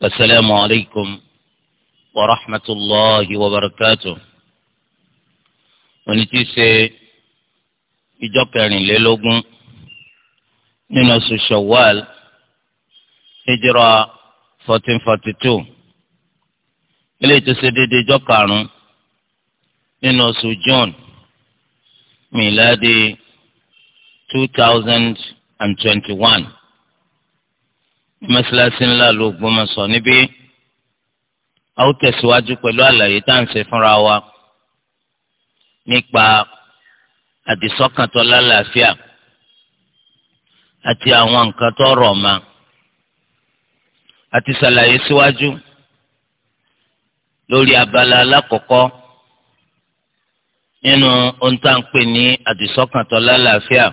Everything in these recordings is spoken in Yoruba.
السلام عليكم ورحمة الله وبركاته ونتيسي إجوكرين ليلوغن نينوس شوال هجرة 1442 إلي تسديد إجوكارن نينوس جون ميلادي 2021 mọ́ṣáláṣí ńlá ló gbọ́mọ̀sọ níbí a ó tẹ̀síwájú pẹ̀lú àlàyé tá à ń ṣe fúnra wa nípa àdìsọ́kàntọ́ lálàáfíà àti àwọn nǹkan tó rọ̀ ma àti ṣàlàyé síwájú lórí abala alákọ̀ọ́kọ́ nínú ohun tá à ń pè ní àdìsọ́kàntọ́ lálàáfíà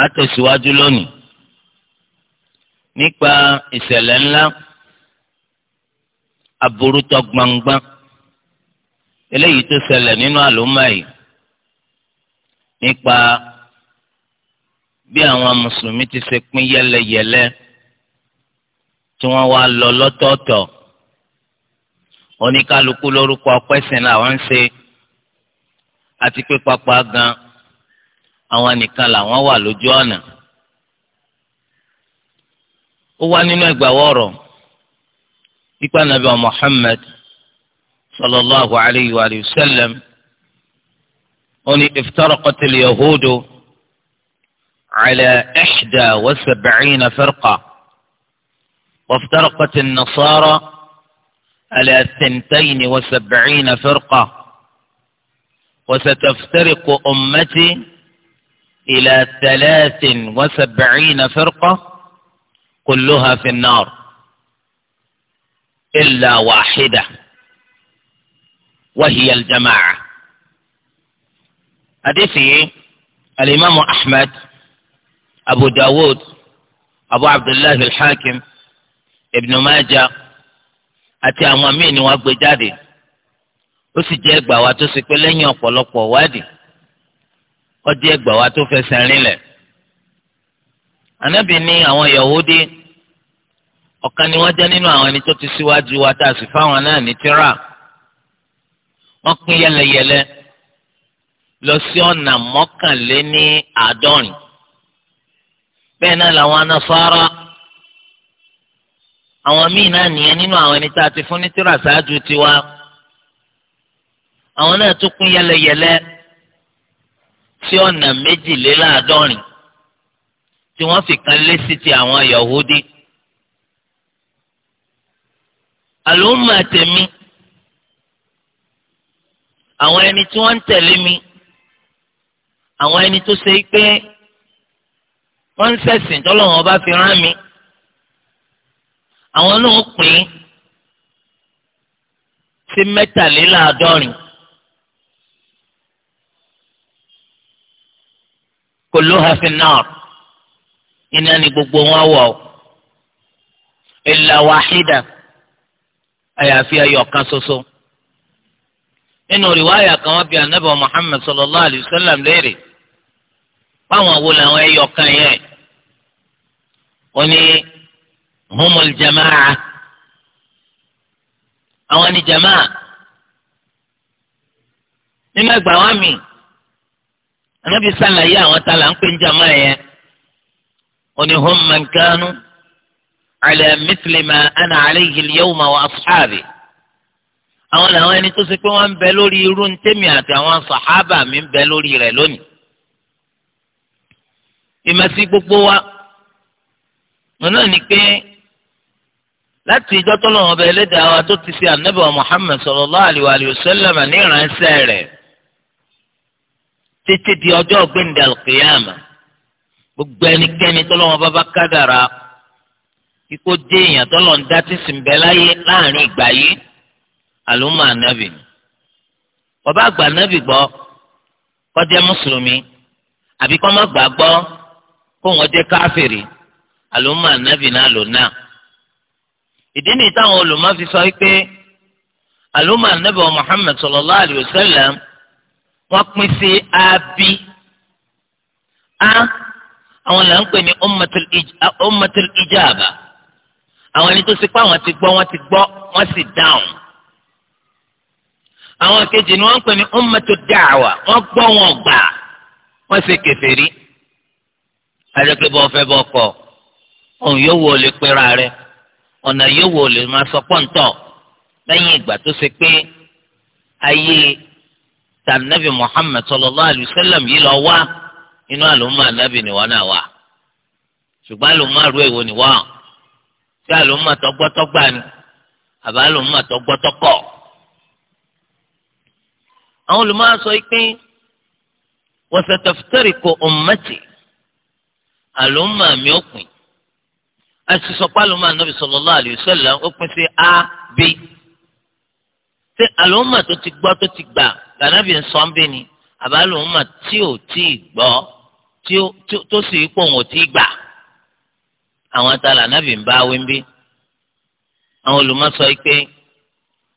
a tẹ̀síwájú lónìí nípa ìṣẹ̀lẹ̀ ńlá aburutọ gbangba eléyìí tó ṣẹlẹ̀ nínú àlùmá yìí nípa bí àwọn mùsùlùmí ti ṣe pín yẹlẹyẹlẹ tí wọ́n wá lọ lọ́tọ̀ọ̀tọ̀ oníkálukú lórúkọ pẹ́sìn làwọn ń ṣe àti pé pápá gan àwọn nìkan làwọn wà lójú ọ̀nà. ó wá nínú ẹgbà wọ̀rọ̀ nípa nàbí Muhammad sallallahu alayhi wa sallam ó ní iftaraqat al-yahudu ala ihda wa sab'ina firqa waftaraqat an-nasara ala thintayn wa sab'ina firqa وستفترق أمتي إلى ثلاث وسبعين فرقة kulluha fi nnar illa wahida wa hiya al-jama'a. àdìsí alimami ahmed abu dawud abu abdullahi al-hakim ibn majah àti àwọn míì ni wọ́n gbé jáde ó sì jẹ́ ẹgbà wa tó ṣe pé lẹ́yìn ọ̀pọ̀lọpọ̀ wádìí ó jẹ́ ẹgbà wa tó fẹsẹ̀ rinlẹ̀. ànábì ní àwọn yahudi ọ̀kan ni wọ́n jẹ́ nínú àwọn ẹni tó ti síwájú wa tá a sì fáwọn náà ní tíra wọ́n pín yẹlẹyẹlẹ lọ sí ọ̀nà mọ́kànléní àádọ́rin bẹ́ẹ̀ náà làwọn anáfárá àwọn míì náà nìyẹn nínú àwọn ẹni tá a ti fún ní tíra ṣáájú tiwa àwọn náà tún pín yẹlẹyẹlẹ sí ọ̀nà méjìléláàádọ́rin tí wọ́n fi kan lé sí ti àwọn Yahudi. àlòmà tèmi àwọn ẹni tí wọ́n ń tẹ̀lé mi àwọn ẹni tó ṣe pé wọ́n ń ṣẹ̀sìn tọ́lọ́wọ́n bá fi rán mi àwọn náà pín sí mẹ́tàléláàádọ́rin. kulluha fi nnar iná ni gbogbo wọn wọ̀ illa wahida àyàfi ayọ̀ kan ṣoṣo nínú rìwáyà kan wọ́n bi anabi muhammed sallallahu alayhi wa sallam léèrè báwọn wo làwọn ẹyọ kan yẹn ó ní humul jamaa àwọn ni jamaa nínú ẹgbàá wa mi anabi sàlàyé àwọn tá là ń pè ní jamaa yẹn ó ní kanu ala mithli ma ana alayhi al-yawma wa ashabi àwọn làwọn ẹni tó ṣe pé wọ́n ń bẹ lórí irú ntẹmi àti àwọn sàhábà mi ń bẹ lórí rẹ̀ lónìí ìmọ̀sí gbogbo wa wọn náà ní pé láti ìjọ tó lọ́wọ́ ọba ẹlẹ́dàá wa tó ti ṣe ànábì wa Muhammad sallallahu alaihi wa alihi wasallam ní ìránṣẹ́ rẹ̀ títí di ọjọ́ gbẹ̀ndẹ̀ al-qiyama gbogbo ẹnikẹ́ni tó lọ́wọ́ ọba bá kádàrá kíkó dé èèyàn tọ́lọ̀ ń dá tí sì ń bẹ láyé láàrin ìgbà yìí àlùmọ́ ànábì ni bàbá àgbà ànábì gbọ́ kọjá mùsùlùmí àbí kọ́ má gbà gbọ́ kó wọ́n jẹ́ káfìrì àlùmọ́ ànábì náà lò náà ìdí nìyí táwọn olùmọ̀ fi sọ pé àlùmọ́ ànábì Muhammad sallallahu alayhi wa wọ́n pín sí abi a àwọn là ń pè ní ummatul ijaba àwọn ẹni tó ṣe pé àwọn ti gbọ́ wọ́n ti gbọ́ wọ́n sì dáhùn àwọn kejì ni wọ́n ń pè ní ummatu da'wa wọ́n gbọ́ wọn gbà wọ́n ṣe kèfèrí adékè bọ́ fẹ́ bọ́ kọ́ òun yóò wò lè pera rẹ̀ ọ̀nà yóò wò lè máa sọ pọ́ńtọ̀ lẹ́yìn ìgbà tó ṣe pé ayé tànàbì Muhammad sallallahu alayhi wa sallam yìí lọ wá inú àlùmọ́ ànábì ni wọ́n náà wà ṣùgbọ́n àlùmọ́ tí àlùmọ̀ tó gbọ́ tó gbà ni àbá àlùmọ̀ tó gbọ́ tó kọ̀. àwọn olùmọ̀ sọ pé wasataftariqu ummati àlùmọ̀ mi ò pin àṣìṣọpá àlùmọ̀ ànábì sallallahu alayhi wa sallam ó pin sí a b ṣé àlùmọ̀ tó ti gbọ́ tó ti gbà lànàbì ń sọ ń ni àbá àlùmọ̀ tí ò tí ì gbọ́ tó sì pọ̀ wọn ò tí gbà àwọn tá lànàbì ń bá wí ń bí àwọn olùmọ̀sọ yìí pé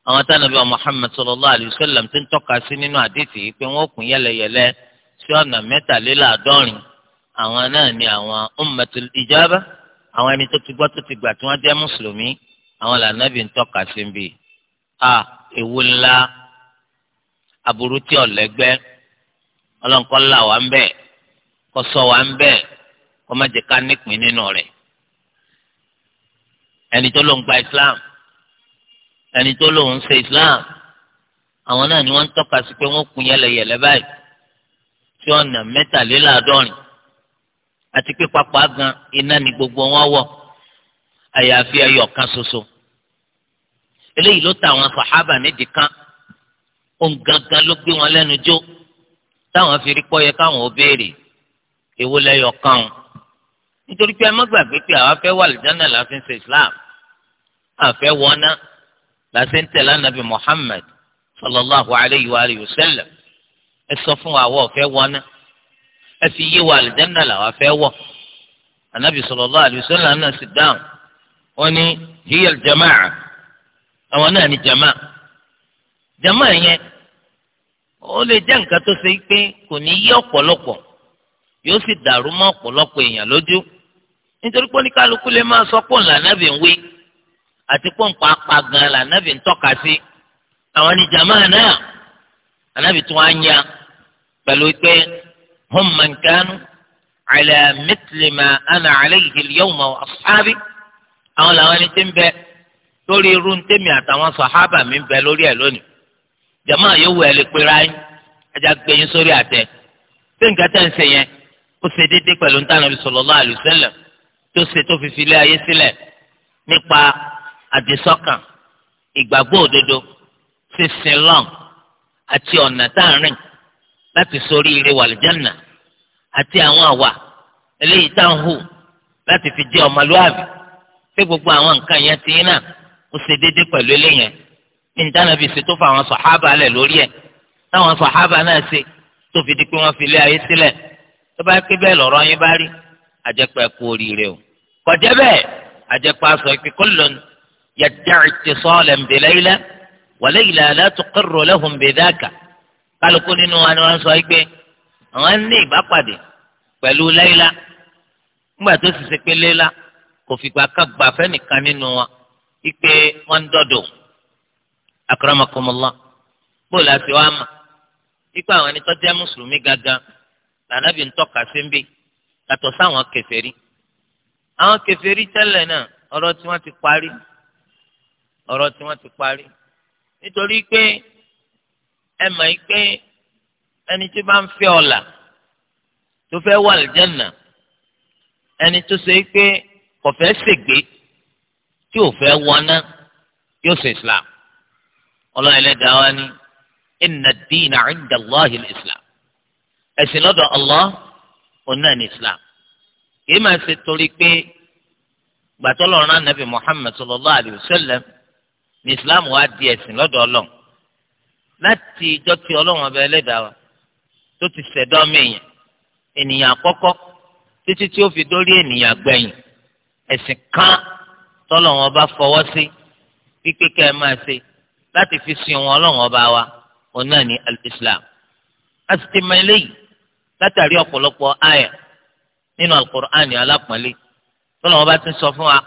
àwọn tá nàbì Muhammad sallallahu alayhi wa sallam ti ń tọ́ka sí nínú àdìtì yìí pé wọ́n kún yẹlẹyẹlẹ sí ọ̀nà mẹ́tàléláàádọ́rin àwọn náà ni àwọn ummatul ijaba àwọn ẹni tó ti gbọ́ tó ti gbà tí wọ́n jẹ́ mùsùlùmí àwọn lànàbì ń tọ́ka sí ń a ewu ńlá aburú tí ọ̀lẹ́gbẹ́ ọlọ́nkọ́ là wà ń bẹ́ẹ̀ kọ́ sọ wà ń bẹ́ẹ̀ kọ́ má jẹ́ ká nípìn nínú rẹ̀ ẹni tó lòun gba islam ẹni tó lòun ṣe islam àwọn náà ni wọ́n ń tọ́ka sí pé wọ́n kun yẹlẹyẹlẹ báyìí tí ọ̀nà mẹ́tàléláàádọ́rin àti pé papọ̀ gan iná ni gbogbo wọn wọ̀ àyàfi ẹyọ kan ṣoṣo eléyìí ló ta àwọn sàhábà nídìí kan ohun gangan ló gbé wọn lẹ́nu jó táwọn fi rí pọ́yẹ káwọn ò béèrè èwo lẹ́yọ kan nítorí pé ẹ má gbàgbé pé àwa fẹ́ wà lìjánà láfi ń ṣe islam àfẹ́ wọná làṣẹ ń tẹ̀lé anabi Muhammad sallallahu alayhi wa alihi wa sallam ẹ sọ fún wa àwọ̀ ọ̀fẹ́ wọná ẹ fi yé wa àlùjáná làwọn afẹ́ wọ̀ anabi sallallahu alayhi wa sallam náà sì dáhùn wọ́n ní hiya jama'a àwọn náà ní jama'a jama'a yẹn ó lè jẹ́ tó ṣe pé kò ní yé ọ̀pọ̀lọpọ̀ yóò sì dàrú mọ́ ọ̀pọ̀lọpọ̀ èèyàn lójú nítorí pé oníkálukú lè máa sọ pé òun làǹdàbẹ̀ ń wí àti pọ́ǹpà apagan la anabi ń tọ́ka sí àwọn ní jamaa náà anabi tún á nya pẹ̀lú pé hum man kanu ala mithli ma ana alayhi al-yawma wa ashabi àwọn làwọn ẹni tí ń bẹ lórí irú ntẹ́mi àtàwọn sàhábà mi ń bẹ lórí ẹ̀ lónìí jamaa yóò wọ ẹ lè pera yín ẹja gbẹ̀yìn sórí àtẹ tí nǹkan tẹ̀ ń ṣe yẹn ó ṣe déédéé pẹ̀lú ntànàbí sallallahu alaihi wasallam tó ṣe tó fi filé ayé sílẹ̀ nípa àdìsọ́kàn ìgbàgbọ́ òdodo sísin lọ́n àti ọ̀nà tá à ń rìn láti sórí ire wàlìjánà àti àwọn àwà eléyìí tá à ń hù láti fi jẹ́ ọmọlúwàbí pé gbogbo àwọn nǹkan yẹn ti náà ó ṣe déédé pẹ̀lú eléyẹn ní ìdánábì ṣe tó fa àwọn sọ̀hábà lẹ̀ lórí ẹ̀ táwọn sọ̀hábà náà ṣe tó fi di pé wọ́n fi lé ayé sílẹ̀ tó bá pé bẹ́ẹ̀ lọ́rọ̀ yín bá rí àjẹpẹ́ kú oríire o kọjá bẹ́ẹ̀ àjẹpẹ́ aṣọ ìpínkọ́ lónìí. يدعي اتصالا بليلى وليلى لا تقر لهم بذاك قالوا كن انه انا sọ pé àwọn ní ìbápàdé pẹ̀lú Layla nígbà tó sì ṣe pé Layla kò fìgbà kan gbà fẹ́nìkan nínú wọn ipe wọn ń dọ̀dọ̀ akramakumullah bó la ṣe wá mà ipe àwọn ẹni tó jẹ́ mùsùlùmí gangan lànàbì ń tọ́ka sí ń bì yàtọ̀ sáwọn kèfèrí àwọn kèfèrí tẹ́lẹ̀ náà ọ̀rọ̀ tí wọ́n ti parí ọ̀rọ̀ tí wọ́n ti parí nítorí pé ẹ mọ̀ yìí pé ẹni tí bá ń fẹ́ ọ̀la tó fẹ́ wà lìjánà ẹni tó ṣe pé kò fẹ́ ṣègbè tí ò fẹ́ wọná yóò ṣe islam ọlọ́run ẹlẹ́dàá wa ni inna ad-dina 'inda Allahi islam ẹ̀sìn lọ́dọ̀ Allah òun náà islam kì í máa ṣe torí pé gbàtọ́ lọ́run ànábì Muhammad sallallahu alayhi wa ní islam wá di ẹ̀sìn lọ́dọ̀ ọlọ́run láti ìjọ tí ọlọ́run ọba ẹlẹ́dàá wa tó ti ṣẹ̀dá ọmọ èèyàn ènìyàn àkọ́kọ́ títí tí ó fi dórí ènìyàn gbẹ̀yìn ẹ̀sìn kan tọ́lọ́run ọba fọwọ́ sí pípé kẹ́ ẹ máa ṣe láti fi sin wọn ọlọ́run ọba wa òun náà ní islam a sì ti mọ eléyìí látàrí ọ̀pọ̀lọpọ̀ àyà nínú alukur'an alápọ̀nlé tọ́lọ́run ọba ti sọ fún wa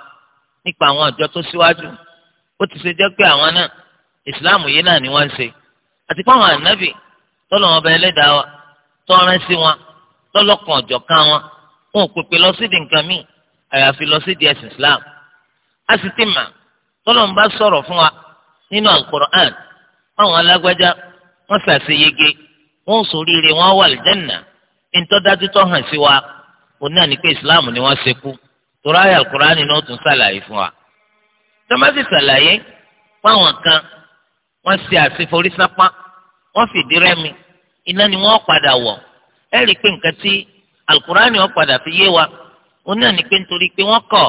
nípa àwọn ọjọ́ tó síwájú. Si o ti ṣe jẹ́ pé àwọn náà ìsìláàmù yìí náà ni wọ́n ń ṣe àti pé àwọn ànábì wọn bẹ ẹlẹ́dàá wa tọ́ran sí wọn tọ́lọ́kan ọ̀jọ̀kan wọn wọn ò pèpè lọ sídìí nǹkan míì àyàfi lọ sídìí ẹ̀sìn islam a sì ti mà tọ́lọ̀ ń bá sọ̀rọ̀ fún wa nínú alukur'an àwọn alágbájá wọ́n ṣàṣe yege wọ́n ṣoríire wọ́n wà hàn sí wa òun náà ní pé islam ni wọ́n ṣe torí àyà tọ́másì ṣàlàyé fáwọn kan wọ́n ṣe àṣeforí sápá wọ́n fìdí rẹ́mi iná ni wọ́n padà wọ̀ ẹ rí i pé nǹkan tí alukurani wọ́n padà fi yé wa ó náà ní pé nítorí pé wọ́n kọ̀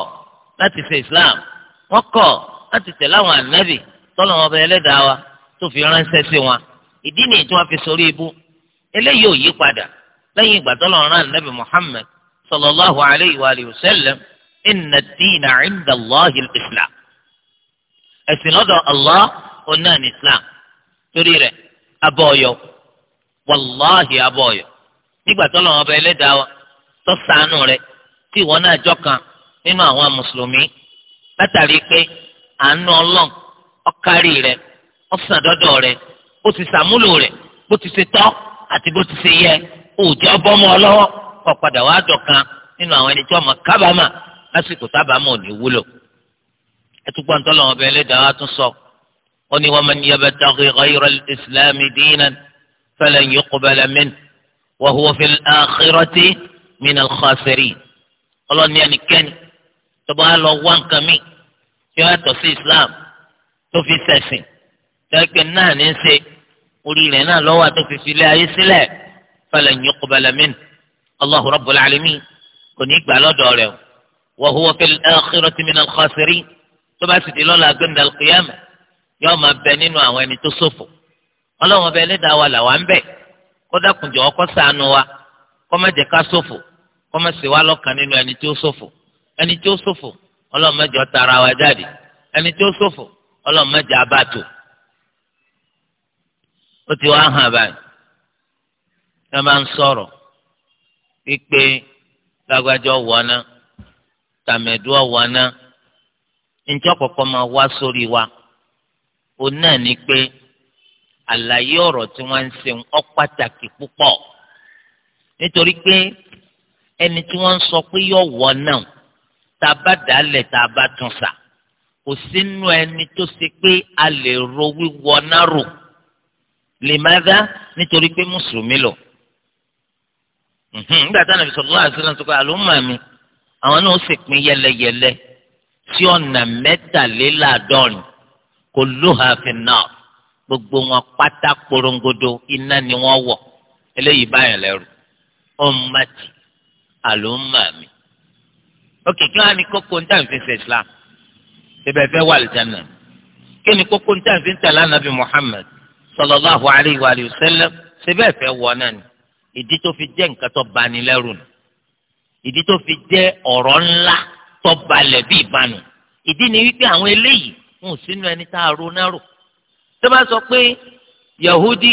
láti ṣe islam wọ́n kọ̀ láti tẹ̀lé àwọn ànábì tọ́lọ̀ wọn bẹ ẹlẹ́dàá wa tó fi ránṣẹ́ sí wọn ìdí nìyí tí wọ́n fi sórí ibú eléyìí ò yí padà lẹ́yìn ìgbà tọ́lọ̀ rán ànábì muhammed sallallahu alayhi wa sallam inna ad 'inda Allahi islam ẹ̀sìn lọ́dọ̀ Allah onáà ní Islam torí rẹ̀ abọ́ọ̀yọ̀ wàláhì abọ́ọ̀yọ̀ nígbà tó lọ́wọ́ ọba ẹlẹ́dàá wa tó ṣàánú rẹ̀ tí ìwọ náà jọ kan nínú àwọn mùsùlùmí látàrí pé àánú ọlọ́n ọ̀kárí rẹ̀ ọ̀sán dọ́dọ̀ rẹ̀ ó ti sàmúlò rẹ̀ bó ti ṣe tọ́ àti bó ti ṣe yẹ òòjọ́ bọ́mọ ọlọ́wọ́ kọ̀ padà wá jọ kan nínú àwọn ẹni tí wọ́n mọ̀ kábàámà lásìkò tábàámà ní wúlò. ẹtùgbọ́ ntọ́lọ́wọ́ bẹ́ẹ̀ lé dàá tún sọ ó ní wa man yabtaghi ghayra al-islam dinan falan yuqbala minhu wa huwa fil akhirati mina al-khasirin ọlọ́ni ẹnikẹ́ni tó bá lọ wá nǹkan mi tí wọ́n yàtọ̀ sí islam tó fi sẹ̀sìn tẹ́gbẹ́ náà ní í ṣe orí rẹ̀ náà lọ́wọ́ àti òfin filẹ̀ ayé sílẹ̀ falan yuqbala minhu allahu rabbul alamin kò ní gbà lọ́dọ̀ rẹ̀ wa huwa fil akhirati mina al tó bá sì di lọ́la gbẹ̀ndà kìyàmù yóò máa bẹ nínú àwọn ẹni tó ṣòfò ọlọ́run bẹ ẹlẹ́dàá wa làwa ń bẹ̀ ọkọ wa kó sofo ká ṣòfò lọ́kàn nínú ẹni tó sofo ẹni tó ṣòfò wa jáde ẹni tó ó ti wá hàn báyìí ẹ máa ń sọ̀rọ̀ pípé njẹ́ ọ̀kọ̀ọ̀kan ma wá sórí wa òun náà ni pé àlàyé ọ̀rọ̀ tí wọ́n ń ṣe ọ́ pàtàkì púpọ̀ nítorí pé ẹni tí wọ́n ń sọ pé yọ̀ wọ́ náà tá a bá dálẹ̀ tá a bá tún sà kò sínú ẹni tó ṣe pé a lè ro wíwọ náà rò lè má dá nítorí pé mùsùlùmí lọ. nígbà táwọn ẹ̀fọ́ sọ̀rọ̀ àti sọ̀rọ̀ àlùmọ́ mi àwọn náà ó sì pín yẹlẹyẹlẹ sí ọ̀nà mẹ́tàléláàádọ́rin kulluha fin-nar gbogbo wọn pátá korongodo iná ni wọ́n wọ̀ eléyìí báyìí lẹ́rù ummati àlùmọ́àmì. ókè kí wọ́n á ní kókó ń tàn fi ṣe islam bíbẹ̀ fẹ́ wà lìjánà kí ni kókó ń tàn fi ń tàn lánàbí muhammad sallallahu alayhi wa sallam síbẹ̀ fẹ́ wọ náà ni ìdí tó fi jẹ́ nǹkan tó bani lẹ́rù ìdí tó fi jẹ́ ọ̀rọ̀ ńlá tọ́balẹ̀ bí ìbànú ìdí ni wípé àwọn eléyìí wọn ò sínú ẹni tá a ronú rò tó bá sọ pé yahudi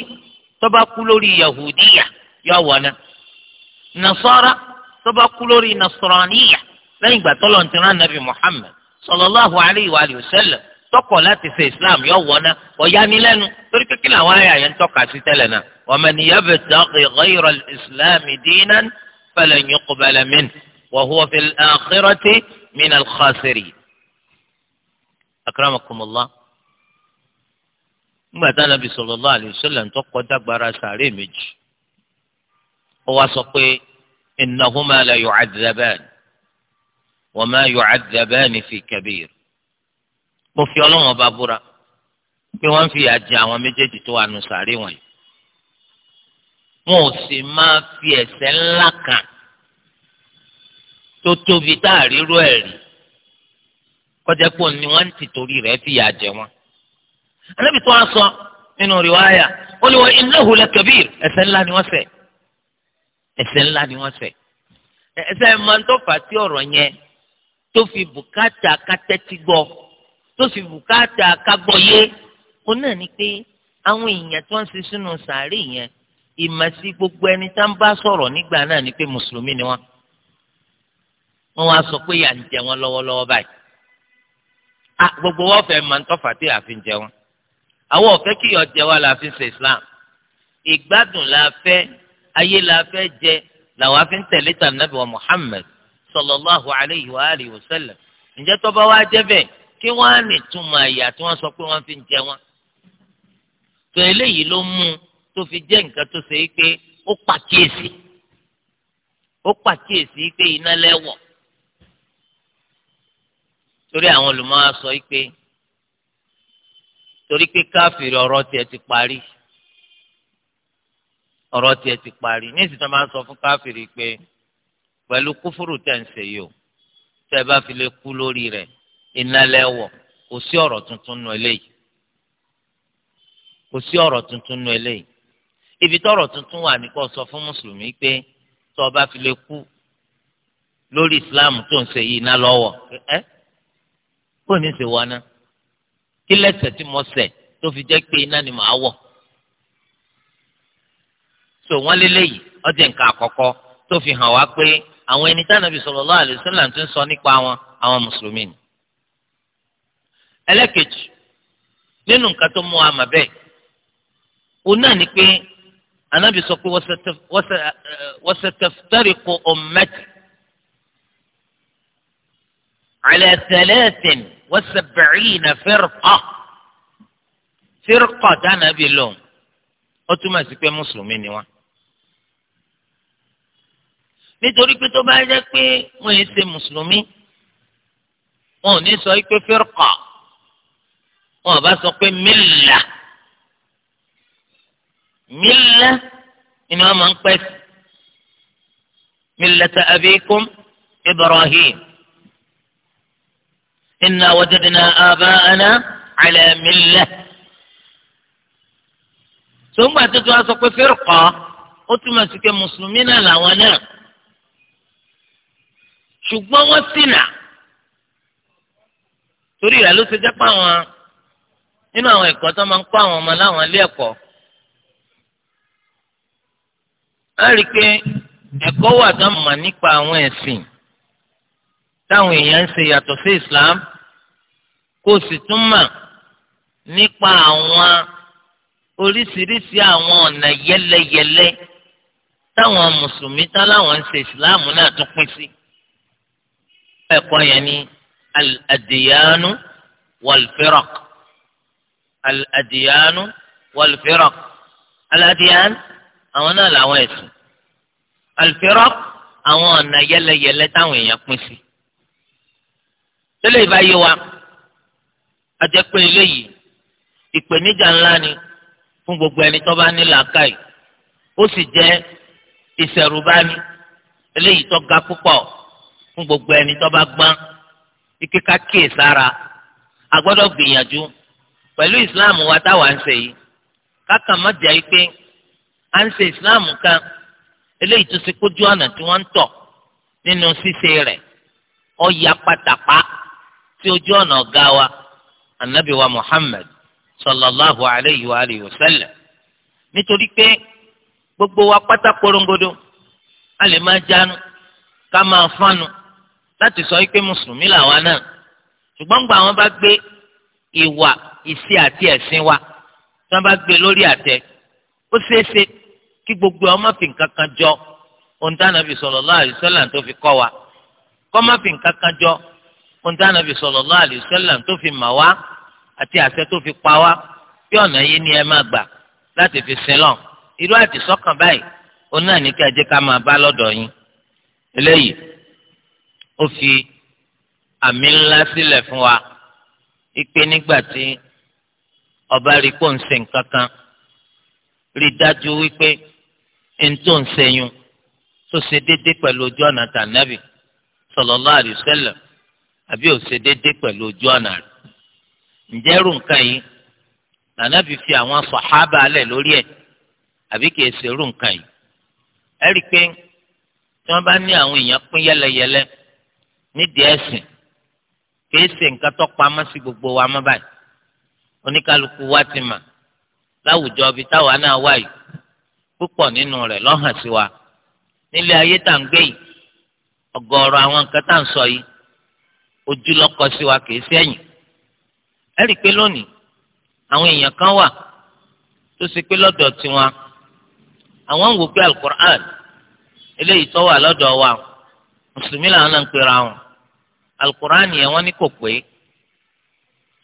tó bá kú lórí yahudiya yọ wọná nasara tó bá kú lórí nasaraniya lẹ́yìn ìgbà tó lọ́n ti rán nabi muhammed sallallahu alayhi wa sallam tọkọ láti ṣe islam yọ wọná ọ̀yá ni lẹ́nu torí kékeré àwọn ayé ń tọ́ka sí tẹ́lẹ̀ náà wa man yabtaghi ghayra al-islam dinan falan yuqbala minhu wa huwa fil akhirati min al-khasirin akramakumullah nígbà tí anabi sallallahu alayhi wa sallam tó kọjá gbára sàárè méjì ó wá sọ pé innahuma la yu'adzaban wa ma yu'adzaban fi kabir mo fi ọlọ́wọ́n bá búra pé wọ́n ń fi àjẹ àwọn méjèèjì tó wà nù sàárè wọ̀nyí wọn ò sì máa fi ẹ̀ṣẹ̀ ńlá kan tó tóbi tá a rírú ẹ̀ rí kọjá pọ̀ ni wọ́n ti torí rẹ̀ fi yà jẹ wọn. anábì tó wá sọ nínú rìwáyà ó ní wa innahu lakabir ẹ̀ṣẹ̀ ńlá ni wọ́n ṣẹ̀ ẹ̀ṣẹ̀ ńlá ni wọ́n ṣẹ̀ ẹ̀ṣẹ̀ máa ń tọ́fà sí ọ̀rọ̀ yẹn tó fi bùkátà kátẹ́tí gbọ́ tó fi bùkátà kágbọ́ yé ó náà ni pé àwọn èèyàn tó ń ṣe sínú sàárè yẹn ìmọ̀ sí gbogbo ẹni tá ń bá sọ̀rọ̀ nígbà náà ni pé mùsùlùmí ni wọ́n wọ́n wá sọ pé ìyà ń jẹ wọ́n lọ́wọ́lọ́wọ́ báyìí a ah, gbogbo wọn fẹ́ máa ń tọ́fà tí a fi ń jẹ wọ́n àwọn ò fẹ́ kí ìyà jẹ wá la fi ń ṣe Islam ìgbádùn la fẹ́ ayé la fẹ́ jẹ làwọn afi ń tẹ̀lé tànàbí wa Muhammad sallallahu alayhi wa alihi wa sallam ǹjẹ́ tó bá wá jẹ́ kí wọ́n á ní túmọ̀ ìyà tí wọ́n sọ pé wọ́n fi ń jẹ wọ́n tó eléyìí ló mú tó fi jẹ́ nǹkan tó ṣe é pé ó pàkíyèsí ó pàkíyèsí pé iná lẹ́wọ̀ọ́ torí àwọn olùmọ̀ á sọ pé torí pé káfíìrì ọ̀rọ̀ tiẹ̀ ti parí ọ̀rọ̀ tiẹ̀ ti parí ní ìsìn tó máa ń sọ fún káfíìrì pé pẹ̀lú kúfúrú tẹ̀ ń ṣe yìí o tẹ́ ẹ bá fi lè kú lórí rẹ̀ iná lẹ́wọ̀ kò sí ọ̀rọ̀ tuntun nù eléyìí kò sí ọ̀rọ̀ tuntun nù eléyìí ibi tọ̀rọ̀ tuntun wà ní kó fún mùsùlùmí pé tó bá fi lè kú lórí ìsìláàmù tó ń ṣe yìí iná lọ́wọ́ ẹ́ bó ní ṣe wá kí lẹ́ṣẹ̀ tí mo so wọ́n lelee ọjọ́ nǹkan àkọ́kọ́ tó fi hàn wá pé àwọn ẹni tí Ànábì sallallahu alaihi wasallam tó ń sọ nípa wọn àwọn mùsùlùmí ni ẹlẹ́kejì nínú nǹkan tó mú àmà bẹ́ẹ̀ náà ni pé Ànábì sọ pé wasataftariqu ummati ala wasabẹ̀rìnà فرقة فرقة dáná bíi أتما ó مسلمين sí pé mùsùlùmí ni wọ́n. nítorí pé tó bá jẹ́ pé wọ́n yìí ṣe mùsùlùmí wọn ò ní sọ pé fẹ́rẹ̀kọ́ wọn ò bá sọ pé mílà mílà ni wọ́n máa ń pẹ́ sí mílà tá a bí kún Ibrahim. إنا وجدنا آباءنا على ملة ثم تتوا سوق فرقة أتما سوق مسلمين لونا ṣùgbọ́n wọ́n ṣìnà torí rẹ̀ ló ṣe jẹ́ pé àwọn nínú àwọn ẹ̀kọ́ tó máa wà tó nípa àwọn efi. táwọn èèyàn ń ṣe yàtọ̀ sí Islam kó o sì tún mà nípa àwọn oríṣiríṣi àwọn ọ̀nà yẹlẹyẹlẹ táwọn mùsùlùmí táwọn ń ṣe Islam náà tún pín sí. ẹ̀kọ́ yẹn ni al-adiyanu wal-firaq al àwọn náà làwọn ẹ̀sìn al àwọn ọ̀nà yẹlẹyẹlẹ táwọn èèyàn pín sí tẹ́lẹ̀ ìbá yé wa a jẹ́ pé eléyìí ìpèníjà ńlá ni fún gbogbo ẹni tó bá ní làákàyè ó sì jẹ́ ìṣẹ̀rùbáni eléyìí tó ga púpọ̀ fún gbogbo ẹni tó bá gbọ́n ìkíkà kíyè sára a gbọ́dọ̀ gbìyànjú pẹ̀lú ìsìláàmù wa táwa ń ṣe yìí káka má jẹ́ pé à ń ṣe ìsìláàmù kan eléyìí tó ṣe kójú ọ̀nà tí wọ́n ń tọ̀ nínú ṣíṣe rẹ̀ ó yà pátápátá tí ojú ọ̀nà ọ̀gá wa anabi wa muhammad sallallahu alayhi wa alihi wa sallam nítorí pé gbogbo wa pátá korongodo a lè máa jánu ká máa fánu láti sọ pé mùsùlùmí làwa náà ṣùgbọ́n gbà wọ́n bá gbé ìwà ìṣe àti ẹ̀sìn wa tí wọ́n bá gbé lórí àtẹ ó ṣeéṣe kí gbogbo ọmọ fi nǹkan kan jọ ohun tí anabi sallallahu alayhi wa tó fi kọ́ wa kọ́ má fi nǹkan kan jọ fún tánàbì sallallahu alaihi wasallam tó fi mà wá àti àṣẹ tó fi pa wá bí ọ̀nà yìí ni ẹ máa gbà láti fi sin lọ irú àdìsọ́kàn báyìí ó náà ní kẹjẹ ká máa bá lọ́dọ̀ yín eléyìí ó fi àmì ńlá sílẹ̀ fún wa ìpè nígbà tí ọba rí kó ń ṣe nǹkan rí dájú wípé ń tó ń ṣe tó ṣe déédéé pẹ̀lú ojú ọ̀nà tànàbì sallallahu alaihi àbí ò ṣe déédéé pẹ̀lú ojú ọ̀nà rẹ̀ ǹjẹ́ irú nǹkan yìí fi àwọn sọ̀hábà alẹ̀ lórí ẹ̀ àbí kìí ṣe irú nǹkan yìí ẹ rí i pé tí wọ́n bá ní àwọn èèyàn pín yẹ́lẹyẹ̀lẹ nídìí ẹ̀sìn kìí ṣe nǹkan tó gbogbo wa mọ́ báyìí oníkálukú wa ti mà láwùjọ ibi táwa náà wà yìí púpọ̀ nínú rẹ̀ wa nílé ayé tá ń gbé yìí ọ̀gọ̀ọ̀rọ̀ àwọn nǹkan ojú lọkọ sí wa kìí sẹ́yìn ẹ rí i pé lónìí àwọn èèyàn kan wà tó ṣe pé lọ́dọ̀ tiwọn àwọn ń wò pé alukur'an eléyìí tó wà lọ́dọ̀ wa mùsùlùmí làwọn náà ń pera wọn alukur'an yẹn wọ́n ní kò pé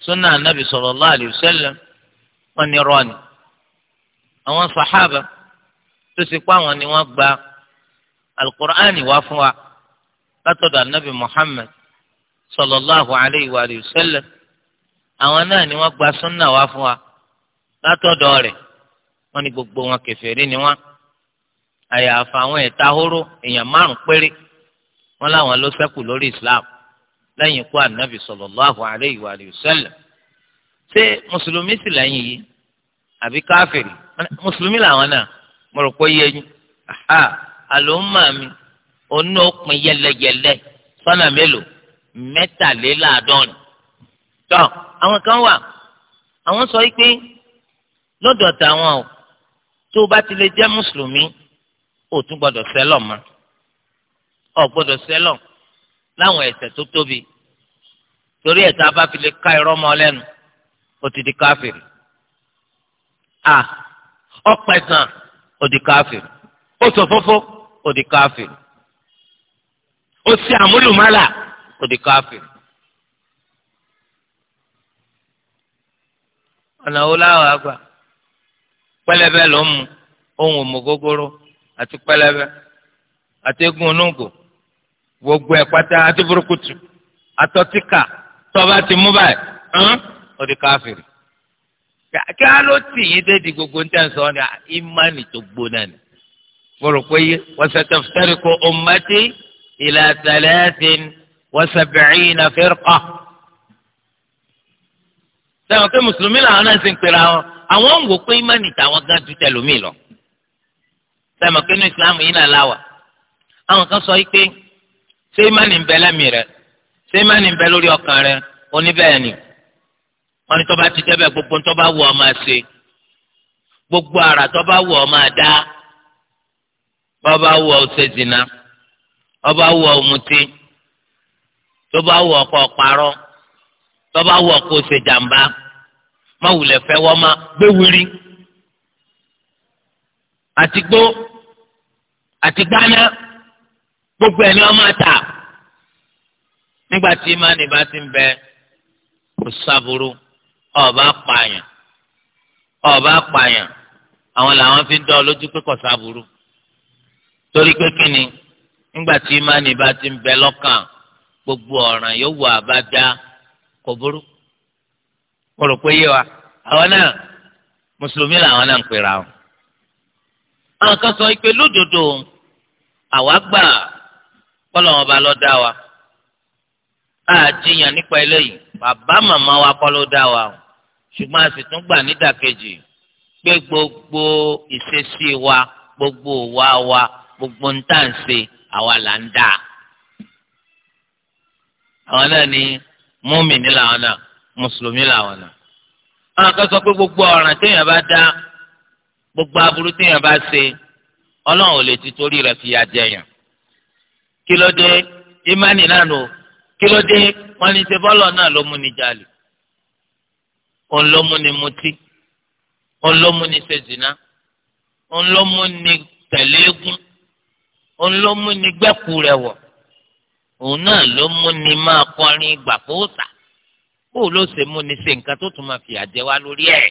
sunna anabi sallallahu alayhi wa sallam wọ́n ní rọni àwọn sàhábà tó ṣe pé àwọn ni wọ́n gba alukur'an wá fún wa látọ̀dọ̀ anabi muhammad sallallahu alayhi wa sallam àwọn náà ni wọ́n gba súnà wá fún wa látọ̀dọ̀ rẹ̀ wọ́n ní gbogbo wọn kèfèrí ni wọ́n àyàfà àwọn ẹ̀ta hóró èèyàn márùn péré wọ́n láwọn ló ṣẹ́kù lórí islam lẹ́yìn ikú ànábì sallallahu alayhi wa sallam ṣé mùsùlùmí sì lẹ́yìn yìí àbí káfìrì mùsùlùmí làwọn náà mo rò pé yé yín àlòmọ́ mi onú òpin yẹlẹyẹlẹ sọ́nà mélòó mẹ́tàléláàádọ́rin. tọ́ àwọn kan wà àwọn sọ pé lọ́dọ̀ tàwọn o tó o bá ti lè jẹ́ mùsùlùmí o tún gbọ́dọ̀ sẹ́lọ̀ mọ́ ọ gbọ́dọ̀ sẹ́lọ̀ láwọn ẹ̀ṣẹ̀ tó tóbi torí ẹ̀ta bá fi lè ká irọ́ mọ́ lẹ́nu o ti di káfìrì. a ọ̀pẹ̀ gan o di káfìrì o sọ fófó o di káfìrì o sì àmúlùmálà ó di káfíìn. ọ̀nà wo láwọn àgbà pẹlẹbẹ ló ń mu ohun òmùgógóró àti pẹlẹbẹ àti egun onúgò gbogbo ẹ̀ pátá àti burúkutu àtọtíkà tọba ti mú báyìí hàn ó di káfíìn kí á ló tì yín dé di gbogbo ń tẹ̀ ni ìmánì tó gbóná ni mo rò pé wọ́n ṣe tẹ̀ fẹ́rẹ̀ kó o mẹ́tì ìlà tẹ̀lẹ́sìn. وسبعين فرقة sẹ́wọ̀n pé mùsùlùmí làwọn náà ń sin pèrè àwọn àwọn ń wò pé ìmánì tàwọn gan ju tẹlómi lọ sẹ́wọ̀n pé ní islam yìí náà láwà àwọn kan sọ pé ṣé ìmánì ń bẹ lẹ́mìí rẹ ṣé ìmánì ń bẹ lórí ọkàn rẹ oníbẹ̀rẹ̀ ni wọ́n ní tó ti débẹ̀ gbogbo tó bá wù ọ́ máa ṣe gbogbo ara tó wù ọ́ máa dá bọ́ wù ọ́ ṣe zina bọ́ wù ọ́ mutí tó bá wù ọkọ parọ́ tó bá wù ọkọ ṣe jàmbá má wulẹ̀ fẹ́ wọ́n má gbé wiri àtìgbó àtìgbáná gbogbo ẹ̀ ni wọ́n máa tà nígbà tí imáni bá ti ń bẹ kò sábúrú ọba pààyàn ọba pààyàn àwọn làwọn fi ń dán lójú pé kò sábúrú torí pé kíni nígbà tí bá ti ń bẹ lọ́kàn gbogbo ọ̀ràn yóò wọ àbájá kò burú mo rò pé yé wa àwọn náà mùsùlùmí làwọn náà ń pera wọn. àwọn kan sọ pé lódodo àwa gbà kọ́lọ́wọ́n ba ló dá wa àjiyàn nípa eléyìí bàbá màmá wa kọ́ ló dá wa ṣùgbọ́n a sì tún gbà nídàkejì pé gbogbo ìṣesí wa gbogbo òwa wa gbogbo ń tà ṣe àwa là ń dá àwọn náà ni múmìnì làwọn náà mùsùlùmí làwọn náà. àwọn kan sọ pé gbogbo ọ̀ràn téèyàn bá dá gbogbo aburú téèyàn bá ṣe ọlọ́run ò lè ti torí rẹ̀ fìyà jẹyàn. kí ló dé ìmánì náà nù kí ló dé wọn ní ṣe bọ́lọ̀ náà ló mú ni jalè òun ló mú ni mutí òun ló mú ni ṣe zina òun ló mú ni tẹ̀lé egun òun ló mú ni gbẹ́kù rẹ̀ wọ̀ òun náà ló mú ni máa kọrin gbà fóòtà bó ló ṣe mú ni ṣe nǹkan tó tún máa fìyà jẹ wá lórí ẹ̀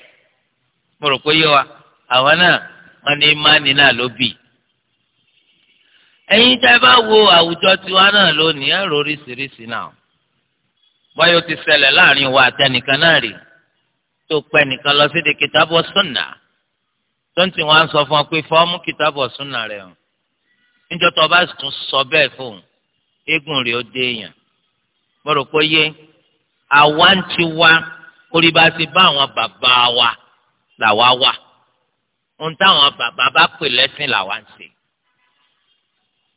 mo rò pé yé wa àwọn náà wọn ní mánì náà ló bì í ẹ̀yin tẹ́ bá wo àwùjọ tiwa náà lónìí ẹ oríṣiríṣi náà báyọ̀ ti ṣẹlẹ̀ láàrin wa àtẹnìkan náà rè tó pẹ́ nìkan lọ sí di kìtàbọ̀ sùnà tó ń tì wọ́n á sọ fún ọ pé fọ́ọ̀mù kìtàbọ̀ sùnà rẹ̀ hàn níjọ́ tó bá tún sọ bẹ́ẹ̀ fóun eégún rẹ̀ ó dé èèyàn mo rò pé yé àwa ń ti wá orí bá àwọn bàbá wa làwa wà ohun táwọn bàbá bá pè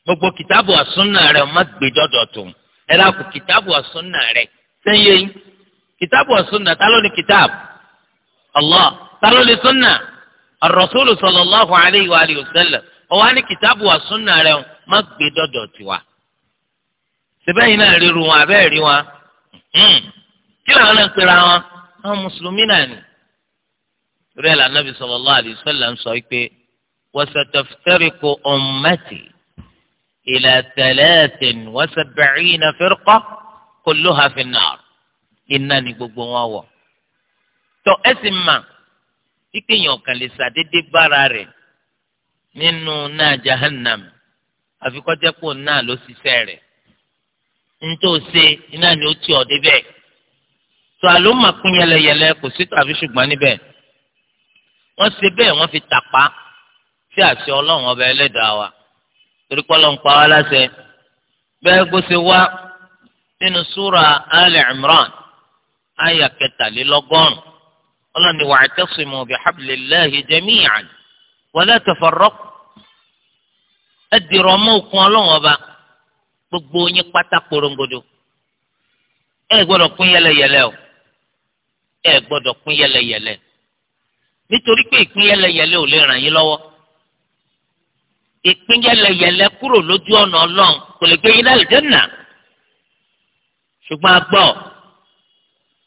gbogbo kìtàbù àsúnà rẹ má gbé dọ́dọ̀ tó ẹ lákò kìtàbù àsúnà rẹ. sẹ́yìn kìtàbù àsúnà ta kìtàbù ta ló súnà sẹ́bẹ̀yìn náà ríru wọn abẹ́ẹ̀ rí wọn hmm. kí làwọn náà ń pera wọn àwọn mùsùlùmí náà ni. torí ẹ̀ lànà bíi sallallahu alaihi wasallam sọ pé wasataftariqu ummati ila thalathin wa sab'ina firqa kulluha fin nar iná ni gbogbo wọn wọ̀. tọ́ ẹ sì mà kíkéèyàn kan lè ṣàdédé bára rẹ̀ nínú náà jahannam àfikọ́jẹ́pọ̀ náà ló ṣiṣẹ́ rẹ̀ nítorí o ṣe iná ni ó ti ọ̀ débẹ̀ tó àlómà kún yẹlẹyẹlẹ kò sí tàbí ṣùgbọ́n níbẹ̀ wọ́n ṣe bẹ́ẹ̀ wọ́n fi tàpá sí àṣẹ ọlọ́run ọba ẹlẹ́dàá wa torí pé ọlọ́run pa wá láṣẹ bẹ́ẹ̀ bó ṣe wá nínú súra Ali Imran àyà kẹtàlélọ́gọ́rùn ọlọ́run ni wa'tasimu bihablillahi jami'an wa la tafarraqu ẹ̀dìrọ̀ mọ́ òkun ọlọ́run ọba gbogbo yín pátá korongodo ẹ gbọ́dọ̀ kún yẹlẹyẹlẹ o ẹ gbọ́dọ̀ kún yẹlẹyẹlẹ nítorí pé ìpín yẹlẹyẹlẹ ò lè ràn yín lọ́wọ́ ìpín yẹlẹyẹlẹ kúrò lójú ọ̀nà ọlọ́run kò lè gbé yín láì jẹ́nà ṣùgbọ́n a gbọ́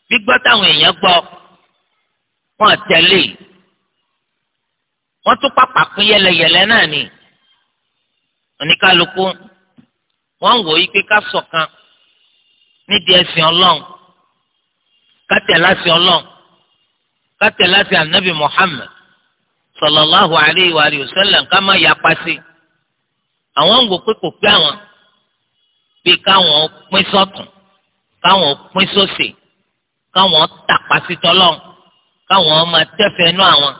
gbígbọ́ táwọn èèyàn gbọ́ wọ́n tẹ̀lé wọ́n tún pàpà pín yẹlẹyẹlẹ náà ni oníkálukú wọ́n ń wò yí pé ká ṣọ̀kan nídìí ẹ̀sìn ọlọ́run ká tẹ̀ láti ọlọ́run ká tẹ̀ láti anabi Muhammad sallallahu alayhi wa alihi wa sallam ká má ya pàṣẹ àwọn ń wò pé kò pé àwọn bí káwọn pín sọ́tún káwọn pín sósì káwọn tàpá sí tọ́lọ́run káwọn máa tẹ́fẹ̀ẹ́ nú àwọn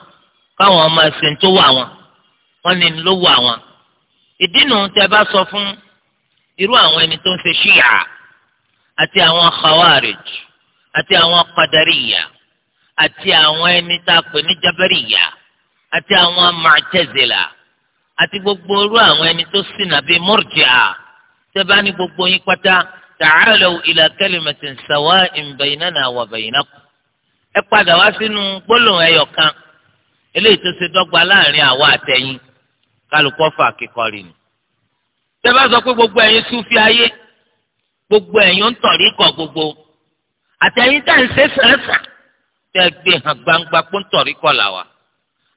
káwọn máa ṣe ń tó wà wọn wọ́n ní ló wà wọn ìdí nu tẹ́ bá sọ fún irú àwọn ẹni tó ń ṣe ṣíyà àti àwọn khawarij àti àwọn qadariya àti àwọn ẹni tá a pè ní jabariya àti àwọn màtẹ́zìlà àti gbogbo irú àwọn ẹni tó ṣìnà bíi murji'a tẹ́bá ní gbogbo yín pátá ta'alaw ila kalimatin sawa'in baynana wa ẹ padà wá sínú gbólóhùn ẹyọ kan eléyìí tó ṣe dọ́gba láàrin àwa àtẹ̀yìn kálukọ́ fà tẹ́fà sọ pé gbogbo ẹ̀yin súfì ayé gbogbo ẹ̀yin ń tọ̀rí kọ̀ gbogbo àtẹ̀yìn tá à ń ṣe sàǹsà tẹ́ gbé hàn gbangba pé ń tọ̀rí kọ̀ là wà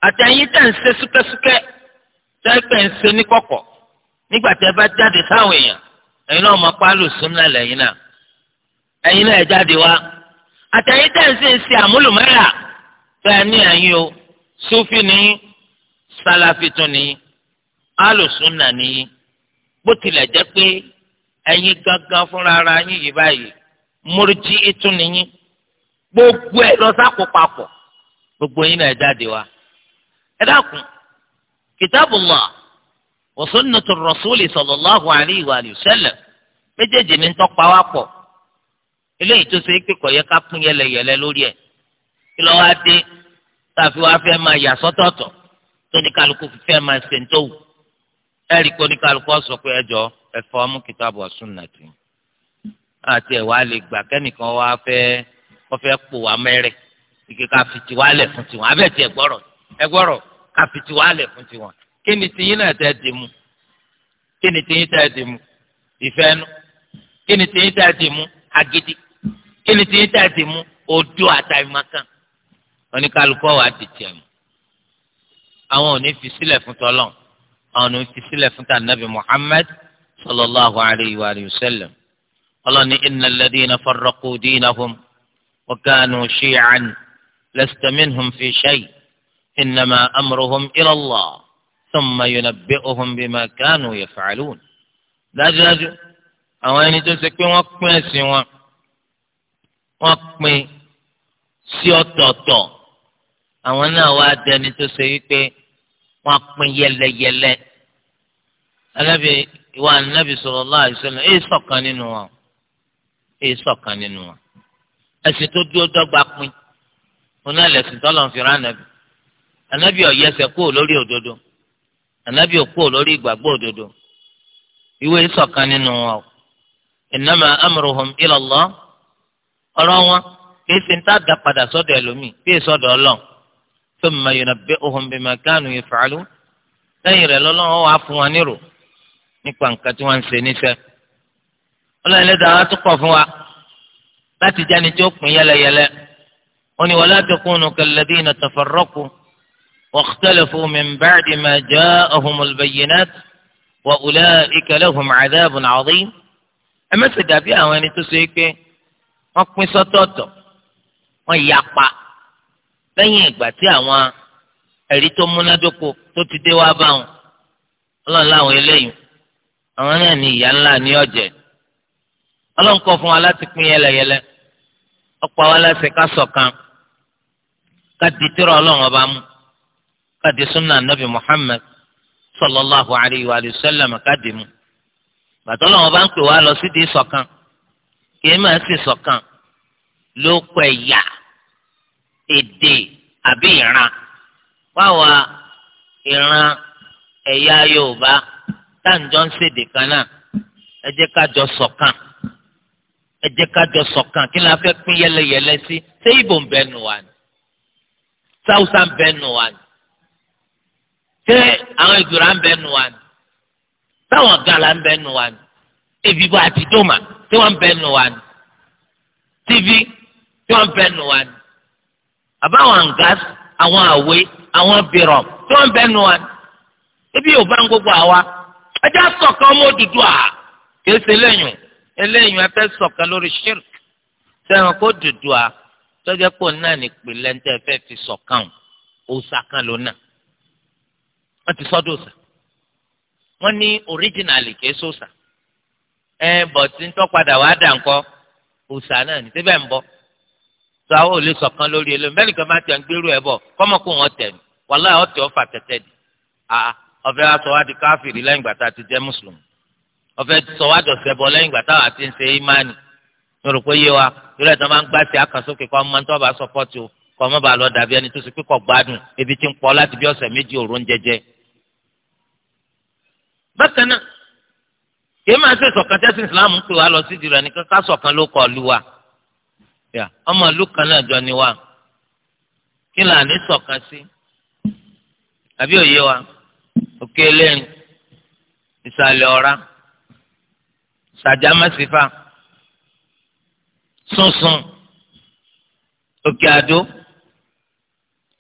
àtẹ̀yìn tá à ń ṣe súkẹ́súkẹ́ tẹ́ pẹ́ ń ṣe ní kọ̀kọ̀ nígbà tẹ́ bá jáde sáwọn èèyàn ẹ̀yin náà mọ pálù súnmọ́ lẹ́yìn náà ẹ̀yin náà jáde wá àtẹ̀yìn tá ń ṣe ń ṣe àmúlùmọ́là tẹ́ ní ẹ̀yin o súfì ní sálàfitún ní alùsùnà nìyí bó tilẹ̀ jẹ́ pé ẹ̀yin gangan fúnra ara yín yìí báyìí mọ́rìjì ìtún nìyí gbogbo ẹ̀ lọ papọ̀ gbogbo yín náà jáde wá. ẹ dákun wa sunnatu rasuli sallallahu alayhi wa sallam méjèèjì ní tọ́pa wá pọ̀ eléyìí tó ṣe é pé ká pín yẹlẹyẹlẹ lórí ẹ̀ kí lọ́wọ́ á dé fẹ́ máa ẹ̀rí kó ní kálukú sọ pé ẹjọ́ ẹ̀fọ́ mú kìtàbù sunnati àti ẹ̀wà lè gbà kẹ́nìkan wá fẹ́ wọ́n fẹ́ pò wá mẹ́rẹ̀ ike ká fi tiwa lẹ̀ fún tiwọn abẹ́ ti ẹ̀gbọ́rọ̀ ẹ̀gbọ́rọ̀ ká fi tiwa lẹ̀ fún tiwọn kí ni tiyín náà tẹ́ di mu kí ni tiyín tẹ́ di mu ìfẹ́ nu kí ni tiyín tẹ́ di mu agídí kí ni tiyín tẹ́ di mu odó àtàìmọ́kàn oníkálukú wa di tiẹ̀ mu àwọn ò ní fi sílẹ̀ fún tọ́lọ́n àwọn ò ti sílẹ̀ fún tànàbí Muhammad sallallahu alayhi wa sallam ọlọ́ni inna alladhina farraqu dinahum wa kanu shi'an lasta minhum fi shay innama amruhum ila Allah thumma yunabbi'uhum bima kanu yaf'alun. dájúdájú àwọn ẹni tó ṣe pé wọ́n pín ẹ̀sìn wọn wọ́n pín sí ọ̀tọ̀ọ̀tọ̀ àwọn náà wá dẹni tó ṣe wípé. wọn pín yẹlẹyẹlẹ alábi ìwà anábì sallallahu alaihi wasallam e sọ̀kan nínú wọn èyí sọ̀kan nínú wọn ẹ̀sìn tó dúró dọ́gba pín wọn náà lẹ̀sìn tọ́lọ̀ ń fi rán anábì anábì ọ̀yẹsẹ̀ lórí òdodo anábì òkúrò lórí òdodo ìwé nínú wọn ila Allah wọn ṣe ń padà ẹlòmíì ثم ينبئهم بما كانوا يفعلون lẹ́yìn rẹ̀ lọ́lọ́run wàá fún wa nírò nípa nǹkan tí wọ́n ń ṣe níṣẹ́ ọlọ́run ẹlẹ́dàá wa tún kọ̀ fún wa láti jáni tí ó pín yẹlẹyẹlẹ ó ní wala takunu kalladhina tafarraqu wakhtalafu min ba'di ma ja'ahumul bayyinat wa ula'ika lahum 'adhabun 'adhim ẹ má ṣe dàbí àwọn ẹni tó ṣe é pé wọ́n pín sọ́tọ̀ọ̀tọ̀ wọ́n yapa. lẹ́yìn ìgbà tí àwọn ẹ̀rí tó múnádóko tó ti dé wá bá wọn ọlọ́run láwọn eléyìí àwọn náà ní ìyá ńlá ní ọ̀jẹ̀ ọlọ́run kọ́ fún wa láti pín yẹlẹyẹlẹ ọ̀pọ̀ ká ká di ọba mú ká di Muhammad ká di mú ọba ń pè wá lọ sídìí kì í máa èdè àbí ìran báwa ìran ẹ̀yà Yorùbá táǹjọ́ ń ṣèdè kan náà ẹ jẹ́ ká jọ ṣọ̀kan ẹ jẹ́ ká jọ ṣọ̀kan kí la fẹ́ pín yẹlẹyẹlẹ sí ṣé Ìgbò ń bẹ nù wá ni sáwùsà ń bẹ nù wá ni ṣé àwọn ìgbìrà ń bẹ nù wá ni táwọn gàlà ń bẹ nù wá ni ebi bá àti dòmà tí wọ́n ń bẹ nù wá ni tíbi tí wọ́n ń bẹ nù wá ni àbáwọn gas àwọn àwé àwọn bìrọ tí wọ́n bẹ nu wa ebi yóò bá ń gbogbo àwa ẹjẹ sọ̀kan ọmọ òdùdú à kìí ṣe lẹ́yìn ẹlẹ́yìn afẹ́ sọ̀kan lórí shirk sẹ́wọ̀n kó dùdú à tọ́jú pò náà ní ìpìlẹ̀ ńtẹ́ fẹ́ fi sọ̀kan òòsà kan lónà wọ́n ti sọ́dọ̀ òòsà wọ́n ní oríjìnàlì kìí sọ́sà ẹ̀ bọ̀tí ń tọ́ padà wàá dà ńkọ́ òòsà náà ní síbẹ̀ ń bọ̀ tó àwọn ò lè sọ̀kan lórí ẹlẹ́mi bẹ́ẹ̀ nìkan máa tẹ̀ ń gbérù ẹ̀ bọ̀ kọ́mọ wọn tẹ̀ ní wàláhì ọ̀tẹ̀ ọ̀fà tẹ̀tẹ̀ di ah, ọ̀fẹ́ wa sọ wá di káfìrí lẹ́yìn gbàtà ti jẹ́ mùsùlùmí ọ̀fẹ́ sọ wá dọ̀sẹ̀ bọ̀ lẹ́yìn gbàtà wà ti ń ṣe ìmánì mo rò pé yé wa ìrẹ́ tó máa ń gbà sí àkàsókè kọ́ ọmọ tó bá sọpọ́tì o kọ́ ọmọ bá lọ dàbí ẹni tó yà ọmọ ìlú kan náà jọ ni wa kí là ní ṣọ̀kan sí àbí òye wa òkè lẹ́yìn ìsàlẹ̀ ọ̀ra sàjámẹ́sífà sunsun òkè àdó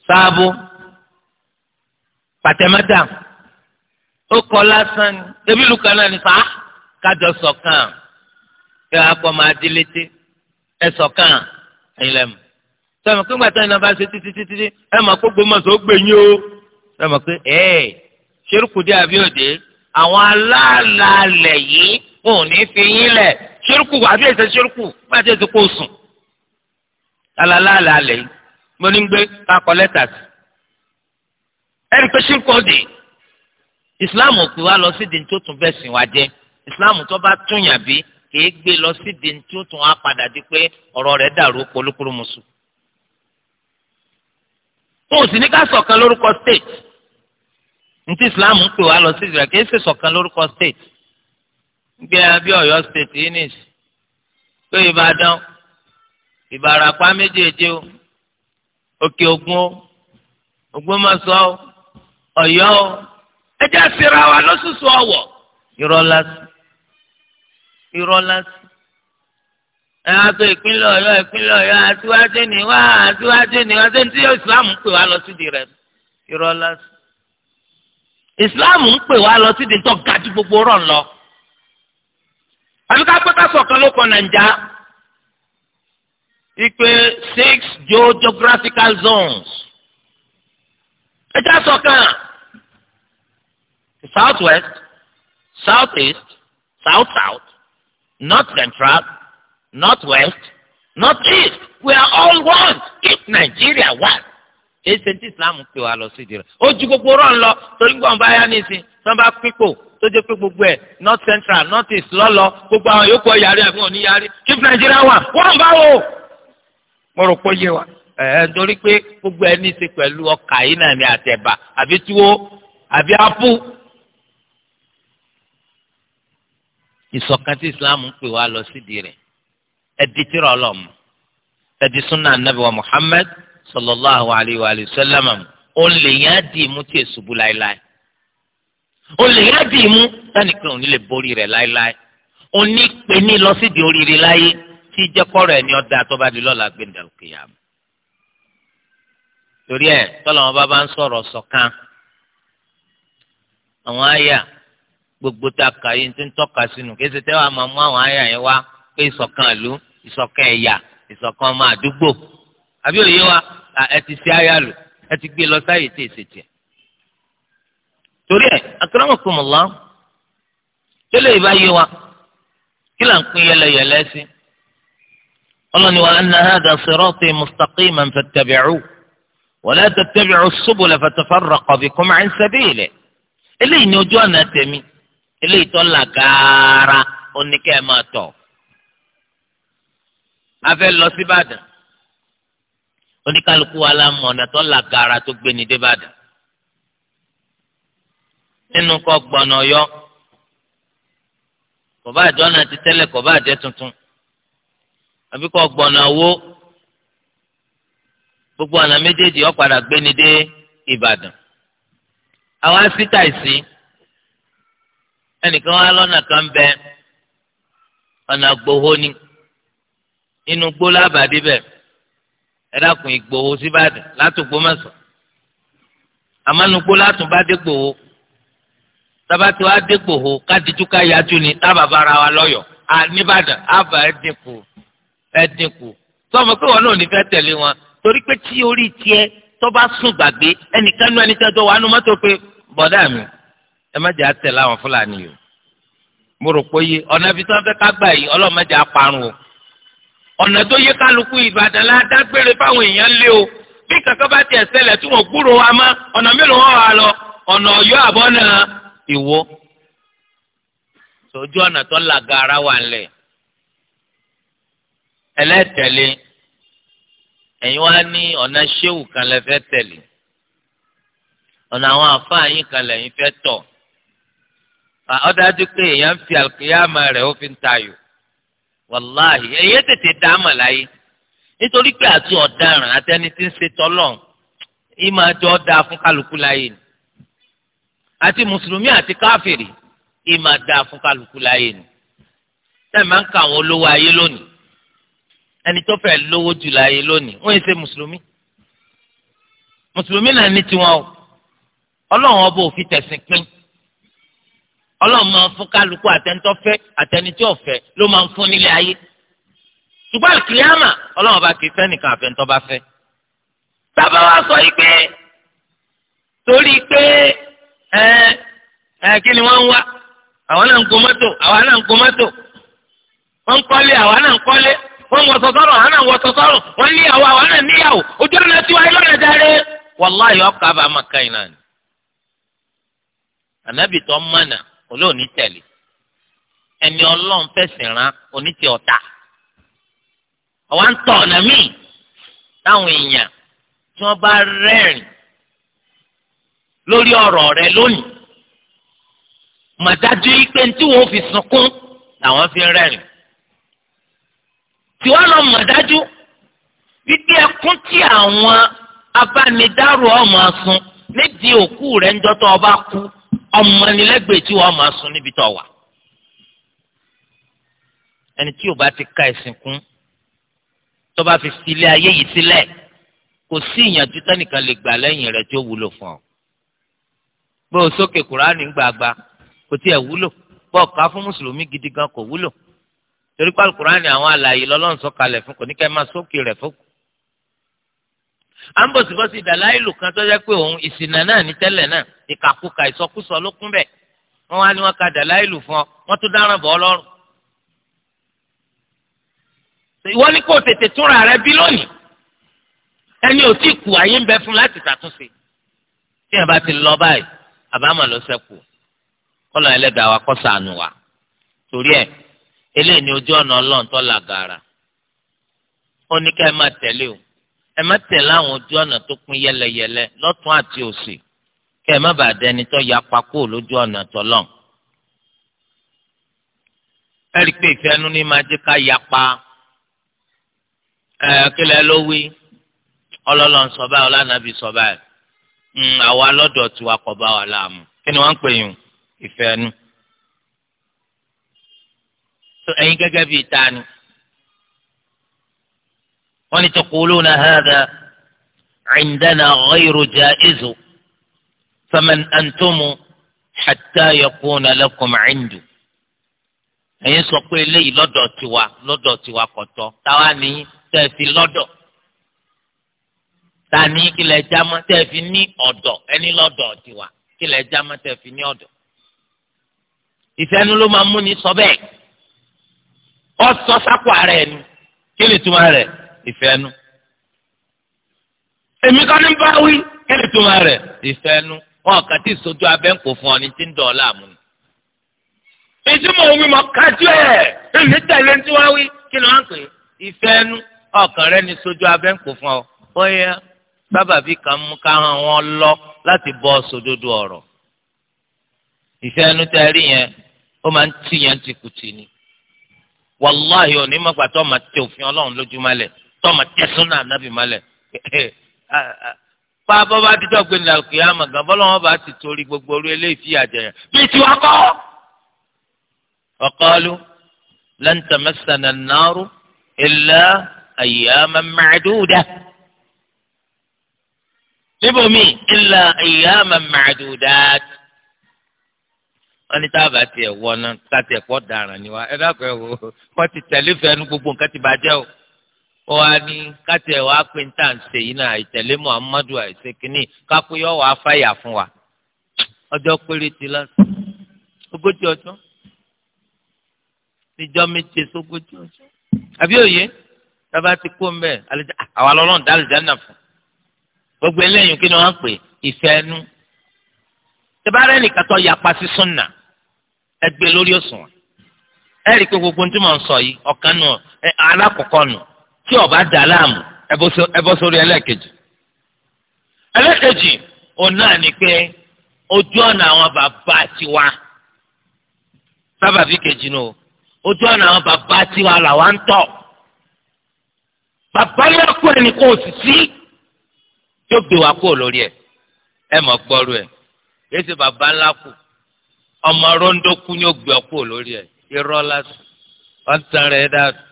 sáàbù pàtẹ́mẹ́tà ó kọ́ lásán ni ebi ìlú náà ni fa ah, kájọ ṣọ̀kan kí a kọ́ máa di létí ẹsọ kan ẹyin lẹmu sọmọ pé gbàtà iná bá ṣe títí títí ẹ mọ pé gbọmọsọ ó gbẹ̀yìn o sọmọ pé ẹ ṣerúkúdé àbíòde àwọn aláàlálẹ yìí wọn ò ní fi yín lẹ ṣerúkú àbí ẹsẹ ṣerúkú gbàtà ẹsẹ kò sùn aláàlálẹ yìí mo ní gbé kakọ lẹ́tà sí ẹ rí islam ò wá lọ sídìí tó tún bẹ́ẹ̀ sìn wá islam tó bá tún yàn bí kìí gbé lọ sídìí tí ó tún á padà di pé ọ̀rọ̀ rẹ̀ dàrú polúkúrú musu. ó sì ní ká ṣọ̀kan lórúkọ state ntí Islamu ń pè wá lọ sí ìdìrẹ̀ kìí ṣe ṣọ̀kan lórúkọ state gbé abẹ́ ọ̀yọ́ state unis pé ìbàdàn ìbàràpá méjèèjì o òkè ògùn o ògbómọ̀ṣọ́ o ọ̀yọ́ o ẹ jẹ́ àṣírà wa lọ́sùsù ọ̀wọ̀ irọ́ lásì. ẹ á tó ìpínlẹ̀ ọ̀yọ́ ìpínlẹ̀ ọ̀yọ́ àtiwájú ni wá àtiwájú ni wá ṣé tí islam ń pè wá lọ sídi rẹ̀ irọ́ lásì. islam ń pè wá lọ sídi tó ga ju gbogbo rọ̀ lọ. àbíká pé ká sọ̀kan ló kọ nàìjà ipe six geographical zones. ẹ já sọ̀kan south west south east south south not central, not west, not east. We are all one. Keep Nigeria one. Èsì tí Islam pè wá lọ sí ìdí rẹ̀. Ó ju gbogbo rán lọ torí gbọ́n bá yá nísìn tán bá pípò tó jẹ́ pé gbogbo ẹ̀ north central north east lọ́lọ́ gbogbo àwọn yòókù ọ̀yàrí àbí wọn níyàrí keep Nigeria one. Wọ́n bá wò. Mo rò pé yé wa. Ẹ̀ ẹ́ torí pé gbogbo ẹ̀ ní í ṣe pẹ̀lú ọkà yìí náà ni àtẹ̀bà àbí túwó àbí apú ìṣọ̀kan tí islam ń pè wá lọ sídìí rẹ̀ ẹ̀dí tí rọ̀ lọ́mù ẹ̀dí súnà anábì wa muhammed sallallahu alayhi wa sallam ó lè yá dì mú tí èso bú láéláé ó lè yá dì mú sẹ́nìkan ò ní lè borí rẹ̀ láéláé ó pè ní lọ sídìí oríire láyé tí jẹ́kọ́rọ̀ ẹ̀ ọ̀dà tó di lọ́la gbẹ̀ndàlùkìyàmù torí ẹ̀ tọ́lọ́mọba bá ń sọ̀rọ̀ ṣọ̀kan àwọn àyà. gbogbo tá kà yi ti ń tọ́ka sínú kí ẹsẹ̀ tẹ́wàá máa mú àwọn àyà yẹn wá pé ìṣọ̀kan ìlú ìṣọ̀kan ẹ̀yà ìṣọ̀kan ọmọ àdúgbò àbí òye wa ẹ ti ṣe àyà lò ẹ ti gbé lọ sáyè tí èsì tiẹ̀. torí ẹ akramakumullah tẹ́lẹ̀ ìbá yé wa kí là ń tie tori e ko mo to le ba ye wa sí ọlọ́ni wa anna hadha sirati mustaqiman fattabi'u wa la tattabi'u subula fatafarraqa bikum 'an sabilihi eléyìí ni ojú ọ̀nà tèmi eléyìí tó là gààrà oníkẹ́ ẹ̀ máa tọ̀ a fẹ́ lọ sí Ìbàdàn oníkálukú wa la mọ̀ ọ̀nà tó là gààrà tó gbé ní débàdàn nínú kọ́ gbọ̀nà ọ̀yọ́ kọ̀bá àjọ náà ti tẹ́lẹ̀ kọ̀bá àjẹ́ tuntun àbí kọ́ gbọ̀nà owó gbogbo ọ̀nà méjèèjì ó padà gbé ní Ìbàdàn àwa sí tàìsí ẹnìkan wá lọ́nà kan bẹ ọ̀nà gbowó ni inú gbó lábàdí bẹ ẹ dákun ìgbòho síbàdàn látògbó mẹ́sàn àmọ́nugbó látùn bá dé gbòho tabati wa dé gbòho kádìjú ká yájú ni tábà bára wa lọ́yọ̀ à níbàdàn àbà ẹ̀ dínkù ẹ̀ dínkù sọmọ pé wọn náà ní fẹ́ tẹ̀lé wọn torí pé tí orí tiẹ̀ tó bá sùn gbàgbé ẹnìkan nú ẹni nu mọ́tò pé bọ̀dá mi ẹ má jẹ́ àtẹ̀ láwọn fúlàní o mo rò pé yé ọ̀nà ibi tí wọ́n fẹ́ ká gbà yìí ọlọ́mọ jẹ́ àparun o ọ̀nà tó yẹ kálukú ìbàdàn la dágbére fáwọn èèyàn lé o bí kankan bá tiẹ̀ ṣẹlẹ̀ tí wọ́n gbúrò wa mọ́ ọ̀nà mélòó wọn wà lọ ọ̀nà ọ̀yọ́ àbọ̀ náà ìwọ. sójú ọ̀nà tó làgà ara wà ńlẹ̀ ẹlẹ́tẹ̀lé ẹ̀yin wá ní ọ̀nà ṣéwù kan lẹ tẹ̀lé ọ̀nà àwọn àfáà yín kan lẹ́yìn fẹ́ tọ̀ ọ dájú pé èèyàn fi àlùkìyàmà rẹ̀ ó fi ń tayò wàláhì èyí tètè dá àmà láyé nítorí pé àti ọ̀daràn àtẹni tí ń ṣe tọ́lọ̀ ìmọ̀ àjọ da fún kálukú láyé ni àti mùsùlùmí àti káfìrì ìmọ̀ da fún kálukú láyé ni tẹ́ máa ń ka àwọn olówó ayé lónìí ẹni tó fẹ́ lówó jù láyé lónìí wọ́n yìí ṣe mùsùlùmí mùsùlùmí náà ní tiwọn ọlọ́run ọba òfin tẹ̀sìn pín ọlọ́run máa fún kálukú àtẹnitọ́fẹ́ àtẹnití ló máa ń fún nílé ayé ṣùgbọ́n àkìlíàmà ọlọ́run bá kìí bá fẹ́. sábà sọ yìí pé torí pé ẹ ẹ kí ni wọ́n ń wá àwọn náà ń mọ́tò àwọn náà ń mọ́tò wọ́n kọ́lé àwọn náà ń wọ́n ń náà ń olóòní tẹ̀lé ẹni ọlọ́run fẹ̀sìn rán oníti ọ̀tá àwa ń tọ̀ ọ̀nà míì táwọn èèyàn tí wọ́n bá rẹ́rìn lórí ọ̀rọ̀ rẹ lónìí màdájú pé tí wọ́n fi sunkún làwọn fi rẹ́rìn tí wọ́n lọ màdájú wípé ẹkún tí àwọn abánidárò ọmọ sun nídìí òkú rẹ ń jọ́tọ̀ ọba kú ọmọnilẹ́gbẹ̀ẹ́ tí wọ́n máa sùn níbi tó wà. ẹni tí ò bá ti ka ẹ̀sìn kún tó bá fi sílé ayé yìí sílẹ̀ kò sí ìyànjú tẹ́nìkan lè gbà lẹ́yìn rẹ̀ tí ó wúlò fún ọ. bó o sókè kúránì gbàgbà kò tiẹ̀ wúlò bó o kà fún mùsùlùmí gidi gan kò wúlò torí pàlùkùránì àwọn àlàyé lọ́lọ́run sọ̀kalẹ̀ fún kò ní kẹ́ máa sókè rẹ̀ fókù à ń bọ̀ sí bọ́sí ìdàláìlù kan tó jẹ́ pé òun ìsìnà náà ní tẹ́lẹ̀ náà ìkàkùkà ìsọkúsọ ló kún bẹ̀ wọ́n wá ní wọ́n ka dàláìlù fún ọ wọ́n tún dáràn bọ́ ọlọ́run. ìwọ ni kò tètè túnra rẹ bí lónìí ẹni ò tí ì kú ayé ń bẹ fún láti ṣàtúnṣe tí ẹ bá ti lọ báyìí àbámọ̀ ló ṣẹ́kù kọ́lọ̀ ẹlẹ́dàá wa kó ṣàánú wa torí ẹ̀ eléyìí ni ojú ọ̀nà ọlọ́run làgàrà ó ní ká ẹ máa tẹ̀lé o ẹ má tẹ̀ láwọn ojú ọ̀nà tó pín yẹlẹyẹlẹ lọ́tún àti òsì kẹ́ ẹ má bàa dẹni tó ya pakó lójú ọ̀nà tọ́lọ́n. ẹ rí i pé ìfẹ́nu ní máa jẹ́ ká ya pa ẹ kílẹ̀ ló wí ọlọ́lọ́ ń hmm, àwa lọ́dọ̀ tiwa kò bá wa láàmú kí ni wọ́n ń pè yín ìfẹ́nu. ẹ̀yin gẹ́gẹ́ bíi ta ni wọ́n ní taquluna hadha indana ghayru jaizu faman antumu hatta yakuna lakum indu ẹ̀yin sọ pé eléyìí lọ́dọ̀ tiwa lọ́dọ̀ tiwa kọ̀tọ́ táwa ní tẹ́ fi lọ́dọ̀ ta ní kílẹ̀ jámọ́ tẹ́ fi ní ọ̀dọ̀ ẹni lọ́dọ̀ tiwa kílẹ̀ jámọ́ tẹ́ ní ọ̀dọ̀ ìfẹ́nu ló máa mú ni sọ bẹ́ẹ̀ ọ ìfẹ́nu. èmi kan ní bá wí kí ni ìtumọ̀ rẹ̀ ìfẹ́nu wọn kà tí sojú abẹ́ ń kó fún ọ ní tí ń dọ̀ láàmú ni. èyí mò ń wí mọ̀ kájú ẹ̀ èmi tẹ̀lé tí wọ́n wí kí ni wọ́n pè é ìfẹ́nu ọkàn rẹ ní sojú abẹ́ ń kó fún ọ. ó yẹ sábàbí kan mú káwọn wọn lọ láti bọ́ sódodo ọ̀rọ̀. ìfẹ́nu tẹ́ rí yẹn ó máa ń tì yẹn tìkùtì ni wàláhì òní máa tẹ òfin ọlọ́run lójúmọ́ lẹ̀ tọ́mọ tẹ́sán náà nábì malẹ̀ pa bọ́bá dídọ́ gbé nílẹ̀ kìí àmọ̀ gan bọ́lọ́wọ́ bá ti torí gbogbo orí eléyìí fi bí tí wọ́n kọ́. ọ̀kọ́lu lan tamassana an-naru illa ayyaman ma'duda. níbòmí illa ayyaman wọ́n ní táàbà tiẹ̀ wọ́n náà ká tiẹ̀ pọ̀ dàrán ni wa ẹ dákọ̀ ẹ̀ wò wọ́n ti tẹ̀lé fẹ́ẹ́ nu gbogbo nǹkan ti bàjẹ́ o ó wá ní káti ẹ̀ wá pé ní tàǹsì yìí náà ìtẹ̀lé muhammadu àìsè kínní kápẹ́ yọ wá fàyà fún wa ọjọ́ péréte lásán ogójì ọjọ́ níjọ́ méje sógójì ọjọ́ àbí òye tábà ti kó mbẹ àwa lọ́lọ́run dá àlùjáná fún gbogbo eléyìí kí ni wọ́n pè ìfẹ́ ẹnu tẹ́bárẹ́ nìkan tó yapa sí súnà ẹgbẹ́ lórí òṣùwọ̀n ẹ̀rí pé gbogbo ohun tí mò ń sọ yìí ọ̀kan nù alákọ̀ọ́kọ́ tí ọba dà láàmú ẹbọ sórí ẹlẹ́ẹ̀kejì ẹlẹ́ẹ̀kejì òun náà ni pé ojú ọ̀nà àwọn bàbá tiwa sábàbí kejì nù ojú ọ̀nà àwọn bàbá tiwa làwa ń tọ̀ bàbá yẹn kú ẹni kó o sì sí yóò gbé wa kúrò lórí ẹ ẹ mọ̀ gbọ́rú ẹ yéé ṣe bàbá ńlá kù ọmọ rondo kú ni ó gbé ọ kúrò lórí ẹ irọ́ lásán ọ̀ ń tan rẹ̀ dáadáa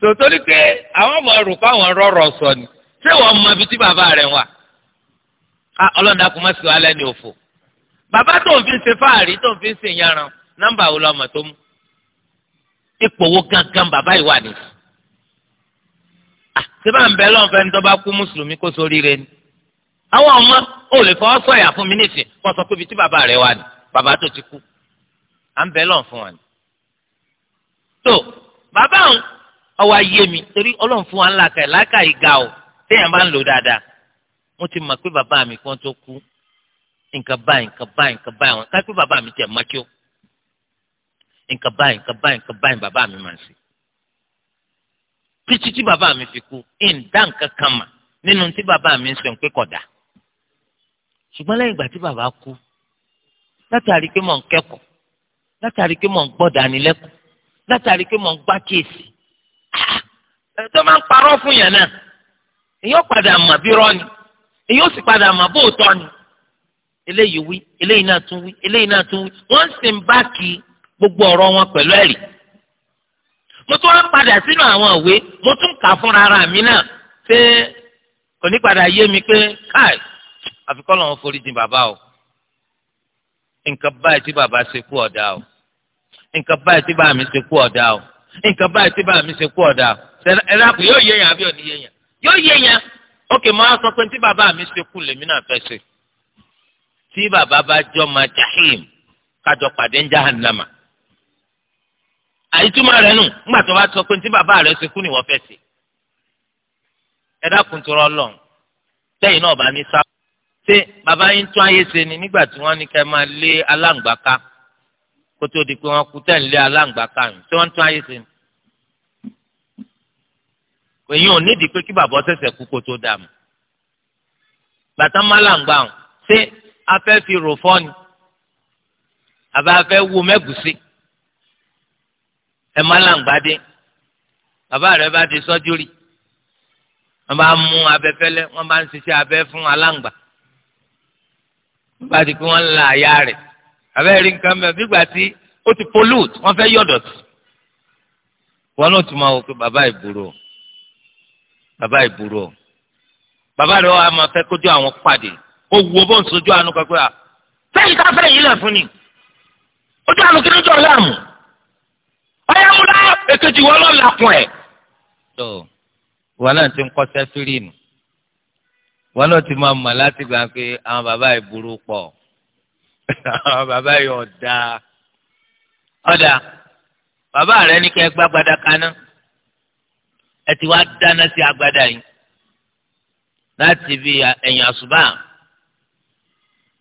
sòtórí pé àwọn ọmọ rò fáwọn rọrọ sọ ni ṣé wọn mọ ibi tí bàbá rẹ wà á ọlọ́dà kò má sí wa lẹ́ni òfò bàbá tó ń fi ṣe fáàrí tó ń fi ṣe yaran nọ́mbà wo lọ́mọ tó mú ipò wo gangan bàbá yìí wà ní. ṣé bá ń bẹ lọ́nfẹ́ ní tó bá kú mùsùlùmí kó sórí rẹ ni àwọn ọmọ ò lè fọwọ́ sọ̀yà fún mi nìsín kó sọ pé ibi tí bàbá rẹ wà ní bàbá tó ti kú à ń bẹ lọ́n fún wa tó bàbá òun ọwọ́ ayé mi torí ọlọ́run fún wa ńlá ka ẹ̀ láka ìga o téèyàn bá ń lò dáadáa mo ti mọ̀ pé bàbá mi kan tó kú nǹkan báyìí nǹkan báyìí nǹkan báyìí wọn ká pé bàbá mi tiẹ̀ mọ́ kí o nǹkan báyìí nǹkan báyìí nǹkan báyìí bàbá mi máa ń ṣe títí tí bàbá mi fi kú ń dá nǹkan kan mà nínú tí bàbá mi ń sọ pé kódà ṣùgbọ́n lẹ́yìn ìgbà tí bàbá kú látàrí pé mò ń kẹ́kọ̀ọ́ látàrí pé mò ń gbọ́ dánilẹ́kọ̀ọ́ látàrí pé mò ń gbá kíyèsí ẹni tó máa ń parọ́ fún yẹn náà èyí ó padà mà bí rọ́ọ̀nì èyí ó sì padà mà bó tọ́ ni eléyìí wí eléyìí náà tún wí eléyìí náà tún wí wọ́n sì ń báàkì gbogbo ọ̀rọ̀ wọn pẹ̀lú ẹ̀rí mo tún wá padà sínú àwọn ìwé mo tún kà fúnra ara mi náà pé kò ní padà yé mi pé káì àfikọ́ lọ́wọ́ forí jìn bàbá o nǹkan báyìí tí bàbá ṣe kú ọ̀dà o nǹkan báyìí tí bàbá ṣe kú ọ̀dà o nǹkan báyìí tí bàbá ṣe kú ọ̀dà o ẹ̀dàpọ̀ yóò yé yàn àbí òní yé yàn yóò yé yàn ókè mọ́ á sọ pé tí bàbá mi ṣe kú lèmi náà fẹ́ ṣe tí bàbá bá jọ ma jahim kájọ pàdé ń jahannama àyítúmọ̀ rẹ̀ nù ńgbà tó bá sọ pé tí bàbá rẹ̀ ṣe kú ni wọ́n fẹ́ ṣe ẹ̀dàpọ̀ tó rọ́ lọ́n tẹ́yìn náà bá ní sá ṣé bàbá yín tún ayé ṣe ni nígbà tí wọ́n ní kẹ́ máa lé aláǹgbá ká kótó di pé wọ́n kú tẹ̀ èyí ò nídìí pé kí bàbá ọ̀sẹ̀sẹ̀ kú kó tó dà mọ́ bàtà málàǹgbà ọ̀hún ṣé a fẹ́ fi rò fọ́ ni àbá a fẹ́ wo mẹ́gùsí ẹ málàǹgbà dé bàbá rẹ bá di sọ́júrì wọ́n bá mú abẹ́fẹ́lẹ́ wọ́n bá ń ṣiṣẹ́ abẹ́ fún aláǹgbà nígbà tí wọ́n la àyà rẹ̀ abẹ́ rí nǹkan mẹ́rin nígbà tí ó ti pollute wọ́n fẹ́ yọ̀dọ̀ sí wọn náà tún máa wọ pé bàbá ìbúrò bàbá ìbúrò bàbá rẹ̀ wà máa fẹ́ kójú àwọn pàdé kó wo bó ń sojú àánú kan pé à sẹ́yìn ká fẹ́ yìí lẹ̀ fún ni ojú àánú kí ló jọ láàmú ọ̀yà múlá èkejì wọn lọ làkùn ẹ̀. tó wọn náà ti ń kọ́ sẹ́fírì wọn náà ti máa mọ̀ láti gbà pé àwọn bàbá ìbúrò pọ̀ àwọn bàbá yìí ọ̀dà ọ̀dà bàbá rẹ̀ ní kẹ́ gbàgbàdà kaná ẹ ti wá dáná sí agbádá yìí láti bí ẹ̀yìn àṣùbà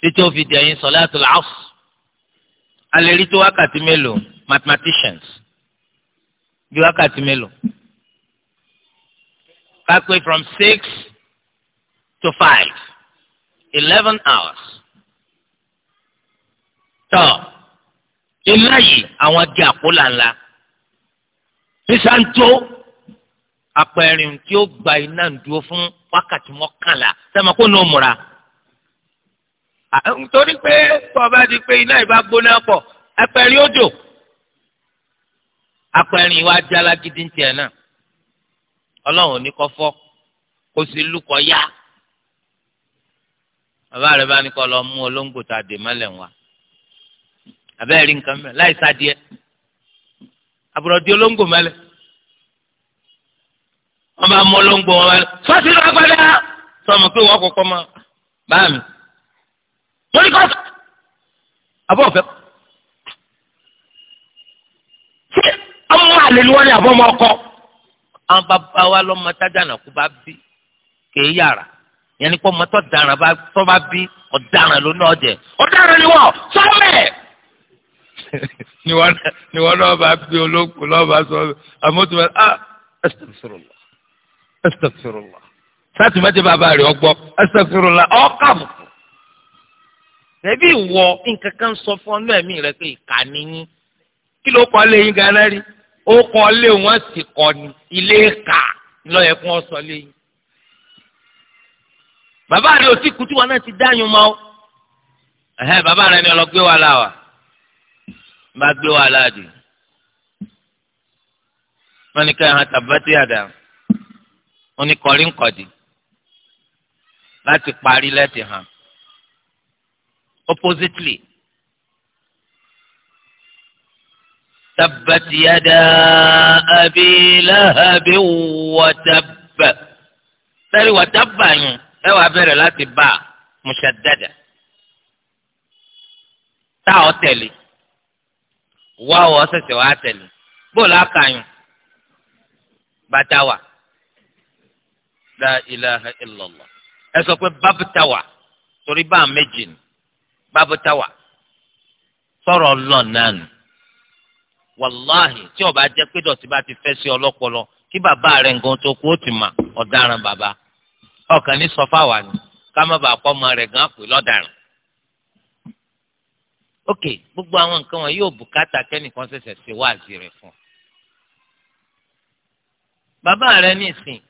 títí ó fi di ẹ̀yìn sọ̀láàtù làásù alẹ́ rí tó wákàtí mélòó mathematicians bí wákàtí mélòó kápẹ́ from six to five eleven hours tọ́ ilé yìí àwọn di àpò lànà ní santo. apẹ̀rìn tí ó gba iná dúró fún wákàtí mọ́kànlá sẹ́mi kó nù múra. nítorí pé tọ́ba di pé iná ìbá gbóná pọ̀ apẹ̀rìn ó apẹ̀rìn wa jala gidi ń tiẹ̀ náà ọlọ́run ní kọ́ fọ́ kó sì lùkọ́ yá bàbá rẹ̀ bá ní kọ́ lọ mú olóńgbò tá a dè mọ́lẹ̀ abẹ́rẹ́ di olóńgbò mẹ́lẹ̀. wọ́n bá mọ́ lóńgbò wọn bá sọ́ọ̀tì ló agbada sọ́ọ̀mù pé wọ́n kọ́kọ́ mọ́ bá mi. wọ́n ní kọ́ọ̀tù àbọ̀ ọ̀fẹ́. ṣé ọmọ àlè ni wọ́n ní àbọ̀ ọmọ ọkọ. àwọn bàbá wa lọ́mọ tájà náà kó bá bí kèé yàrá yẹn ni kó ọmọ tó dáràn bá tó bá bí ọ̀daràn ló náà jẹ ọ̀daràn ni wọ́n sọ́ọ̀mẹ̀ ni wọn náà bá bí olókùn lọ́ọ́ bá sọ àmọ́ bá ah ẹ̀sìn sọ̀rọ̀ lọ astagfirullah sátì má jẹ́ bàbá rẹ̀ ọgbọ́ astagfirullah ọ̀kàmù. ṣebí ìwọ nǹkan kan sọ fún ọ náà ẹ̀mí rẹ pé ìkà nìyí kí ló kọ́ lé yín ganan rí ó kọ́ lé wọn sì kọ́ ni ilé kà lọ́yẹ̀ fún ọ sọ lé yín. bàbá rẹ̀ ò tí kú wọn náà ti dáyùn mọ́ bàbá rẹ̀ ni ọlọ́gbé wa láwà bá gbé wa láàdì wọn ni ká ẹ̀hán tàbátì àdá oníkọ̀rínkọ̀dì láti parí lẹ́tì hàn oppositely tabbat yada abi lahabi wa tabb sẹ́rí wa tabba yun ẹ wàá bẹ̀rẹ̀ láti bá mushaddada tá ọ tẹ̀lé wá ọ ṣẹ̀ṣẹ̀ wá tẹ̀lé bóòlù àkàyùn bàtà wà la ilaha illallah ẹ sọ pé bábù táwà torí bá méjì ni bábù táwà sọ̀rọ̀ lọ́nàánù wàláhì tí ó bá jẹ́ pé dọ̀tí bá ti fẹ́ sí ọlọ́pọlọ kí bàbá rẹ̀ nǹkan tó kú ó ti mà ọ̀daràn bàbá ọkàn ní sọfáwà ni ká má bàa pọ́ ọmọ rẹ̀ gan pè lọ́daràn. ok gbogbo àwọn nǹkan wọn yóò bùkátà kẹ́nìkan ṣẹ̀ṣẹ̀ ṣe wáàzì rẹ̀ fún un. bàbá rẹ̀ ní ìsìn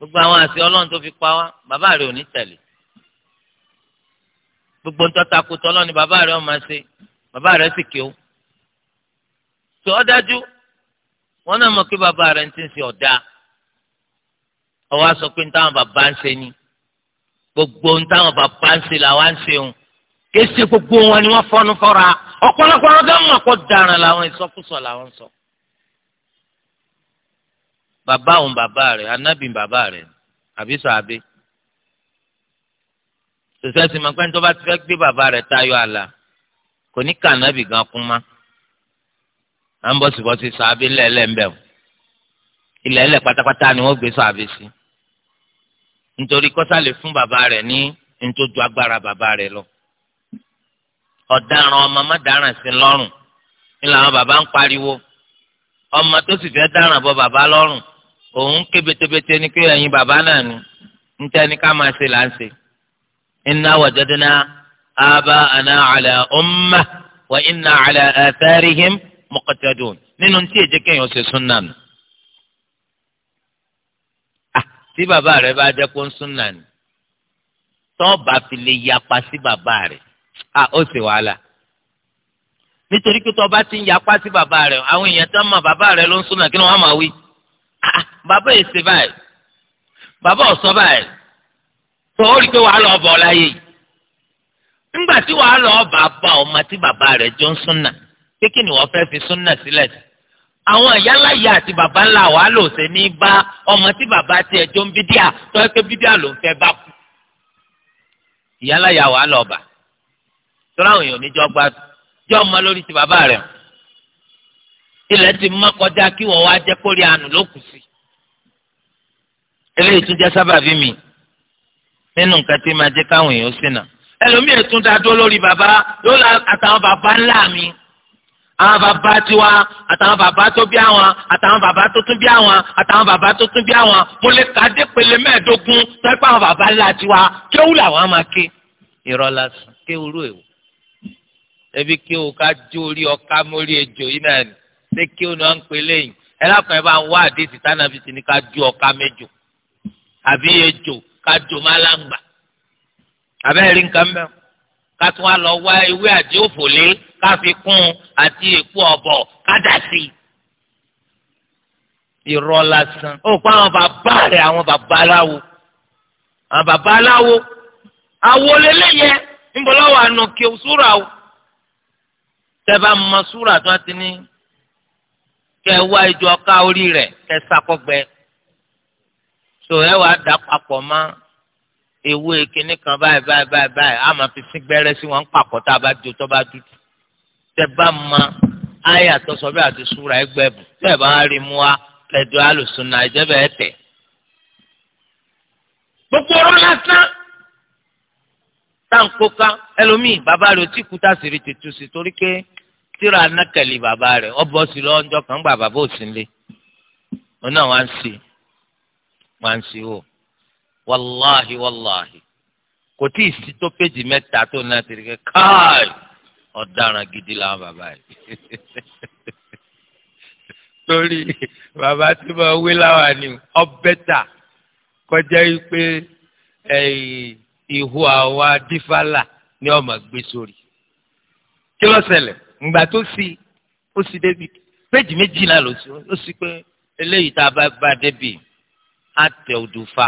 gbogbo àwọn àti ọlọ́run tó fi pa wá bàbá rẹ̀ ò ní tẹ̀lé gbogbo ń tọ́ta kó tọ́lọ́ ni bàbá rẹ̀ ò máa ṣe bàbá rẹ̀ sì kéwò tó ọ́ dájú wọn náà mọ̀ pé bàbá rẹ̀ ń ti ń ṣe ọ̀dà ọwọ́ aṣọ pé ń táwọn bàbá ń ṣe ni gbogbo ń táwọn bàbá ń ṣe làwa ń ṣe òun kéṣe gbogbo wọn ni wọ́n fọ́nu fọ́ra ọ̀pọ̀lọpọ̀ ọ̀dọ́ mọ̀ kó daran làwọn ìsọkúsọ làwọn sọ bàbá òun bàbá rẹ̀ anábì bàbá rẹ̀ àbí sàbẹ sọsẹ sì máa pẹ́ni tó bá ti fẹ́ gbé bàbá rẹ̀ tayọ àlà kò ní kà anábì gan kún mọ́ à ń bọ̀ síbọ̀ sí sàbẹ ńlẹ̀ẹ́lẹ̀ ń bẹ̀ o ilẹ̀ ńlẹ̀ pátápátá ni wọ́n gbé sàbẹ sí nítorí kọ́sà lè fún bàbá rẹ̀ ní ntójú agbára bàbá rẹ̀ lọ ọ̀daràn ọmọ má dáràn sí lọ́rùn ńlá àwọn bàbá ń pariwo ọmọ tó sì fẹ́ dáràn bọ bàbá lọ́rùn òun ké betebete ni pé ẹ̀yin bàbá náà ni ń tẹ́ni ká máa ṣe là ń ṣe. inna wajadna aba'ana ala ummah wa inna ala atharihim muqtadun nínú tí èjẹ kéèyàn ṣe súnà nù. Ah, tí bàbá rẹ bá jẹ́ kó ń súnà nù tọ́ bá fi lè yapa sí bàbá rẹ̀ ah, ó ṣe wàhálà nítorí pé tó bá ti ń yapa sí bàbá rẹ àwọn èèyàn tó mọ bàbá rẹ ló ń súnà kí ni wọn máa wí ah, ah, bàbá yìí ṣe báyìí bàbá ọ̀sọ́ báyìí tó o rí i pé wàá lọ bọ̀ láyé yìí ńgbà tí wàá lọ bá bá ọmọ tí bàbá rẹ jọ ń súnà pé kí ni wọ́n fẹ́ fi súnà sílẹ̀ sí àwọn ìyáláyà àti bàbá ńlá wàá lò ṣe ní bá ọmọ tí bàbá tiẹ̀ jọ ń bídíà tó ẹ bídíà ló ń fẹ́ bá kú ìyáláyà wàá lọ bà tó láwọn èèyàn níjọ gbádùn jẹ́ ọmọ lórí ti bàbá rẹ̀ ilẹ̀ ti mọ́ kọjá kí wọ́n wá jẹ́ kórè àánú ló kù sí. eléyìí tún jẹ́ sábàbí mi nínú nǹkan tí máa jẹ́ káwọn èèyàn ṣìnà ẹlòmíì tún dá dó lórí bàbá yóò la àtàwọn bàbá ńlá mi àwọn bàbá tiwa àtàwọn bàbá tó bí àwọn àtàwọn bàbá tó tún bí àwọn àtàwọn bàbá tó tún bí àwọn mo lè kà á dé pele mẹ́ẹ̀ẹ́dógún sẹ́pẹ́ àwọn bàbá ńlá tiwa kéwù làwọn máa ké irọ́ kéwù rú èwù ebi kí o ká jó orí ọká mórí ejò yìí náà ni ṣé kí o ní wọn ń pè lẹ́yìn ẹ lákàn ẹ bá ń wá àdéhìí tánàbí ti ní ká jó ọká mẹ́jọ àbí ejò ká jó má láǹgbà abẹ́ rí nǹkan mẹ́rin ká tún wá lọ wá ewé àti ká fi kún àti èpo ọ̀bọ̀ ká dà sí i. irọ́ lásán ó pa àwọn bàbá rẹ̀ àwọn bàbá aláwo àwọn bàbá aláwo àwo lélẹ́yẹ ńbọ̀lọ́wọ́ àná kí o tẹ́bà mọ súrà tó ti ní kẹ wá ìjọ ọká orí rẹ̀ kẹ sakọgbẹ tó ẹ wàá dà papọ̀ mọ́ ewé kínní kan báyìí báyìí báyìí báyìí a máa fi sín gbẹ́rẹ́ sí wọn papọ̀ tá a bá jó tó bá dúdú tẹ́bà mọ ayé àtọ́sọ bí àti súrà ẹgbẹ́ bù tẹ́bà á rí mu wa kẹjọ alùsùn náà ìjẹ́bẹ̀ ẹ̀ tẹ̀. gbogbo ọ̀rọ̀ lásán táǹkó ká ẹlòmíì bàbá rẹ̀ ò kuta kú tá sì rí tètú sí torí pé tíra anákẹ́lì bàbá rẹ̀ ọ bọ́ sí lọ́jọ́ kan gbà bàbá òsì ńlẹ̀ òun sí wá sí o wàláhi wàláhi kò tí ì sí tó péjì mẹ́ta tó náà ti rí káì ọ̀daràn gidi làwọn bàbá yìí torí bàbá tí mo wí láwa ni ọ bẹ́tà kọjá yìí pé ẹ̀yìn ihò àwa dífàlà ni ọmọ gbé sórí kí ló ṣẹlẹ̀ ǹgbà tó sì ó sì débi péjì méjìlá ló sì ó sì pé eléyìí tá a bá bá débi á tẹ odò fa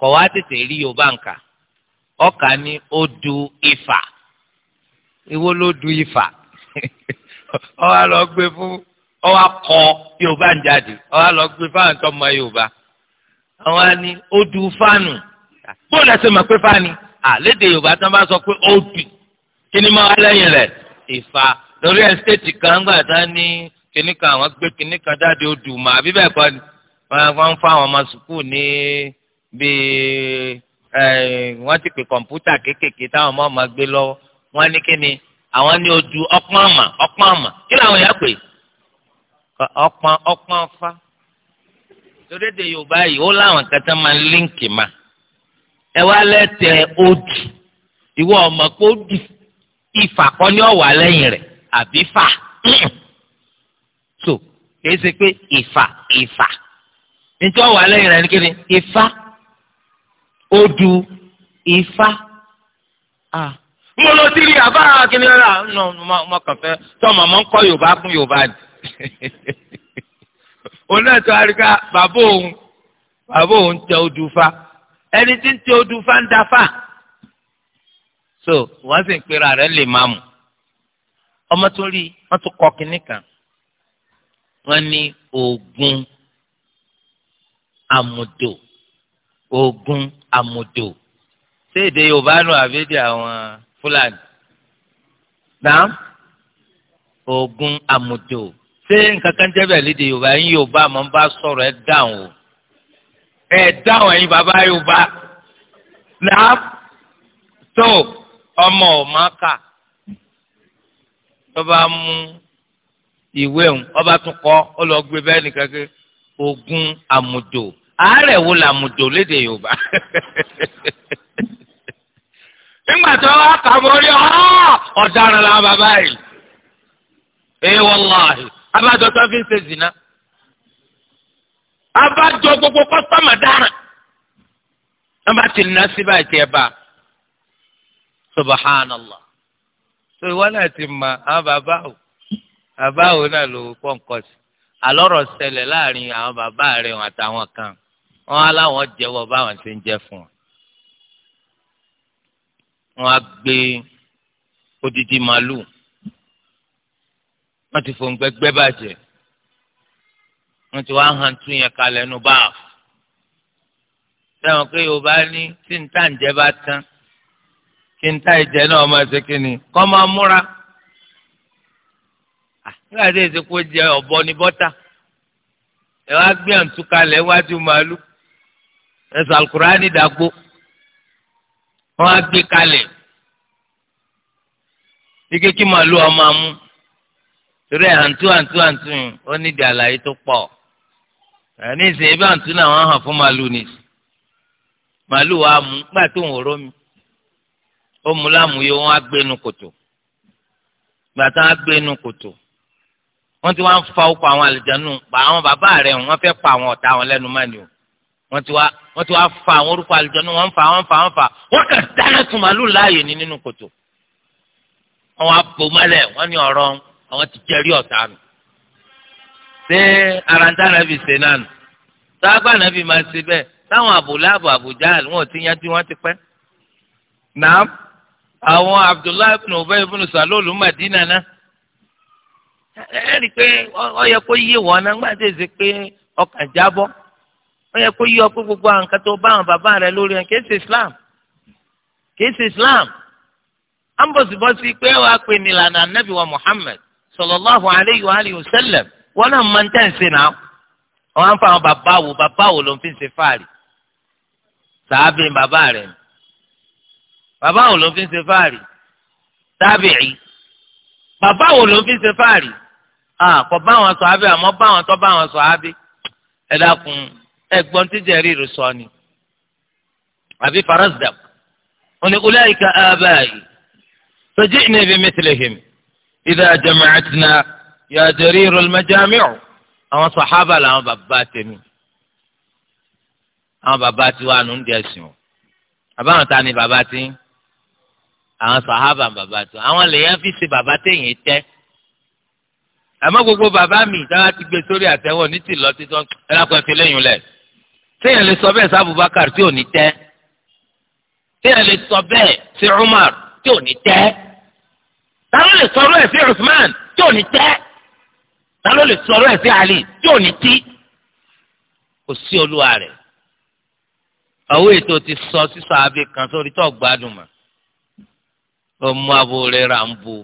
kọ̀ wá tètè rí yorùbá nǹkan ọkà ni ó du ifá ìwọ ló du ifá ọ wá lọ gbé fún ọ wá kọ yorùbá ń jáde ọ wá lọ gbé fáwọn tó mọ yorùbá àwọn àni odù fánù bóòlù ẹsẹ mọ̀ pé fáni àlédè yorùbá tán bá sọ pé odù kí ni máa wá lẹ́yìn rẹ̀ ìfà lórí ẹsítéètì kan gbà tán ní kíní kan àwọn gbé kíní kan jáde odù mọ àbí bẹ́ẹ̀ kọ́ ni wọ́n ń fa àwọn ọmọ sùkúù ní bíi wọ́n ti pè kọ̀ǹpútà kéékèèké táwọn ọmọ ọmọ gbé lọ́wọ́ wọ́n ní kíni àwọn ní odù ọpọ́n àmà ọpọ́n àmà kí làwọn yà pé ọpọ́n ọpọ́n fa torí èdè yorùbá yìí ó láwọn kẹta máa ń líǹkì ma ẹ wá lẹ́tẹ̀ odù ìwọ ọmọ kó dù ìfà kọ́ ní ọ̀wà lẹ́yìn rẹ̀ àbí fà so kìí ṣe pé ìfà ìfà nítorí ọ̀wà lẹ́yìn rẹ̀ ní ni ìfà odù ìfà mo lọ sí rí àbá kìnìún rà nù mọ kàn fẹ́ tọ́ màmá ń kọ́ yorùbá fún yorùbá ni. òun náà tó àríkà bàbá òun bàbá òun tẹ odù fa ẹni tí ń tẹ odù fa ń da fa so wọ́n sì ń pera rẹ̀ lè máa mú ọmọ tó rí wọ́n tún kọ́ kínní kan wọ́n ní oògùn àmùdò oògùn àmùdò ṣé èdè Yorùbá nù àbẹ́dẹ àwọn Fúlàní náà oògùn àmùdò ṣé nǹkan kan jẹ́ bẹ́ẹ̀ lédè yorùbá ẹ̀yin yorùbá àmọ́ ń bá sọ̀rọ̀ ẹ dáhùn o ẹ dáhùn ẹ̀yin bàbá yorùbá náà tó ọmọ ọmọ kà tó bá mú ìwé òun ọba tún kọ́ ó lọ gbé bẹ́ẹ̀ nìkan kí ogun àmùjò àárẹ̀ wo làmùjò lédè yorùbá nígbà tó wá kà mórí ọ́ ọ̀daràn làwọn bàbá yìí ẹ wọ́n láàyè abájọ tó fi ń ṣe zina abájọ gbogbo kọ́sítọ́mà dára wọ́n ti ná síbà tí ẹ bá subhanallah so ìwọ náà ti mọ àwọn bàbá o bàbá o náà ló pọ̀nkọ́ sí àlọ́rọ̀ ṣẹlẹ̀ láàrin àwọn bàbá rẹ̀ wọn àtàwọn kan wọn á láwọn jẹ́wọ́ báwọn ṣe ń jẹ́ fún wọn wọn á gbé odidi màlúù wọ́n ti fò ń gbẹgbẹ́ bàjẹ́ wọ́n ti wá hàn tún yẹn kalẹ̀ nu báàfù sẹ́wọ̀n pé yorùbá ní tí ń tà ń jẹ́ bá tán kí ń tà ìjẹ́ náà máa ṣe kí ni kọ́ máa múra nígbà tí èsì kó jẹ ọ̀bọ ní bọ́tà ẹ wá gbé àǹtúkalẹ̀ wájú màálù ẹ̀sọ̀ alukurani dàgbò wọ́n á gbé kalẹ̀ ike kí màálù ọmọ amú torí àǹtú àǹtú àǹtú ó ní ìdí àlàyé tó pọ̀ ní ìsìn ebí àǹtú náà wọ́n hàn fún màlúù ni màlúù wa mú gbà tó ń wòró mi ó mú láàmúyé wọn á gbé inú kòtò gbà tó á gbé inú kòtò wọ́n ti wá ń fa okò àwọn àlìjánu pa àwọn bàbá rẹ̀ wọ́n fẹ́ pa àwọn ọ̀tá wọn lẹ́nu mọ́ni o wọ́n ti wá wọ́n ti wá fa àwọn orúkọ àlìjánu wọ́n fa wọ́n fa wọ́n fa wọ́n kàn dáná tún màlúù láàyè ní nínú kòtò wọ́n wá bò mọ́lẹ̀ wọ́n ní ọ̀rọ̀ àwọn ti jẹ́rí ọ̀tá nù. ṣé aráńtà nàbì ṣe náà nù sábà nàbì máa ṣe bẹ́ẹ̀ táwọn àbòláàbò àbújá wọn ti yanjú wọn ti pẹ́. nàám àwọn abdullahi ibn ubay ibn salol madina náà ẹ̀rí pé ó yẹ kó yé wọn náà nígbà tí èsì pé ọkàn jábọ́ ó yẹ kó yé ọ pé gbogbo àwọn nǹkan tó bá àwọn bàbá rẹ lórí ẹ̀ kìí ṣe islam kìí ṣe islam ambosibosi pé wàá pè ní ìlànà anabi wa muhammed sallallahu alayhi wa alihi wa sallam wọn náà máa ń tẹ̀ ń ṣe náà wọn á ń fa àwọn bàbá wo bàbá wo ló ń fi ń ṣe fáàrí sàábìn bàbá rẹ̀ ni bàbá wo ló ń fi ń ṣe fáàrí tábìrì bàbá wo ló ń fi ń ṣe fáàrí kò bá wọn sọ abẹ àmọ́ bá wọn tó bá wọn sọ abẹ ẹ dákun ẹ gbọ́n tí jẹ̀rìírì sọ ni àbí farazdak wọn ni ulaika abai fajini bi mithlihim idha jama'atna ya jarir al-majami'u àwọn sàhábà làwọn bàbá tèmi àwọn bàbá tí wà nù ń dẹ̀ sùn àbáwọn ta ni bàbá tí àwọn sàhábà bàbá tó àwọn lèèyàn fi ṣe bàbá téèyàn tẹ́ àmọ́ gbogbo bàbá mi dára ti gbé sórí àtẹ́wọ́ ní tìlọ títọ́ ẹlẹ́kọ̀ọ́ fi lẹ́yìn lẹ̀ téèyàn lè sọ bẹ́ẹ̀ sí Abubakar tí ò ní tẹ́ téèyàn lè sọ bẹ́ẹ̀ sí Umar tí ò ní tẹ́ ta ló lè sọ̀rọ̀ ẹ̀ sí Usman tí ò ní tẹ́ ta ló lè sọ̀rọ̀ ẹ̀ sí Ali tí ò ní tí kò sí olúwa rẹ̀ àwọn ètò ti sọ sísọ abẹ kan sórí tó gbádùn mọ́ ó mú abo rẹ̀ rà ń bo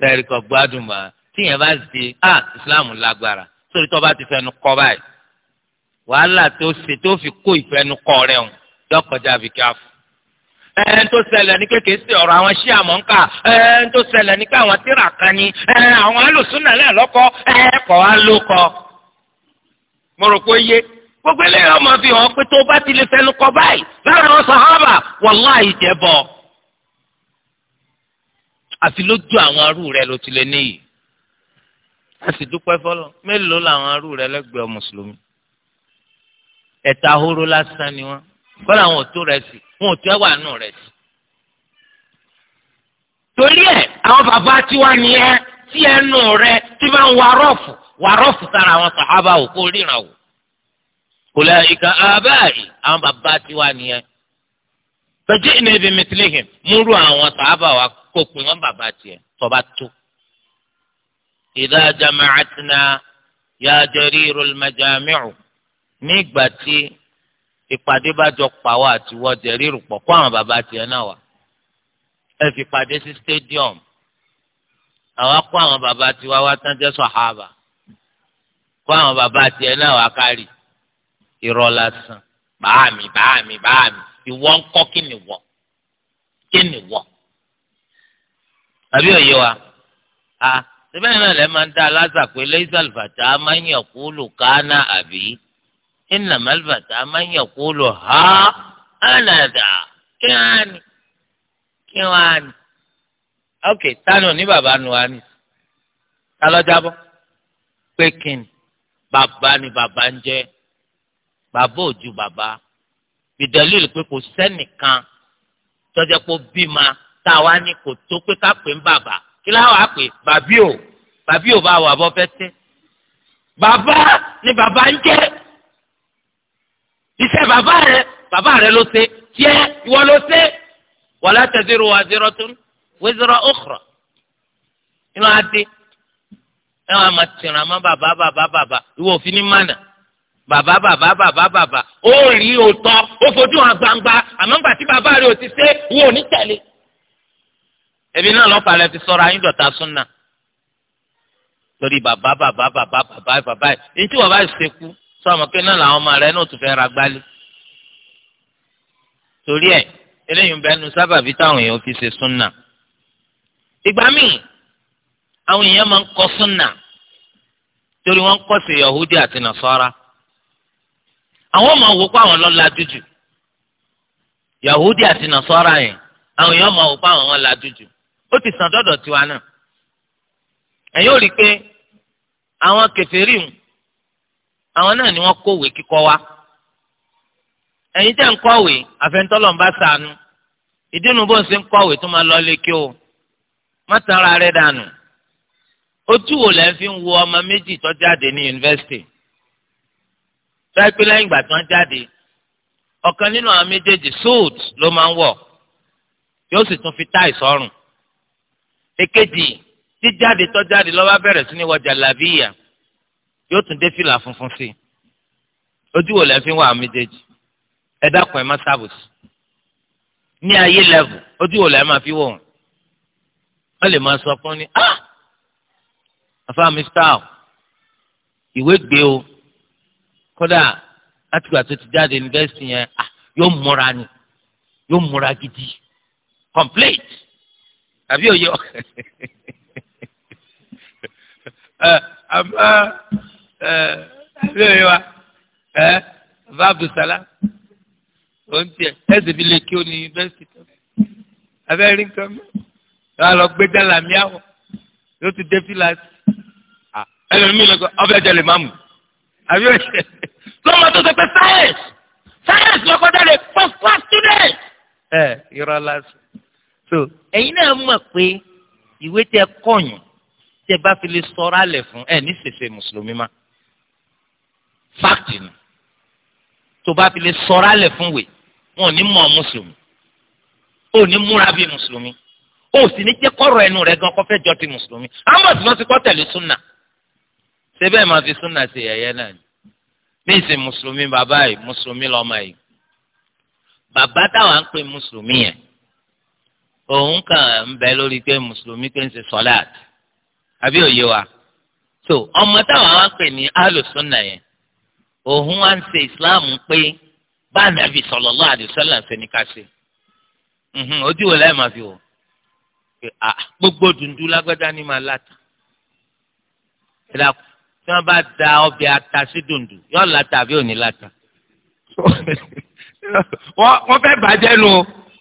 tẹ̀rí kọ́ gbádùn mọ́ tíyẹn bá di a Islam lágbára sórí tó bá ti fẹnu kọ́ báyìí wàhálà tó ṣe tó fi kó ìfẹnukọ rẹ̀ hàn yọkọjá àbíkí àfọ. ẹn tó ṣẹlẹ̀ ní pé ọ̀rọ̀ àwọn ṣí àmọ́ ń tó ṣẹlẹ̀ ní pé àwọn tíra kan ni àwọn alùsùnà náà lọ́kọ́ gbogbo eléyìí ọmọ fi hàn pé tó bá ti lè fẹnu kọ báyìí lára sàhábà jẹ bọ. àfi lójú àwọn arú rẹ ló ti lè níyì a sì dúpẹ́ fọlọ́ mélòó làwọn arú rẹ lẹ́gbẹ̀ẹ́ mùsùlùmí ẹ̀ta horo lásán ni wọ́n fọlọ́ àwọn òtó rẹ sì wọn ò tẹ́ wà nù rẹ̀ sí. torí ẹ àwọn bàbá tiwa nìyẹn tí ẹnu rẹ tí bá ń wa rọ́ọ̀fù wa rọ́ọ̀fù sára àwọn sàhábà ò kó ríran o. kò lẹ́ ìka abáyé àwọn bàbá tiwa nìyẹn. tọ́jú ìnẹ́bí mẹtìlẹ́hìn mú rú àwọn sàhábà wa kó pin wọn bàbá tiẹ̀ tọ́ba tó. إذا جمعتنا يا جرير المجامع nígbà tí ìpàdé bá jọ pàwọ́ àti wọ́jẹ̀ rírù pọ̀ kó àwọn bàbá tiẹ̀ náà wà ẹ fi pàdé sí stadium àwa kó àwọn bàbá tiwa wá tán jẹ́ sọ̀hábà kó àwọn bàbá tiẹ̀ náà wá kárì irọ́ lásán báàmì báàmì báàmì ìwọ ń kọ́ kí ni wọ́ kí ni wọ́ àbí òye wa a síbẹ̀ náà lẹ́ máa ń dá aláṣà pé lẹ́sàlfàtà máa ń yàn kúlù káánà àbí inna malbata man yaqulu ha ana da kí wàá ní kí wàá ní. ok tani òní bàbá nu wa ni ta lọ jábọ pé kíni bàbá ni bàbá ń jẹ bàbá ò ju bàbá bìdẹ́lìlì pé kò sẹ́nìkan tọ́jà pé ó bímọ tá a wá ní kò tó pé ká pè ń bàbá kí láwọn á pè bàbí ò bàbí ò bá wà bọ́ ni bàbá ń iṣẹ́ bàbá rẹ bàbá rẹ ló ṣe tiẹ̀ ìwọ ló ṣe wala taziru waziratun wizra ukhra inú adé ẹ wàá máa tìràn mọ́ bàbá bàbá bàbá ìwọ òfin ní mànà bàbá bàbá bàbá bàbá ó rí òótọ́ ó fojú hàn gbangba àmọ́ nígbà tí bàbá rẹ ò ti ṣe ìwọ ò ní tẹ̀lé ẹbí náà lọ́pàá rẹ ti sọ̀rọ̀ ayé dọ̀tà súnà lórí bàbá bàbá bàbá bàbá bàbá sọ ma pé náà làwọn ọmọ rẹ náà tún torí ẹ eléyìí ń bẹ ẹnu sábàbí táwọn èèyàn fi ṣe súnà ìgbà míì àwọn èèyàn máa kọ súnà torí wọ́n ń kọ sí Yahudi àti Nasara àwọn ọmọ wò pé àwọn lọ́la Yahudi àti Nasara yẹn àwọn èèyàn máa ti sàn dọ́dọ̀ tiwa náà ẹ̀yin ò rí i pé àwọn àwọn náà ni wọ́n kọ̀wé kíkọ́ wa ẹ̀yin tẹ́ ń kọ̀wé àfẹnutọ́lọ́n bá sànù ìdínú bó ń ṣe ń kọ̀wé tó máa lọ lékè o má tan ara rẹ dànù ojú wo lẹ́ fi ń wo ọmọ méjì tó jáde ní yunifásitì fẹ́ẹ́ pé lẹ́yìn ìgbà tí wọ́n jáde ọ̀kan nínú àwọn méjèèjì suit ló máa ń wọ̀ yóò sì tún fi táì sọ́rùn èkejì jíjáde tó jáde ló bẹ̀rẹ̀ sí ní wọ jàlábíyà yóò tún dé fìlà funfun sí i ojú wo lẹ́ fi wà méjèèjì ẹ dákun ẹ má sábòsí ní ayé lẹ́vù ojú wo lẹ́ máa fi wò wọ́n wọ́n lè máa sọ fún ni ah afa mi style ìwé gbé o kódà láti gbà tó ti jáde yunifásitì yẹn ah yóò múra ni yóò múra gidi complete àbí òye ọ eh, àmọ́ lóye wa ẹ bá abdulsalam ó ń tiẹ̀ ẹsẹ bi lè kí o ní yunifásitì tó abẹ rí nǹkan mi yóò lọ gbé dálà mi àwọ yóò ti dé fílàsì ẹlòmíì lọkọ ọbẹ jẹ lè má mú àbí ọṣẹ lọmọ tó sọ pé sáyẹnsì sáyẹnsì lọkọ jáde first class student. ẹ irọ́ lásán so ẹ̀yin náà mọ̀ pé ìwé tẹ kọ̀yìn tẹ bá fi lè sọ̀rọ̀ alẹ̀ fún ẹ ní sèse mùsùlùmí máa fáàkì ni tó bá fi lè sọ̀rọ̀ alẹ̀ fún wèé wọn ò ní mọ̀ mùsùlùmí ó ní múra bíi mùsùlùmí ó sì ní jẹ́ kọ́rọ̀ ẹnu rẹ̀ gan kọ́fẹ́ jọ ti mùsùlùmí amos náà ti kọ́ tẹ̀lé súnà ṣé bẹ́ẹ̀ máa fi súnà ṣe yẹ̀yẹ́ náà ni ní ìsìn mùsùlùmí bàbá yìí mùsùlùmí lọ́mọ yìí bàbá táwọn ń pè mùsùlùmí yẹn òun kàn ń bẹ lórí pé mùsùlùmí pé ń ṣe sọ́láàt àbí òye wa so ọmọ táwọn ń pè ní alùsùnà yẹn òun wá ń ṣe islam pé bá nàbì sallallahu alaihi wasallam ṣe ní ká ṣe ojú wo láì máa fi wò gbogbo dundú lágbádá ni máa láta ìdàkùn tí wọ́n bá da ọbẹ̀ ata sí dundú yóò láta àbí òní láta wọ́n fẹ́ bàjẹ́ nu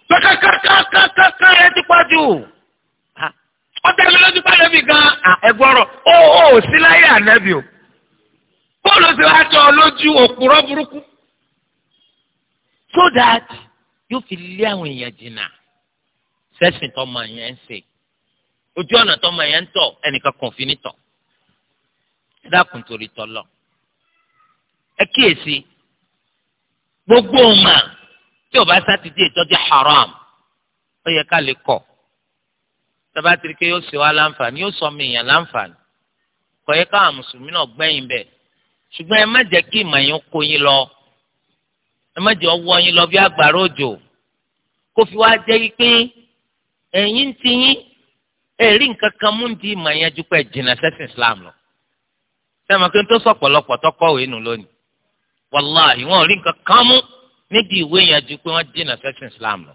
kàkàkàkàkàkà ẹ ti pàjù ọ̀tẹ̀ mi lójú bá lẹ́bi gan ẹ̀gbọ́rọ̀ ó ó sí láyé ànẹ́bí o bóòlù sì wá jọ lójú òpùrọ́ burúkú so that yóò fi lé àwọn èèyàn jìnnà sẹ́sìn tọ́mọ yẹn ń ṣe ojú ọ̀nà tọ́mọ yẹn ń tọ̀ ẹnìkan kàn fi ní tọ̀ ẹ dákun torí tọ́lọ̀ ẹ kíyèsí gbogbo ọmọ tí o sátidé ìtọ́jú haram ó yẹ ká lè kọ̀ tabatiri ke yóò ṣe wá láǹfààní yóò sọ mí èèyàn láǹfààní kò káwọn mùsùlùmí náà gbẹ̀yìn bẹ́ẹ̀ ṣùgbọ́n ẹ má jẹ́ kí ìmọ̀ kó yín lọ ẹ má jẹ́ ọwọ́ lọ bí agbára òjò kó fi wá jẹ́ pé ẹ̀yin ti yín ẹ̀rí nǹkan kan di ìmọ̀ yẹn jìnnà sẹ́sìn Islam lọ sẹ́mi kí n tó sọ̀pọ̀lọpọ̀ tó kọ̀wé nù lónìí wàláhì wọn rí nǹkan kan mú wọn ìwé yẹn ju pé Islam lọ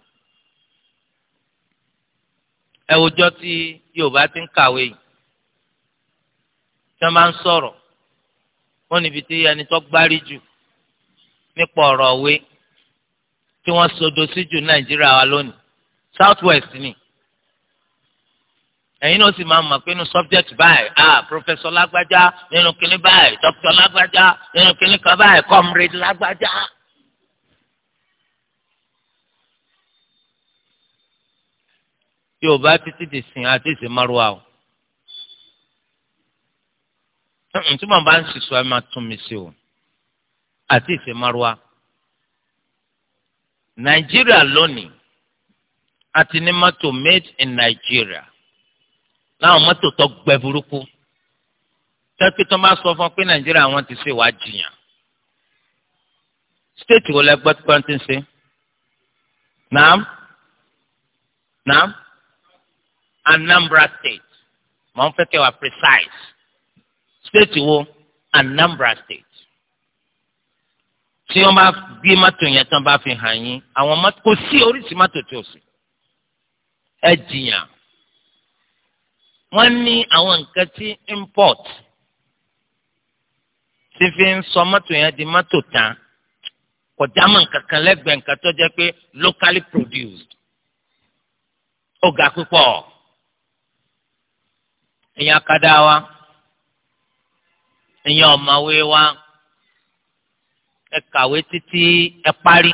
ẹ wòjọ́ tí Yorùbá ti ń kàwé yìí wọ́n níbi tí ẹni tó gbárí jù nípa ọ̀rọ̀ òwe tí wọ́n sodo sí jù nàìjíríà wa lónìí south west ni ẹ̀yin náà sì máa mọ̀ pé inú subject báyìí ah professor lágbájá nínú kínní báyìí doctor lágbájá nínú kínní kan báyìí comrade lágbájá. yóò bá títí di sìn àti ìsìn márùwá o Mm, tí màá bá ń sísọ ẹ máa tún mi sí o àti ìfẹ́márúwá nàìjíríà lónìí a ní mọ́tò made in Nigeria láwọn mọ́tò tó gbẹ burúkú tẹ́tí tó máa sọ fún ọ pé nàìjíríà wọn ti ṣe wàá jiyàn stéètì wo lẹ gbọ́ tí wọ́n ti ń ṣe naam naam Anambra state mọ̀ ń fẹ́ kẹ́ wà precise state wo Anambra state tí wọ́n bá gbé mọ́tò yẹn tán bá fi hàn yín àwọn mọ́tò kò sí oríṣi mọ́tò tí sì ẹ jiyàn wọ́n ní àwọn nǹkan tí import tí fi ń sọ mọ́tò yẹn di mọ́tò tán kò dámọ̀ nǹkan lẹ́gbẹ̀ẹ́ nǹkan tó jẹ́ pé locally produced ó ga púpọ̀ èèyàn kadà wa ẹ̀yin ọ̀mọ̀wé wa ẹ kàwé títí ẹ parí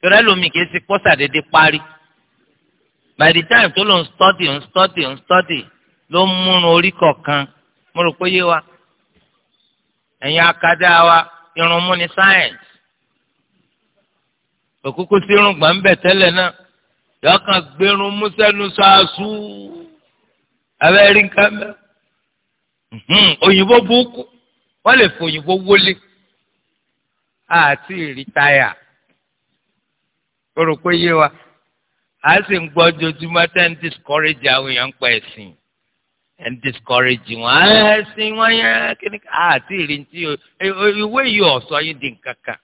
tẹ́lẹ̀ lómi kìí ṣe pọ́sà dédé parí by the time tó lò ń study ń study ń study ló ń múnu orí kọ̀ọ̀kan mo rò pé yé wa ẹ̀yin akadá wa irun mú ni science òkúkú sí irun gbà ń bẹ̀ tẹ́lẹ̀ náà yọ̀ọ́ kan gbẹrun mú sẹ́nu sọ abẹ́rẹ́ nǹkan mẹ́rin Hmm, òyìnbó búùkù wọ́n lè fi òyìnbó wọlé àti rìtáyà rò pé yé a sì ń gbọ́ ojoojúmọ́ tẹ́ ń discourage àwọn èèyàn ń pa ẹ̀sìn ẹ̀ ń discourage wọn ẹ̀sìn wọn yẹn kíní àti ìrìntì e, ìwé yìí ọ̀sọ́ yìí di nǹkan kan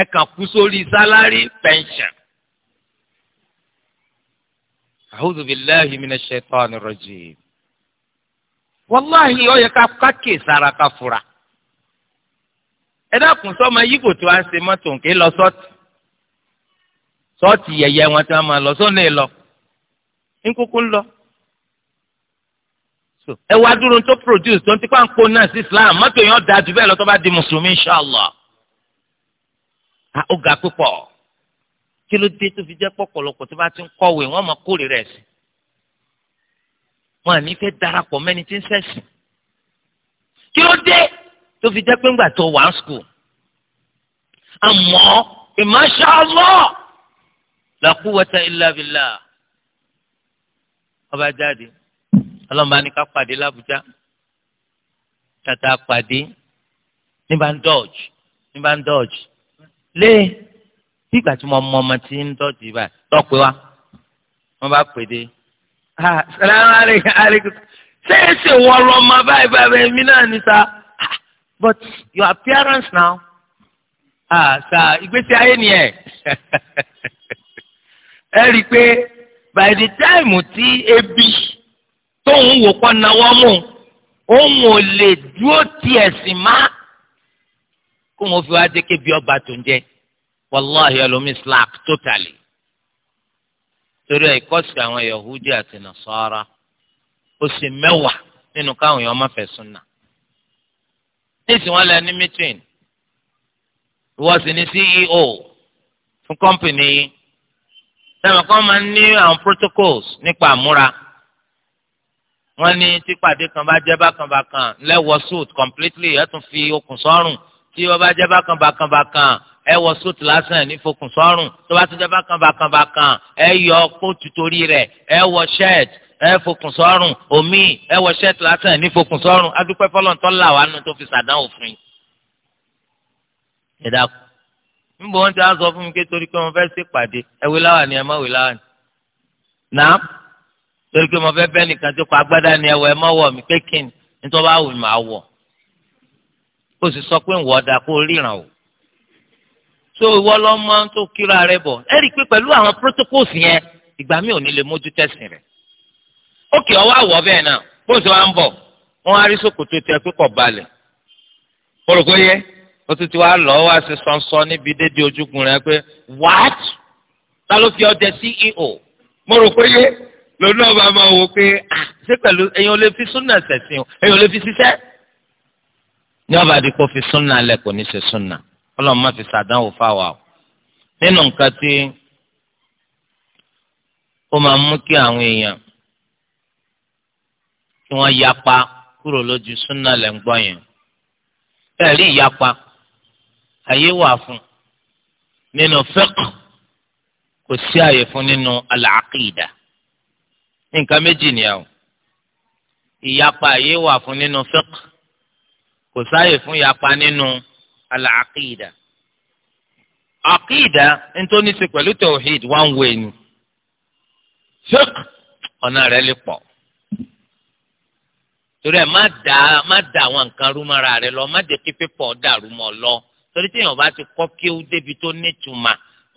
ẹ kàn kú sórí pension. wàláhì ó yẹ ká kè sára ká fura ẹ dákun sọmọ yíkò tó à ń ṣe mọ́tò nké lọ sọ́ọ̀tì sọ́ọ̀tì yẹ̀yẹ́ wọn tí wọ́n máa lọ sọ́ọ̀nì lọ nkókó ń lọ ẹ wá dúró tó produce tó ń tipa ń kó náà sí Islam mọ́tò yẹn da jù bẹ́ẹ̀ lọ bá di mùsùlùmí inshàlá ó ga púpọ̀ kí ló dé wọn àní fẹ́ darapọ̀ mẹ́ni tí ń ṣẹ̀sìn kí ló dé tó fi jẹ́ pé ńgbà tó wà á skul àmọ́ masha Allah la quwwata illa billah ọba jáde ọlọ́mọba ní ká pàdé l'Àbújá tata pàdé ní bá ń dọ́ọ̀jì ní bá ń dọ́ọ̀jì lé bí ìgbà tí mo mọ ọmọ tí ń dọ́ọ̀jì báyìí tọ́ pé wá wọ́n bá pèdè salamu aleykum ṣé ẹ ṣe wọ ọlọmọ báyìí báyìí èmi náà ni sa but your appearance now ah sa ìgbésí ayé ni ẹ ẹ rí i pé by the time tí ebi tóun wò kọ́ náwó mú òun ò lè dúró ti ẹ̀sìn má kó wọn fi wá jẹ́ kébi ọba tó ń jẹ wàláhi ẹlòmíì slack totally torí àìkọ́sí àwọn Yahudi àti Nasara ó sì mẹ́wàá nínú káwọn èèyàn má fẹ́ súnà nísìnyí lẹ ní mítìn ìwọ sì ní CEO fún kọ́mpìnì yìí sẹ́wọ̀n kan máa ń ní àwọn protocols nípa àmúra wọ́n ní típàdé kan bá jẹ́ bákanbákan lẹ́wọ̀ suit completely ẹ̀ tún fi okùn sọ́rùn tí wọ́n bá jẹ́ bákanbákan ẹ wọ sóòtù lásán ní fokùn sọ́rùn tó bá ti jẹ́ bákanbákanbákan ẹ yọ kóòtù torí rẹ̀ ẹ wọ ṣẹ́ẹ̀t ẹ fokùn sọ́rùn omi ẹ wọ ṣẹ́ẹ̀t lásán ní fokùn sọ́rùn adúpẹ́ fọlọ́ntọ́ là wà nù tó fi sàdán òfin. ẹ dákun níbo wọn ti á sọ fún mi pé torí pé mo fẹ́ ṣèpàdé ẹ wí láwà ni ẹ má wí láwà ni. nàá torí pé mo fẹ́ bẹ́ẹ̀ nìkan tó kọ agbádá ni ẹwọ ẹ má wọ̀ mí pé kí ni bá wù mí so ìwọ lọ mọ tó kíra rẹ bọ ẹ rí i pé pẹ̀lú àwọn protocols yẹn ìgbà mi ò ní lè mójú tẹ̀sìn rẹ̀ ókè ọwọ́ àwọ̀ bẹ́ẹ̀ náà bó ṣe wá ń bọ̀ wọ́n á rí ṣòkòtò tẹ pípọ̀ balẹ̀ mo rò pé yẹ o tún ti wá lọ wá sí sọ́nsọ́ níbi dédé ojúgun rẹ pé what ta ló fi ọdẹ CEO mo rò pé yẹ lòun náà bá máa wò pé ṣé pẹ̀lú èèyàn ò lè fi súnà ṣẹ̀sìn o èèyàn ò lè fi ṣiṣẹ́ ní ọba àdìpọ̀ fi súnà lẹ̀ kò ní ṣe súnà ọlọ́run má fi sàdánwò fáwa o nínú nǹkan tí ó máa mú kí àwọn èèyàn kí wọ́n yapa kúrò lójú súnà lẹ́ngbọ́n yẹn ẹ̀rí ìyapa àyè wà fún nínú fiqh kò sí àyè fún nínú al nǹkan méjì nìyà o ìyapa àyè wà fún nínú fiqh kò sáyè fún ìyapa nínú. No al-aqida aqida nítorí ṣe pẹ̀lú tawhid one way ni fiqh ọ̀nà rẹ̀ lè pọ̀ torí ẹ má da àwọn nǹkan rẹ lọ má jẹ́ kí pépọ̀ dàrú mọ́ lọ torí tí èèyàn bá ti kọ́ kí ó débi tó nítumà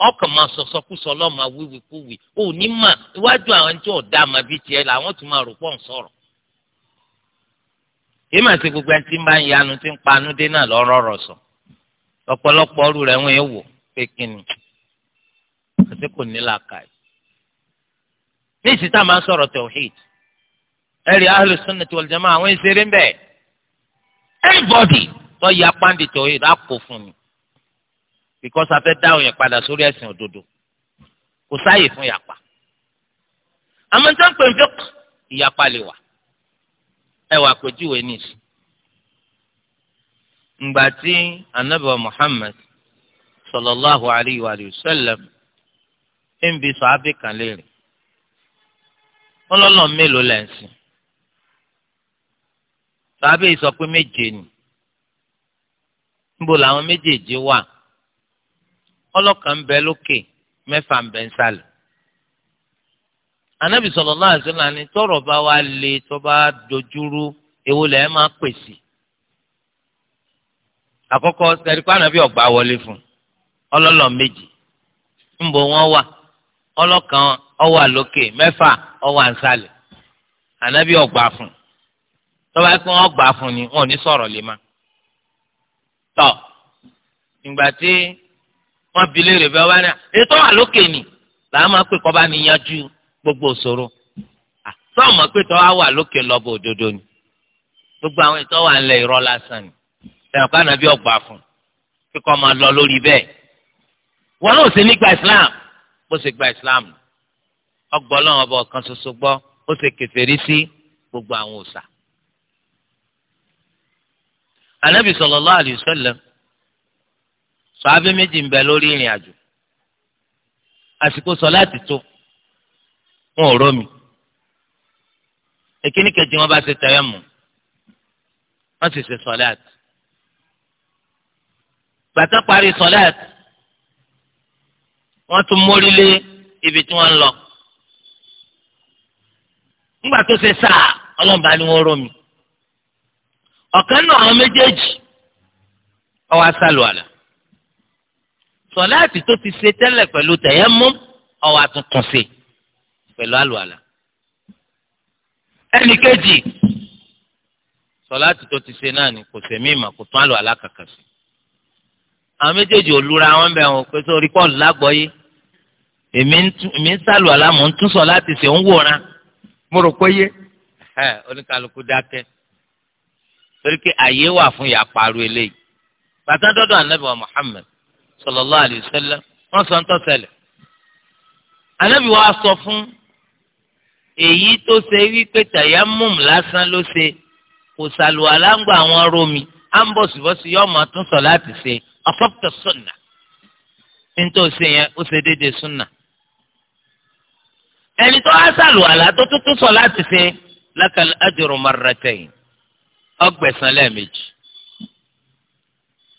ọkàn máa sọ̀sọ́ kú sọ máa wíwí kú wí ò ní mà iwájú àwọn tí ò dá tiẹ̀ làwọn tún máa rò pọ̀ ń sọ̀rọ̀. ọ̀pọ̀lọpọ̀ ọrù rẹ̀ wọ́n yẹn wò pé kíni àti kò ní làákàyè. ní ìsìtá máa ń sọ̀rọ̀ tawhid ẹ̀rí ahlus sunnati wal jamaa àwọn ìṣeré ń bẹ̀. everybody tó yẹ apáǹdì tawhid á kó fún mi because a fẹ́ dáhùn yẹn padà sórí ẹ̀sìn òdodo kò sáàyè fún yàpá. àmọ́ tí wọ́n pè ń fẹ́ ìyàpá lè wà ẹ̀ wà pẹ̀jú wẹ̀ níṣìí ngbàtí anabi muhammed sallallahu alayhi wa sallam ń bi sàábì kan léèrè ọlọ́lọ́ mélòó lẹ́ ń sìn sàábì sọ pé méje ni níbo làwọn méjèèjì wà ọlọ́kan ń bẹ lókè mẹ́fà ń bẹ ń sàlẹ̀ anabi sallallahu alayhi wa sallam ni tọrọ bá wa le tọba dojuru dojúrú èwo lẹ́ máa pèsè. àkọ́kọ́ sẹ́ríkọ́ ànábì ọ̀gbà wọlé fún ọlọ́lọ́ méjì ńbọ wọn wà ọlọ́kan ọwà lókè mẹ́fà ọwà nsàlẹ̀ ànábì ọ̀gbà fún tọ́ba kí wọ́n gbà fún ni wọn ò ní sọ̀rọ̀ lè má tọ́ ìgbà tí wọ́n bi léèrè bẹ́ẹ̀ wá ní ètò wà lókè ni làá máa pè kọ́ba ni yanjú gbogbo òṣòro sọ́ọ̀mọ́ pé tọ́wá wà lókè lọ́bọ̀ òdodo ni gbogbo àwọn ìtọ́wà ńlẹ̀ irọ́ lásán ni ẹnì kan ànábì ọgbà fún kíkọ́ máa lọ lórí bẹ́ẹ̀ wọn náà ṣe nígbà islam bó ṣe gba islam ọgbọ́n náà ọba ọ̀kan ṣoṣo gbọ́ ó ṣe kèfèrí sí gbogbo àwọn òòṣà. ànábì sallallahu alaihi wasallam sọ abẹ́ méjì ń bẹ lórí ìrìn àjò àsìkò sọ láti tó wọn ò rómi èkíní kejì wọn bá ṣe tẹ̀yẹ̀ mú wọn sì ṣe sọ láti gbàtà parí sọlẹt wọn tún mórí lé ibi tí wọn ń lọ ńgbà tó ṣe sáà ọlọ́mọba ni wọ́n rómi ọ̀kan náà àwọn méjèèjì ọwọ́ asálù àlà sọláàtì tó ti ṣe tẹ́lẹ̀ pẹ̀lú tẹ̀yẹ́mú ọwọ́ àtúntún ṣe pẹ̀lú àlù àlà ẹnì kejì sọláàtì tó ti ṣe náà ni kò sẹ̀mí ìmọ̀ kò tún àlù àlà kàkà sí àwọn méjèèjì ò lura wọn bẹ̀ wọn pé sórí pọ́ọ̀lù lágbọ́yé èmi ń sálù àlámù ń túnṣọ láti ṣe ń wòran mo rò pé yé oníkàlùkù dákẹ́ torí pé àyè wà fún ìyàpàrọ̀ eléyìí bàtà dọ́dọ̀ anabi wa Muhammad sallallahu alayhi wa sallam wọ́n sọ ń tọ́ ṣẹlẹ̀ anabi wa sọ fún èyí tó ṣe wípé tayammum lásán ló ṣe kò sàlùwàlá ń àwọn romi á ń bọ̀ síbọ̀sí yọ̀ọ́ láti ṣe asabta sunna nítorí o ṣe yẹn o ṣe déédéé sunna ẹni tó á sàlùwàlà tó tó tó sọ láti ṣe lákàlẹ ajru marratayn ọgbẹ̀san lẹ́ẹ̀mejì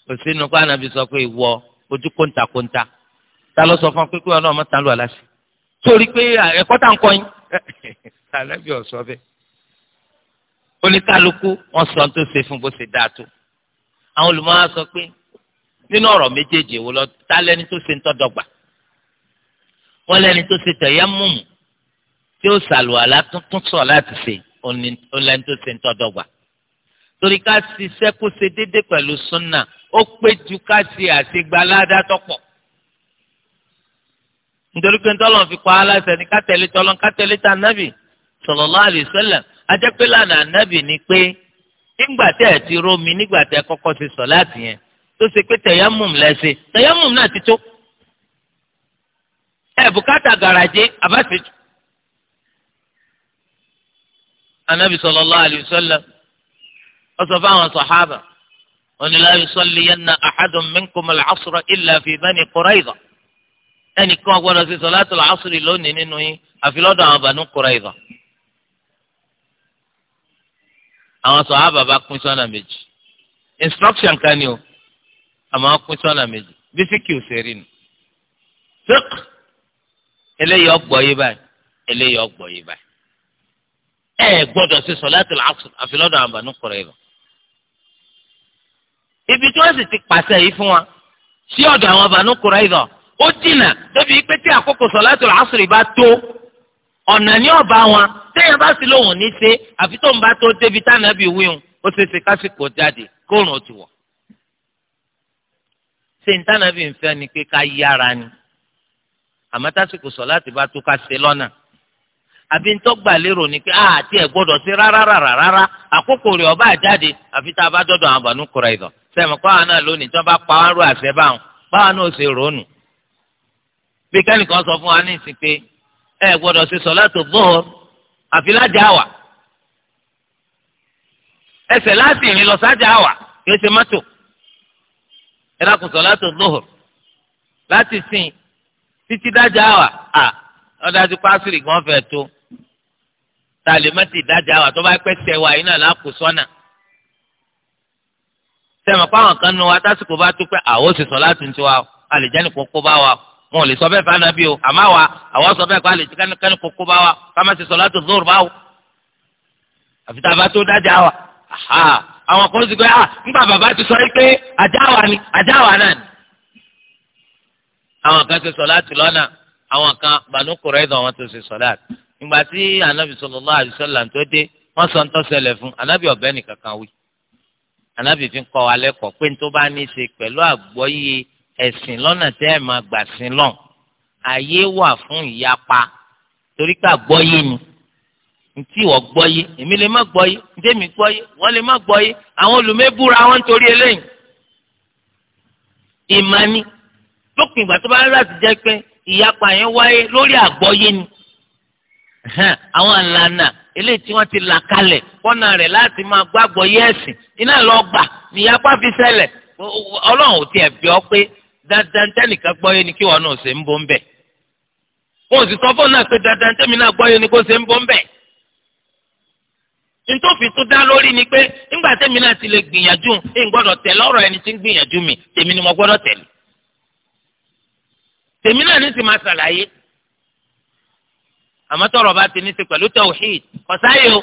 kò sínú kó ànábi sọ pé ìwọ ojú kóńtakóńta ta ló sọ fún ọ pé kí wọn náà mọta lù àlàsì torí pé ẹ̀kọ́ tá ń kọ́ yín ànábi ọ̀sọ́ bẹ́ẹ̀ oníkálukú wọn sọ tó ṣe fún bó ṣe dáa tó àwọn olùmọ̀ á sọ pé nínú ọ̀rọ̀ méjèèjì wo lọ ta lẹni tó ṣe ń tọ́dọ̀gba wọ́n lẹni tó ṣe tẹ̀yẹ́mùmù tí ó ṣàlùwàlá tuntun sọ láti ṣe ó lẹni tó ṣe ń tọ́dọ̀gba torí ká ṣiṣẹ́ kó ṣe déédéé pẹ̀lú súnà ó pé ju ká ṣe àṣegbaládá tọ́pọ̀ nítorí pé ntọ́lọ́n fi pa aláṣẹ ní ká tẹ̀lé tọ́lọ́n ká tẹ̀lé ta nábì sallallahu alaihi wasallam ajẹ́pẹ́lá nà nábì ni pé nígbà tẹ̀ ti rómi nígbà tẹ̀ kọ́kọ́ ti sọ láti yẹn tó ṣe pé tẹ̀yámùm lẹ́sẹ̀ tẹ̀yámùm náà ti tó ẹ̀ bùkátà gàràjé àbáṣejù. anabi sallallahu alayhi wa sallam ọsọ fáwọn sọhábà wọn ni la yusalliyanna ahadun minkum al-asra illa fi bani Qurayza ẹnìkan gbọ́dọ̀ sí salatul asri lónìí nínú yín àfi lọ́dọ̀ àwọn banu Qurayza. àwọn sọhábà bá pín sọ́nà méjì instruction kan ni o àmọ́ á pín sọ́nà méjì bísíkì ò ṣe rí nu fík eléyìí ọgbọ yìí báyìí eléyìí ọgbọ yìí báyìí ẹ gbọ́dọ̀ ṣe sọlátul asr àfi lọ́dọ̀ àwọn Banu Qurayza ibi tí wọ́n sì ti pàṣẹ yìí fún wa sí ọ̀dọ̀ àwọn Banu Qurayza ó dìnà débi pé tí àkókò sọlátul asr bá tó ọ̀nà ní ọ̀bá wọn téèyàn bá sì lóhùn ní ṣe àfi tó bá tó débi tánàbí wíhun ó ṣe ṣe kásìkò jáde kóòrùn ó ti wọ̀ ṣé ní tànàbí ń fẹ́ ni pé ká yára ni àmọ́ tásìkò sọ láti bá tó ká ṣe lọ́nà àbí ń tọ́gbà lérò ni pé àti ah, ẹ̀ gbọ́dọ̀ sí rárá rárá rárá àkókò rẹ̀ ọba àjáde àfi tá a bá dọ́dọ̀ àwọn àbànú kọ̀rọ̀ ìdọ̀ sẹ́mi kọ́ àwọn náà lónìí tí wọ́n bá pa wọ́n rú àṣẹ báwọn báwọn náà ṣe ròónù. bí kẹ́nìkan sọ fún wa ní ìsìn pé ẹ gbọ́dọ̀ sí sọ̀látù zuhur àfi lájà àwà ẹsẹ̀ láti ìrìn lọ sájà àwà kì í ṣe mọ́tò ẹ dákun sọ̀látù zuhur láti sìn títí dájà wà á wọ́n dájú pásítì gan fẹ́ tó tá a lè má ti dájà wà tó bá pẹ́ tẹ̀ wá iná làákù sọ́nà sẹ́mi pa àwọn kan nu wa tásìkò bá tó pé àwọn sì sọ láti tiwa àlìjáni kókó bá wa wọn ò lè sọ bẹ́ẹ̀ fáná bí o àmọ́ wa àwọn sọ bẹ́ẹ̀ kó àlìjáni kókó bá wa ká má ti sọ láti zoro bá wo àfi tá a bá tó dájà wa aha àwọn kan sì pé ah nígbà bàbá ti sọ pé àjáwà ni àjáwà náà ni. àwọn kan ti sọ láti lọ́nà àwọn kan Banu Qurayza wọn tó ṣe sọ láti. ìgbà tí anabi sallallahu alaihi wasallam tó dé wọ́n sọ ń tọ́sẹ̀lẹ̀ fún anabi ọ̀bẹ nìkan kan wí. anabi fi ń kọ́ wa lẹ́kọ̀ọ́ pé tó bá ní í ṣe pẹ̀lú àgbọ́yé ẹ̀sìn lọ́nà tẹ́ ẹ̀ máa gbà sí lọ́n àyè wà fún ìyapa torí pé àgbọ́yé ni ntí wọ́n gbọ́ yé èmi lè má gbọ́ yé ntẹ́mi gbọ́ yé wọ́n lè má gbọ́ yé àwọn olùmẹ́búra wọn torí eléyìí. ìmání lópin ìgbà tó bá rẹ̀ láti jẹ́ pé ìyapa yẹn wáyé lórí àgbọ́yé ni. àwọn àlànà eléyìí tí wọ́n ti là kalẹ̀ kọ́nà rẹ̀ láti máa gbọ́ àgbọ́yé ẹ̀sìn iná lọ gbà ní ìyapa fi ṣẹlẹ̀ ọlọ́run ò tiẹ̀ bí ọ pé dandan tẹ́nìkan gbọ́yé ni kí wọn náà ṣe ń bọ́ ń dandan tẹ́mi náà gbọ́yé ni kó ṣe ń bọ́ ń bẹ̀ ntòfin tún dá lórí ni pé ńgbà tèmi náà ti lè gbìyànjú ń gbọ́dọ̀ tẹ̀lé ọ̀rọ̀ ẹni tí ń gbìyànjú mi tèmi ni mo gbọ́dọ̀ tẹ̀lé tèmi náà ní sì máa ṣàlàyé àmọ́ tọ̀rọ̀ bá ti ní ṣe pẹ̀lú tawhid kọsáyé o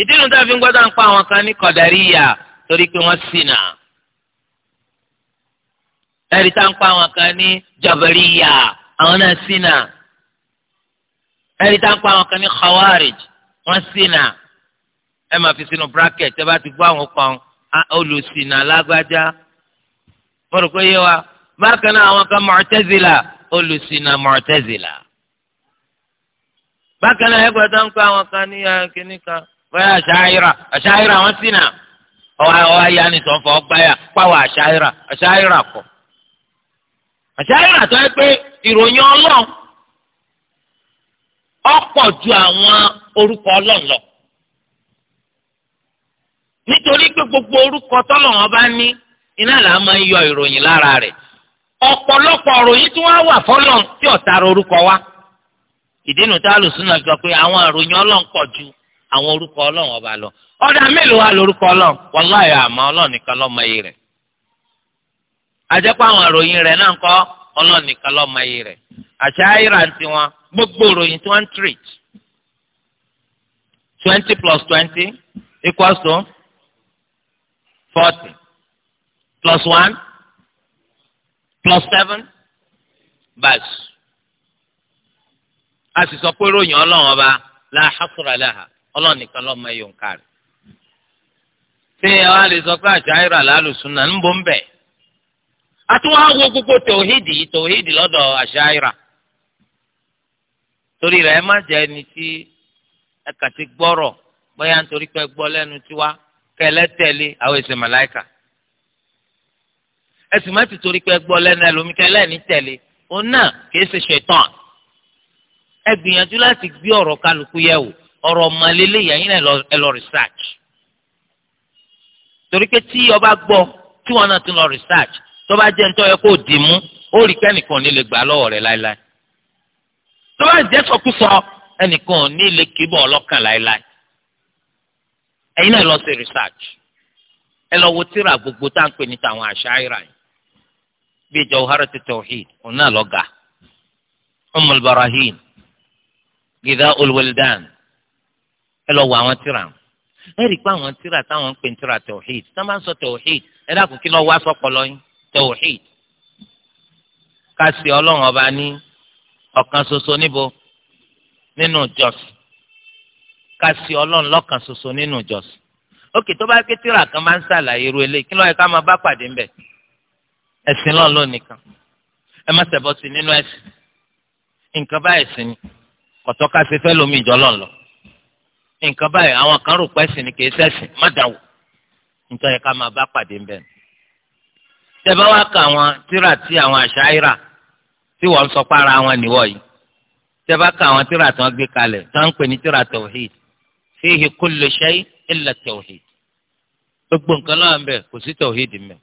ìdí nu tá a fi ń gbọ́dọ̀ ń pa àwọn kan ní kọdàríyà torí pé wọ́n ṣìnà ẹ̀rí tá a ń pa àwọn kan ní jabaríyà àwọn náà ṣìnà ẹ̀rí tá a ń pa àwọn kan ní ẹ máa fi sínú bracket ẹ bá ti gbọ́ àwọn kan olùsìnà lágbájá mo rò pé yé wa bákan náà àwọn kan Mu'tazila olùsìnà Mu'tazila bákan náà ẹgbẹ́ tó ń kọ́ àwọn kan ní kínní kan bóyá àṣàyíra àṣàyíra wọn sínà ọwọ́ àwọn ayánisọ̀ fọ́ gbáyà pàwọ́ àṣàyíra àṣàyíra kọ̀ àṣàyíra tó ẹ pé ìròyìn ọlọ́run ọ̀pọ̀ ju àwọn orúkọ ọlọ́run lọ. nítorí pé gbogbo orúkọ tọ́lọ̀ bá ní iná là máa ń yọ ìròyìn lára rẹ̀ ọ̀pọ̀lọpọ̀ ìròyìn tí wọ́n wà fọ́lọ̀ tí ọ̀tá orúkọ wa ìdí nu tá a lò sínú àjọ pé àwọn ìròyìn ọlọ́run pọ̀ ju àwọn orúkọ ọlọ́run ọba lọ ọ̀dà mélòó wa lórúkọ ọlọ́run àmọ́ ọlọ́run nìkan lọ́mọ iye rẹ̀ àjẹpọ̀ àwọn ìròyìn rẹ̀ náà kọ́ ọlọ́run nìkan lọ́mọ iye rẹ̀ àṣà forty plus one plus seven báàsì a sì sọ pé ròyìn ọba la hasra ọlọ́run nìkan lọ́ọ́ mọ ẹ̀yọ̀ nǹkan ṣé ẹ lè sọ pé àṣàyíra làálùsùn náà ń bọ̀ ń bẹ̀ àtúwọ́n á wo gbogbo tòhídì tòhídì lọ́dọ̀ torí rẹ̀ ẹ má jẹ́ ẹni tí ẹ kà ti tiwa kẹlẹ́tẹ̀lé àwọn èsì màláìkà ẹsìn má ti torí pé gbọ́ lẹ́nu ẹlòmí kẹlẹ́ ní tẹ̀lé òun náà kìí ṣe ṣetán ẹ gbìyànjú láti gbé ọ̀rọ̀ kálukú yẹ̀ wò ọ̀rọ̀ màlélẹ́ yẹ̀yìn ẹ lọ research torí pé tí ọba gbọ́ tí wọn náà ti lọ research tó bá jẹ́ nítorí kó dì mú ó rí kẹ́nìkan ní lè gbà lọ́wọ́ rẹ̀ láéláé tó bá jẹ́ sọkúsọ ẹnìkan ò kébọ̀ ọlọ́kàn láéláé ẹ̀yin náà lọ sí research ẹ lọ wo tíra gbogbo tá à ń pè ní tàwọn àṣàyíra yìí bíi Jawharat at-Tawhid òun náà lọ ga Ummul Barahin Gidha'ul Wildan ẹ lọ wo àwọn tíra wọn ẹ rí i pé àwọn tíra táwọn ń pè ní tíra tawhid tá ń sọ tawhid ẹ dákun kí lọ wá sọpọlọ yín tawhid ká ọlọ́run ọba ní ọ̀kan ṣoṣo níbo nínú ìjọsìn ká sí ọlọ́run lọ́kàn ṣoṣo nínú ìjọsìn ókè tó bá ké tíra kan máa ń ṣàlàyé irú eléyìí kí ló yẹ ká máa bá pàdé ńbẹ ẹ̀sìn lọ́n ló nìkan ẹ má ṣẹbọ sí nínú ẹ̀sìn nǹkan báyìí sí ni kọ̀tọ́ ká ṣe lómi ìjọ lọ nǹkan báyìí àwọn kan rò pé ẹ̀sìn ni kìí ṣẹ̀sìn má dà wò nítorí yẹ ká máa bá pàdé ńbẹ tẹ bá wá ka àwọn tíra tí àwọn àṣàyíra tí wọ́n sọ para wọn nìwọ yìí tẹ bá ka àwọn tíra tí wọ́n gbé kalẹ̀ tí ń pè ní tíra fihi kullu shay illa tawhid gbogbo nǹkan náà ń bẹ kò sí tawhid mẹ.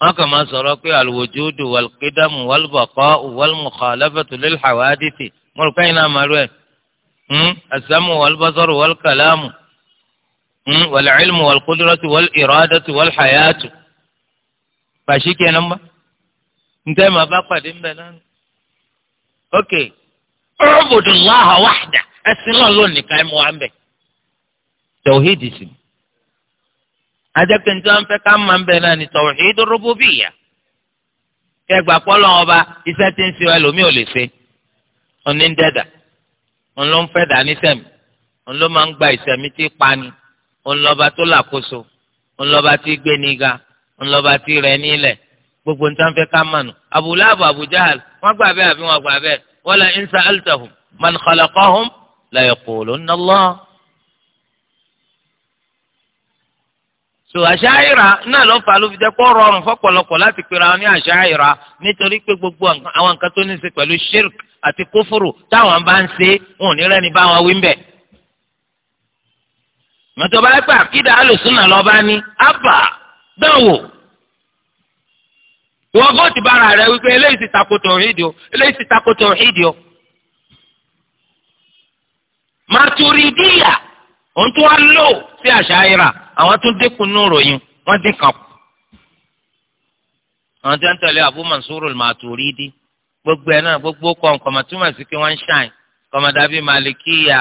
wọn kàn máa sọ̀rọ̀ pé alwujudu walqidamu walbaqa'u walmukhalafatu lilhawadithi mo rò káyìn náà máa rú ẹ hmm? asamu walbasaru walkalamu hmm? walilmu walqudratu waliradatu walhayatu. bàṣí kí ẹ ntẹ́ màá bá pàdé ń náà. ok u'budullaha wahda ẹsìn náà lónìí ká ẹ mú wa ń bẹ tọ̀hídì sí. ajẹ́pẹ̀ntì wọn fẹ́ ká máa ń bẹ náà ní tọ̀hídì rúbúbíyà kẹgbà pọ́lọ́ ọba iṣẹ́ tí ń ṣe ẹlòmíì ò lè ṣe òní ń dẹ́dà òun ló ń fẹ́ dà ní sẹ́mi òun ló máa ń gba ìsẹ̀mí tí pani òun lọ́ba tó làkóso òun lọ́ba tí gbé ní òun lọ́ba tí rẹ̀ nílẹ̀ gbogbo ní sáfẹ́ ká mànù Abu Lahab Abu Jahal wọ́n gbà bẹ́ẹ̀ àbí wọ́n gbà bẹ́ẹ̀ wala in sa'altahum man khalaqahum la yaqulunna Allah. so àṣàyíra náà ló fà ló fi jẹ́ pé rọrùn fọ́pọ̀lọpọ̀ láti pera wọn ní àṣàyíra nítorí pé gbogbo àwọn nǹkan tó ní í ṣe pẹ̀lú shirk àti kófòrò táwọn bá ń ṣe wọn ò ní rẹ́ni bá wọn wí ń bẹ̀. mọ̀tò bá pẹ́ àkídà alùsùnà lọ́ba ní àbà dánwò. ìwọ́n kò ti bára rẹ̀ wípé eléyìí ti takò tòhídìí o eléyìí ti takò tòhídìí maturidiya òun tún wá lò sí àṣàyíra àwọn tún dínkù nù ròyìn wọ́n dín kù. àwọn tí ń tẹ̀lé Abu Mansur maturidi gbogbo ẹ̀ náà gbogbo kọ̀ọ̀kan mà túmọ̀ sí pé wọ́n ń ṣàn kọ̀mọ̀dàbí malikiya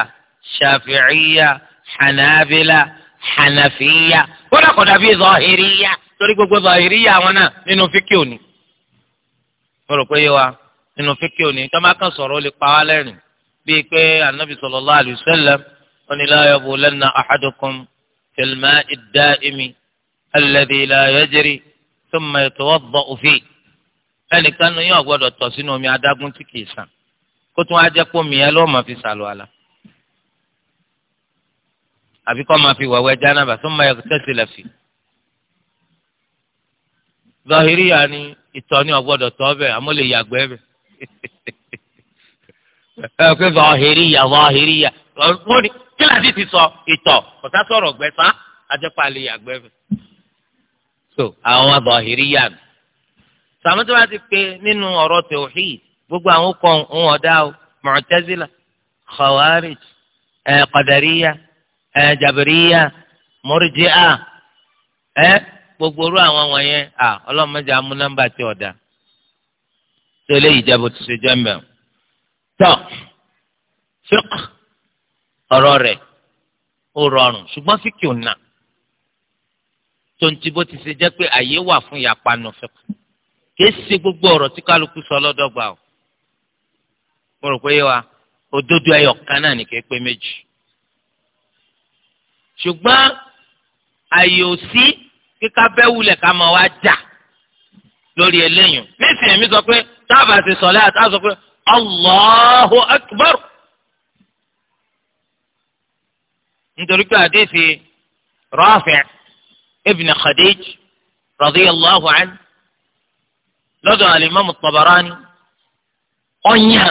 shafi'iya hanabila hanafiya kódà kọ̀dàbí zahiriya torí gbogbo zahiriya àwọn náà nínú fíkì òní. mo rò pé yé wa nínú fíkì òní tọ́mọ kan sọ̀rọ̀ ó lè pa wá lẹ́rìn bíi pé anabi sallallahu alayhi wa sallam wọn ni la yabulanna ahadukum fil ma'i ad-da'imi alladhi la yajri thumma yatawadda'u fihi ẹnìkan ní yóò gbọ́dọ̀ tọ̀ sínú omi adágún tí kìí sàn kó tún á jẹ́ kó mi ẹ ló máa fi ṣàlùwàlá àbí kó máa fi wẹ̀wẹ̀ jánábà thumma yaghtasila fihi. zahiriya ni ìtọ̀ ni ọ̀gbọ́dọ̀ tọ̀ bẹ́ẹ̀ àmọ́ lè yàgbẹ́ bẹ́ẹ̀ ẹ pé zọhìríyà zọhìríyà wọ́n ti sọ ìtọ̀ kọ̀tà sọ̀rọ̀ gbẹ̀sà ajẹ́pàlẹ̀ yàgbẹ́ so àwọn zọhìríyà mi. sàmútí wàá ti pé nínú ọ̀rọ̀ tòhíì gbogbo àwọn kan ń ọ̀dà mọ̀tẹ́sílà khawarij ẹ̀ kọ̀dàríyà ẹ̀ jàbíríyà mọ́rìjíà ẹ̀ gbogbo orú àwọn wọ̀nyẹn ọlọ́mọdé amúnámbà ti ọ̀dà. tó eléyìí jẹ́ jẹ́ mẹ́rin tọ́ fík ọ̀rọ̀ rẹ̀ ó rọrùn ṣùgbọ́n fíkì ò nà tó ń ti bó ti ṣe jẹ́ pé àyè wà fún ìyapanu fík kìí ṣe gbogbo ọ̀rọ̀ tí kálukú sọ lọ́dọ̀gba o mo rò pé yé wa òdodo ẹyọ kan náà ní kìí pé méjì ṣùgbọ́n àyè ò sí kíká bẹ́ wulẹ̀ ká máa wá jà lórí eléyìí nísìnyí mi sọ pé táàbà ti sọ̀lẹ́ àti àsọ pé Allahu akbar nítorí pé àdéhìí Rafi' ibn Khadij radiyallahu anhu lọ́dọ̀ alimami Tabarani ọ̀nyà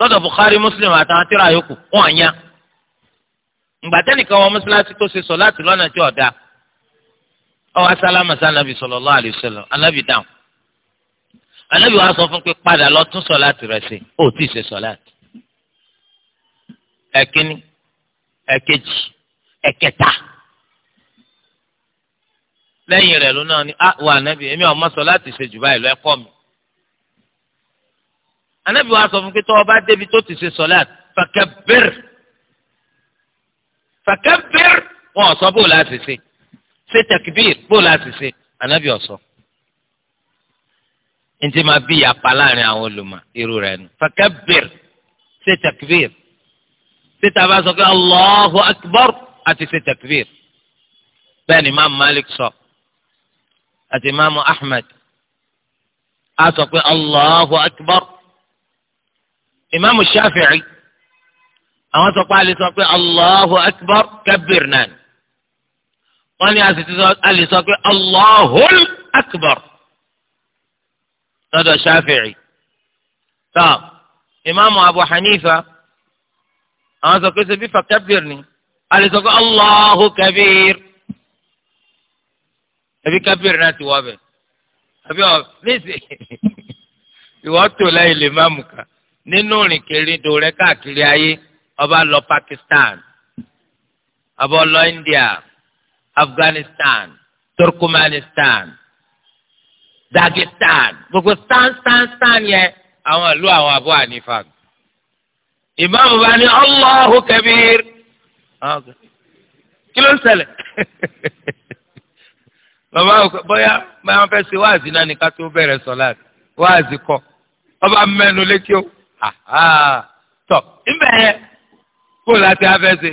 lọ́dọ̀ Bukhari Muslim àtàwọn tíra yòókù ọ̀nyà ngbàtẹ́nìkan wọn mọ́sálásí tó ṣe sọ láti lọ́nà tí ọ̀dà ọ̀wá sálámà sí anabi sallallahu alayhi wa anabi dáhùn ànábì wa sọ fún pé padà lọ tún sọláàtì rẹ ṣe ó tí ì ṣe sọláàtì ẹ̀kíní ẹ̀kejì ẹ̀kẹta lẹ́yìn rẹ̀ ló náà ni a ah, wà ànábì èmi ọmọ sọláàtì ṣe jù báyìí lọ ẹ̀kọ́ mi ànábì wa sọ fún pé tọ́ ọba débi tó ti ṣe sọláàtì fakabbir fakabbir wọn ò sọ bó láti ṣe ṣe takbir bó láti ṣe ànábì ọ̀sọ́. ntí máa bí ìyapa láàrin àwọn olùmọ̀ irú rẹ̀ nù fakabbir ṣe takbir ṣe tàbá sọ pé allahu akbar àti ṣe takbir bẹ́ẹ̀ ni imaamu malik sọ àti imaamu ahmed a sọ pé allahu akbar imaamu shafi'i àwọn sọ pé a lè sọ pé allahu akbar kabbir náà wọ́n ní a sì ti sọ a lè sọ pé allahu akbar. lọ́dọ̀ Shafi'i tá ìmáàmù Abu Hanifa àwọn sọ pé ṣe bí fakabir ni alẹsọ pé Allahu kabir ẹbí kabir náà ti wọ bẹ àbí ọ níṣẹ ìwọ tó lẹ́yìn lè má mú ká nínú rìn kiri dò rẹ káàkiri ayé ọba lọ Pakistan abọ lọ India Afghanistan Turkmenistan Dagestan gbogbo stan stan stan yẹn àwọn ìlú àwọn Abu Hanifa. ìmáàmù bá ní Allahu kabir ah, kí ló ń ṣẹlẹ̀ bàbá bóyá báyọ̀ fẹ́ ṣe wáàzì náà ní ká tó bẹ̀rẹ̀ sọ̀lá wáàzì kọ́ ọba mẹ́nu létí o tọ̀ níbẹ̀ yẹn kó láti afẹ́ ṣe.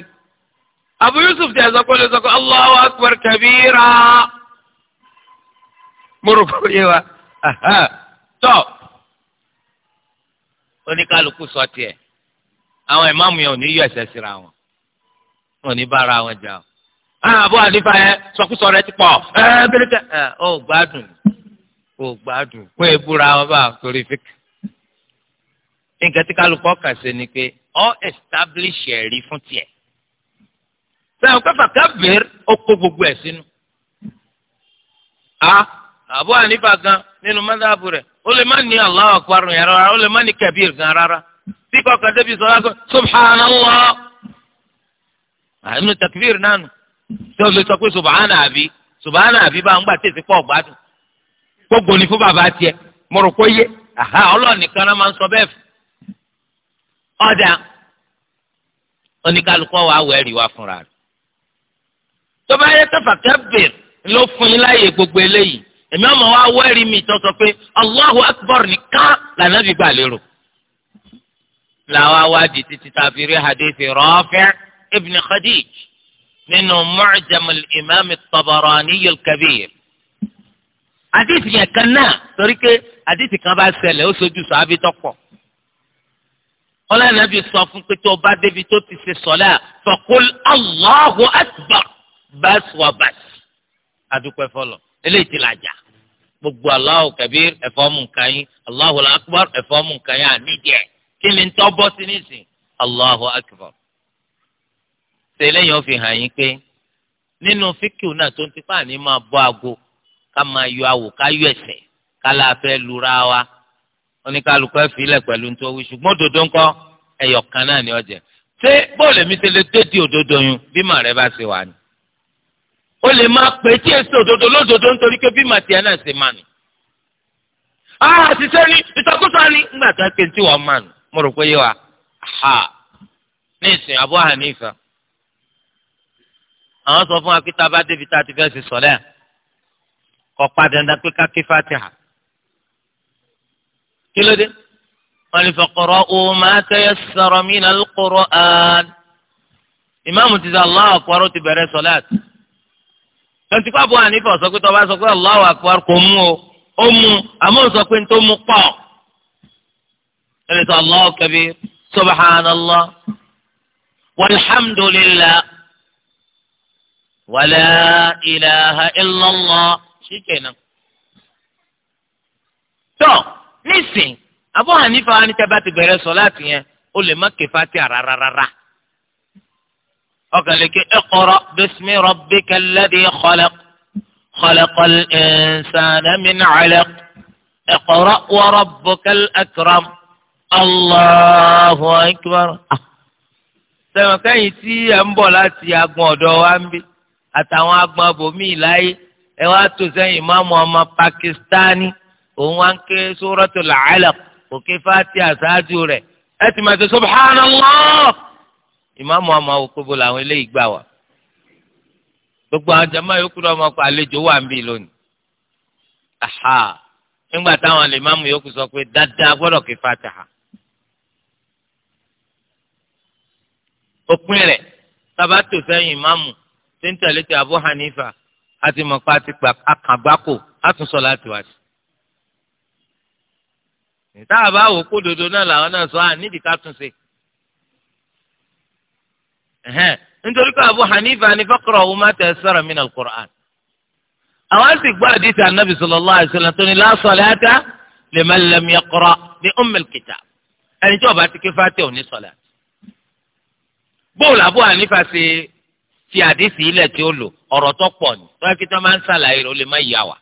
Abu ti ẹ̀ sọ pé ó lè sọ pé mo rò kó yé wa tọ́ oníkálukú sọ tiẹ̀ àwọn ìmáàmù yẹn ò ní yọ ẹsẹ̀ síra wọn wọn ò ní bára wọn jà o àbọ̀ ah, àdìfà yẹn sọkúsọ rẹ ti pọ̀ ẹ bẹ́ẹ̀ tẹ ẹ ó gbádùn ó gbádùn kó ebúra wọn bá torí fíkì nǹkan tí kálukú ọkàn ṣe ni pé ọ establish ẹ̀rí fún tiẹ̀ sẹ́wọ̀n pẹ́pà kábìrì ó kó gbogbo ẹ̀ sínú ah, Abu Hanifa gan nínú mọ́tàbù rẹ̀ ó lè má ní Allahu Akbar yẹn rárá ó lè má ní gan rárá débi takbir nánu tí o lè sọ pé subhana àbí subhana àbí bá ń gbà tètè pọ̀ gbádùn gbogbo ní fún bàbá tiẹ̀ mo rò yé aha ọlọ́ọ̀nì náà máa ń sọ bẹ́ẹ̀ fún oníkálukọ́ wa wa fúnra rẹ̀ tó bá yẹ ló fún èmi ọmọ wa wẹ́rìí mi tó sọ pé Allahu Akbar nìkan lànàbí gbà lérò làwa wá di títí tá a fi rí hadithi Rafi' ibn Khadij nínú Mu'jam al-Imam at-Tabarani al-Kabir hadithi yẹn kan náà torí pé hadithi kan bá ṣẹlẹ̀ ó sojú sọ abitọ́pọ̀ ọlọ́run àbí sọ fún pé tó bá débi tó ti ṣe sọ́lá faqul Allahu Akbar bas wa bas adúpẹ́ fọlọ́ eléyìí ti làjà gbogbo Allahu kabir ẹ̀fọ́ mu nǹkan yín Allahu akbar ẹ̀fọ́ mu yín ni bọ́ sí nísìn Allahu akbar. ṣe fi hàn yín pé nínú fíkìú náà tó ń tipa ní máa bọ́ ká máa yọ awò ká yọ ẹ̀sẹ̀ lura wa oníkálukú ẹ̀ fi ilẹ̀ pẹ̀lú wí ṣùgbọ́n òdodo ẹ̀yọ̀ kan ni ṣé di òdodo bí màrẹ́ bá ṣe wà o lè máa pè tí èso òdodo lódodo nítorí pé bí màtíà náà ṣe máa nù. a ni ìtọ́kùsọ ni ńgbà tó ké tí wọ́n máa nù mo rò wa ha ní ìsìn Abu Hanifa àwọn a débi tá a ti fẹ́ ṣe sọ̀lẹ́ kọ́ pa dandan pé ká Fatiha kí ló dé wọ́n lè fọkọ̀rọ̀ o máa tẹ́yẹ sọ̀rọ̀ mí ìmáàmù ti sọ aláwọ̀ lọ́ntì kọ́ àbúrò ànífọ̀ sọ pé tọ́ba sọ pé Allahu Akbar kò mú o ó mú àmọ́ sọ pé tó mú pọ̀ ẹni sọ Allahu Kabir subhanallah walhamdulillah wala ilaha illallah ṣíkẹ̀ náà. tọ́ nísìn àbúrò ànífọ̀ wa ní tẹ́ bá ti bẹ̀rẹ̀ sọ láti yẹn ó lè má ké Fatiha rárá rárá. وقالك اقرأ باسم ربك الذي خلق خلق الإنسان من علق اقرأ وربك الأكرم الله أكبر سما كان يتي أمبولا تي أقوى دو أمبي أتوا أقوى بومي لاي إواتو إيوه زي إمام وما باكستاني وانك سورة العلق وكيفاتي أساتي أتي سبحان الله ìmáàmù àmọ́ òkúbo làwọn eléyìí gbà wá gbogbo àwọn jama yòókù lọ́mọ kọ àlejò wà ń bì lónìí aha nígbà táwọn àlèmáàmù yòókù sọ pé dáadáa gbọ́dọ̀ kí fatiha òpin rẹ̀ tabato sẹ́yìn ìmáàmù tí Abu Hanifa àti mọ̀pá àti àkàgbákò àtúnṣọ láti wá sí táàbà wò kó dodo náà làwọn náà sọ à nídìí ká túnṣe nítorí pé Abu Hanifa ni faqra'u ma tayassara min al-Qur'an. àwọn sì gbọ́ àdìsí anabi sallallahu alaihi wasallam tó ní la salata liman lam yaqra' bi umm al-kitab ẹni tí ó bá ti ké fàtẹ́ ò ní sọlá. bóòlù Abu Hanifa ṣe ti àdìsí ilẹ̀ tí ó lò ọ̀rọ̀ tó pọ̀ ní tọ́kítọ́ máa ń ṣàlàyé rẹ̀ ó lè má yà wá.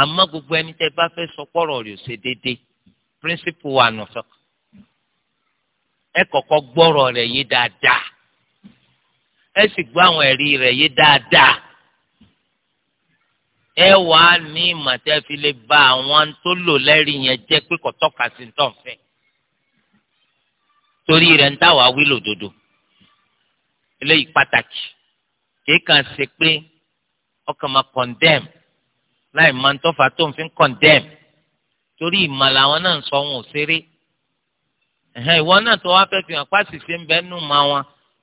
àmọ́ gbogbo ẹni tẹ́ bá fẹ́ sọ pọ̀rọ̀ rẹ̀ ò ṣe déédéé píríncípù wa nù fẹ́kọ̀ọ́ ẹ kọ́kọ́ gbọ́rọ̀ rẹ̀ yé dáadáa ẹ sì gbọ́ àwọn ẹ̀rí rẹ̀ yé dáadáa ẹ wà á ní ìmọ̀tẹ́filẹ̀ bá àwọn tó lò lẹ́rìí yẹn jẹ́ pé kò tọ́ka sí tó fẹ́ torí rẹ̀ ń táwa wí lòdodo eléyìí pàtàkì kìí kàn ṣe pé ọkàn máa condemn láì máa ń tọ́fà tó ń fi condemn torí ìmọ̀ làwọn náà ń sọ wọn ò ẹ̀hẹ́n ìwọ náà tó wá fẹ́ fi hàn pàṣẹ ṣe ń wọn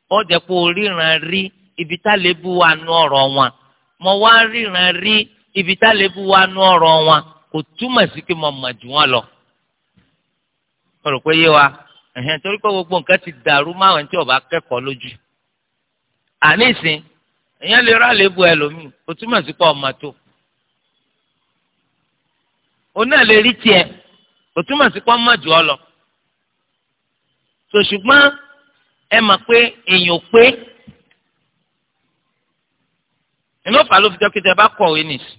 ó jẹ́ kó ríran rí ibi tá lè bu wa nu ọ̀rọ̀ wọn mo wá ríran rí ibi tá lè bu wa nu ọ̀rọ̀ wọn kò túmọ̀ sí pé mo mọ̀ lọ. mo rò pé wa torí gbogbo nǹkan ti dàrú máwọn tí ọba lójú. àní ìsìn lè rà lébu so ṣùgbọ́n ẹ mọ̀ pé èèyàn pé inú ọ̀fà ló fi jẹ́ pé tẹ bá kọ̀wé nìsí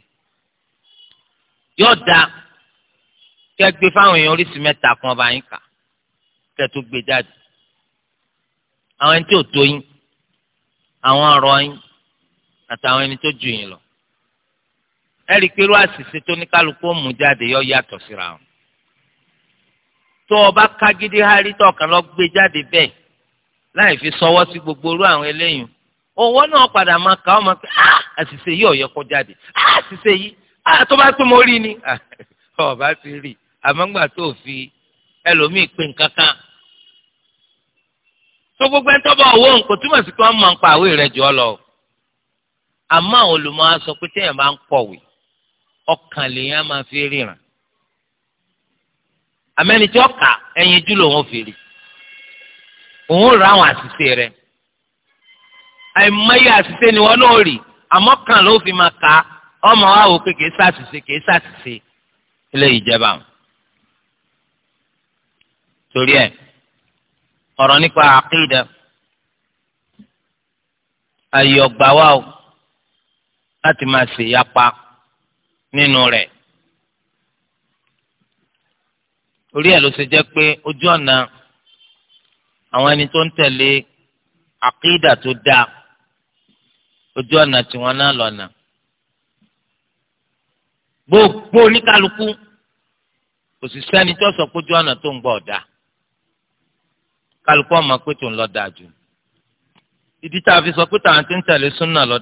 yóò da kẹ gbé fáwọn èèyàn oríṣi mẹ́ta kan ọba yín kà kẹ tó gbé jáde àwọn ẹni tí ò tó yín àwọn ọ̀rọ̀ yín àtàwọn ẹni tó jù yín lọ ẹ rí i pé irú àṣìṣe tó ní kálukú ó mú jáde yóò yàtọ̀ síra wọn tó o bá ká gidi hárí tó ọkàn lọ gbé jáde bẹ́ẹ̀ láì fi sọwọ́ sí gbogbo orú àwọn eléyìí owó náà padà máa kà ọ́ máa pé á ah, àṣìṣe yìí ọ̀yọ́ kó jáde á ah, àṣìṣe yìí á ah, tó bá tó mo rí ni ọba ti rí àmọ́ ńgbà tó fi ẹlòmíì pé nǹkan kan tó gbogbo ẹ̀ tọ́ bọ̀ owó nǹkan túmọ̀ sí pé wọ́n máa ń pa àwé rẹ̀ jọ lọ àmọ́ àwọn olùmọ̀ sọ pé téèyàn bá ń kọ̀wé ọkàn lèèyàn máa fi ríran àmẹ́ni tí ó kà ẹ̀yìn jù lòun fi rí òun rà àwọn àṣìṣe rẹ̀ àìmọye àṣìṣe ni wọn náà rí àmọ́ kan ló fi máa kà ọmọ wa wò pé kìí ṣàṣìṣe kìí ṣàṣìṣe ilé ìjẹba torí ẹ ọ̀rọ̀ nípa àkídà ayọ̀gbà wa o láti máa ṣèyapa nínú rẹ̀ orí ẹ̀ ló ṣe jẹ́ pé ojú ọ̀nà àwọn ẹni tó ń tẹ̀lé àkídà tó dáa ojú ọ̀nà tiwọn náà lọ́nà gbogbo oníkálukú kò sì sẹ́ni tó sọ pé ojú ọ̀nà tó ń gbọ́ ọ̀dà kálukú ọmọ pé tó ń lọ dáa jù ìdí tá a fi sọ pé tàwọn ti ń tẹ̀lé súnà lọ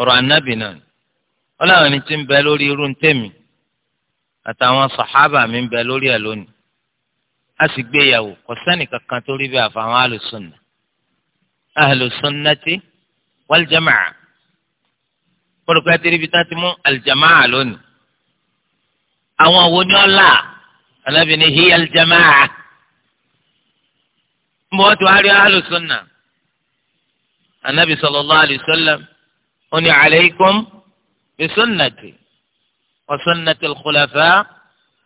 ọ̀rọ̀ ànábì náà ọlọ́run ni ti ń bẹ lórí irú ń tẹ̀mí àtàwọn sàhábà mi ń bẹ lórí ẹ̀ lónìí a sì gbéyàwó kò sẹ́ni kankan tó rí bẹ́ẹ̀ àfàwọn alùsùnà alùsùnnàtì wàlùjàmáà kórópẹ́ tẹ́lifí tá ti mú alùjàmáà lónìí àwọn wo ni ọ̀la alábìíní hi alùjàmáà mbọ́ tó a rí alùsùnà anabi sallallahu alayhi wa sallam ó ní alaykum bisunnati. وسنة الخلفاء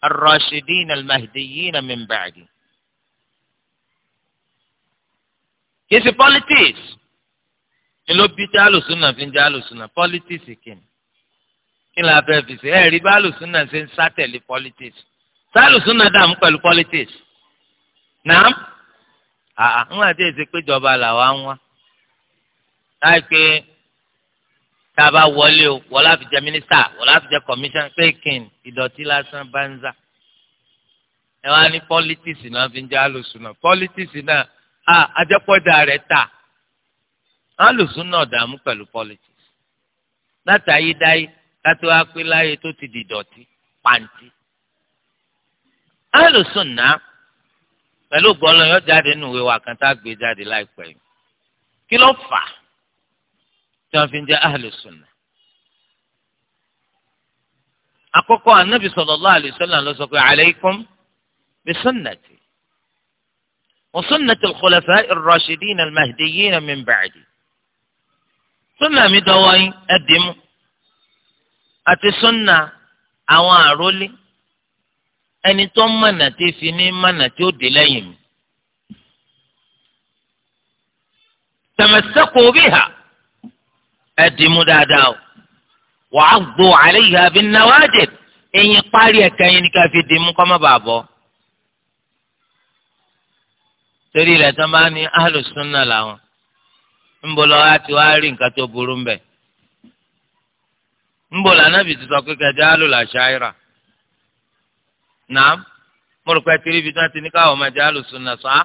الراشدين المهديين من بعدي kìí ṣe politics ló bí tí alùsùnà fi ń jẹ alùsùnà politics kìíní kí ni a fẹ́ fi ṣe ẹ rí bá alùsùnà ṣe ń sátẹ̀lé politics tá alùsùnà dààmú pẹ̀lú politics nàám àà ń wà tí èsì péjọba làwa ń wá láì pé tá a bá wọlé o wọlé àfijẹ mínísítà wọlé àfijẹ kọmíṣán pékin ìdọ̀tí lásán bá ń zà ẹ wá ní pọ́lítíìsì náà fi ń jẹ́ àlòsùn náà pọ́lítíìsì náà a ajẹ́pọ̀dà rẹ̀ tà àlòsùn náà dààmú pẹ̀lú pọ́lítíìsì látàyé dáyé kátó wá pé láyé tó ti di dọ̀tí pàǹtí àlòsùn náà pẹ̀lú gbọ́lọ́ yọ jáde nùwé wa kan tá a gbé jáde láìpẹ́ yìí kí ló fà á tí wọ́n fi ń jẹ́ ahlu sunna. àkọ́kọ́ anabi sallallahu alayhi wa sallam ló sọ pé alaykum bi sunnati wa sunnati al-khulafa'i ar-rashidin al-mahdiyyin min ba'di. sunna mi dọwọ́ yín ẹ̀dínmú àti sunna àwọn àrólé ẹni tó mọ̀nà tí fi ní mọ̀nà tí ó dé lẹ́yìn mi. tamassaku biha. E dimu mú dáadáa o wàá gbó àlẹ́ àbí nàwádìí ẹ̀yìn parí fi dì mú kọ́ má bọ́ torí rẹ̀ tán bá ní alùsùnà làwọn ńbọlọ àti wàá rí nǹkan tó burú ń bẹ ti sọ pé kẹjọ alùlà nàám mo rò pé tìrìbì wọn ti ní káwọn ọmọ ẹjẹ alùsùnà sọ á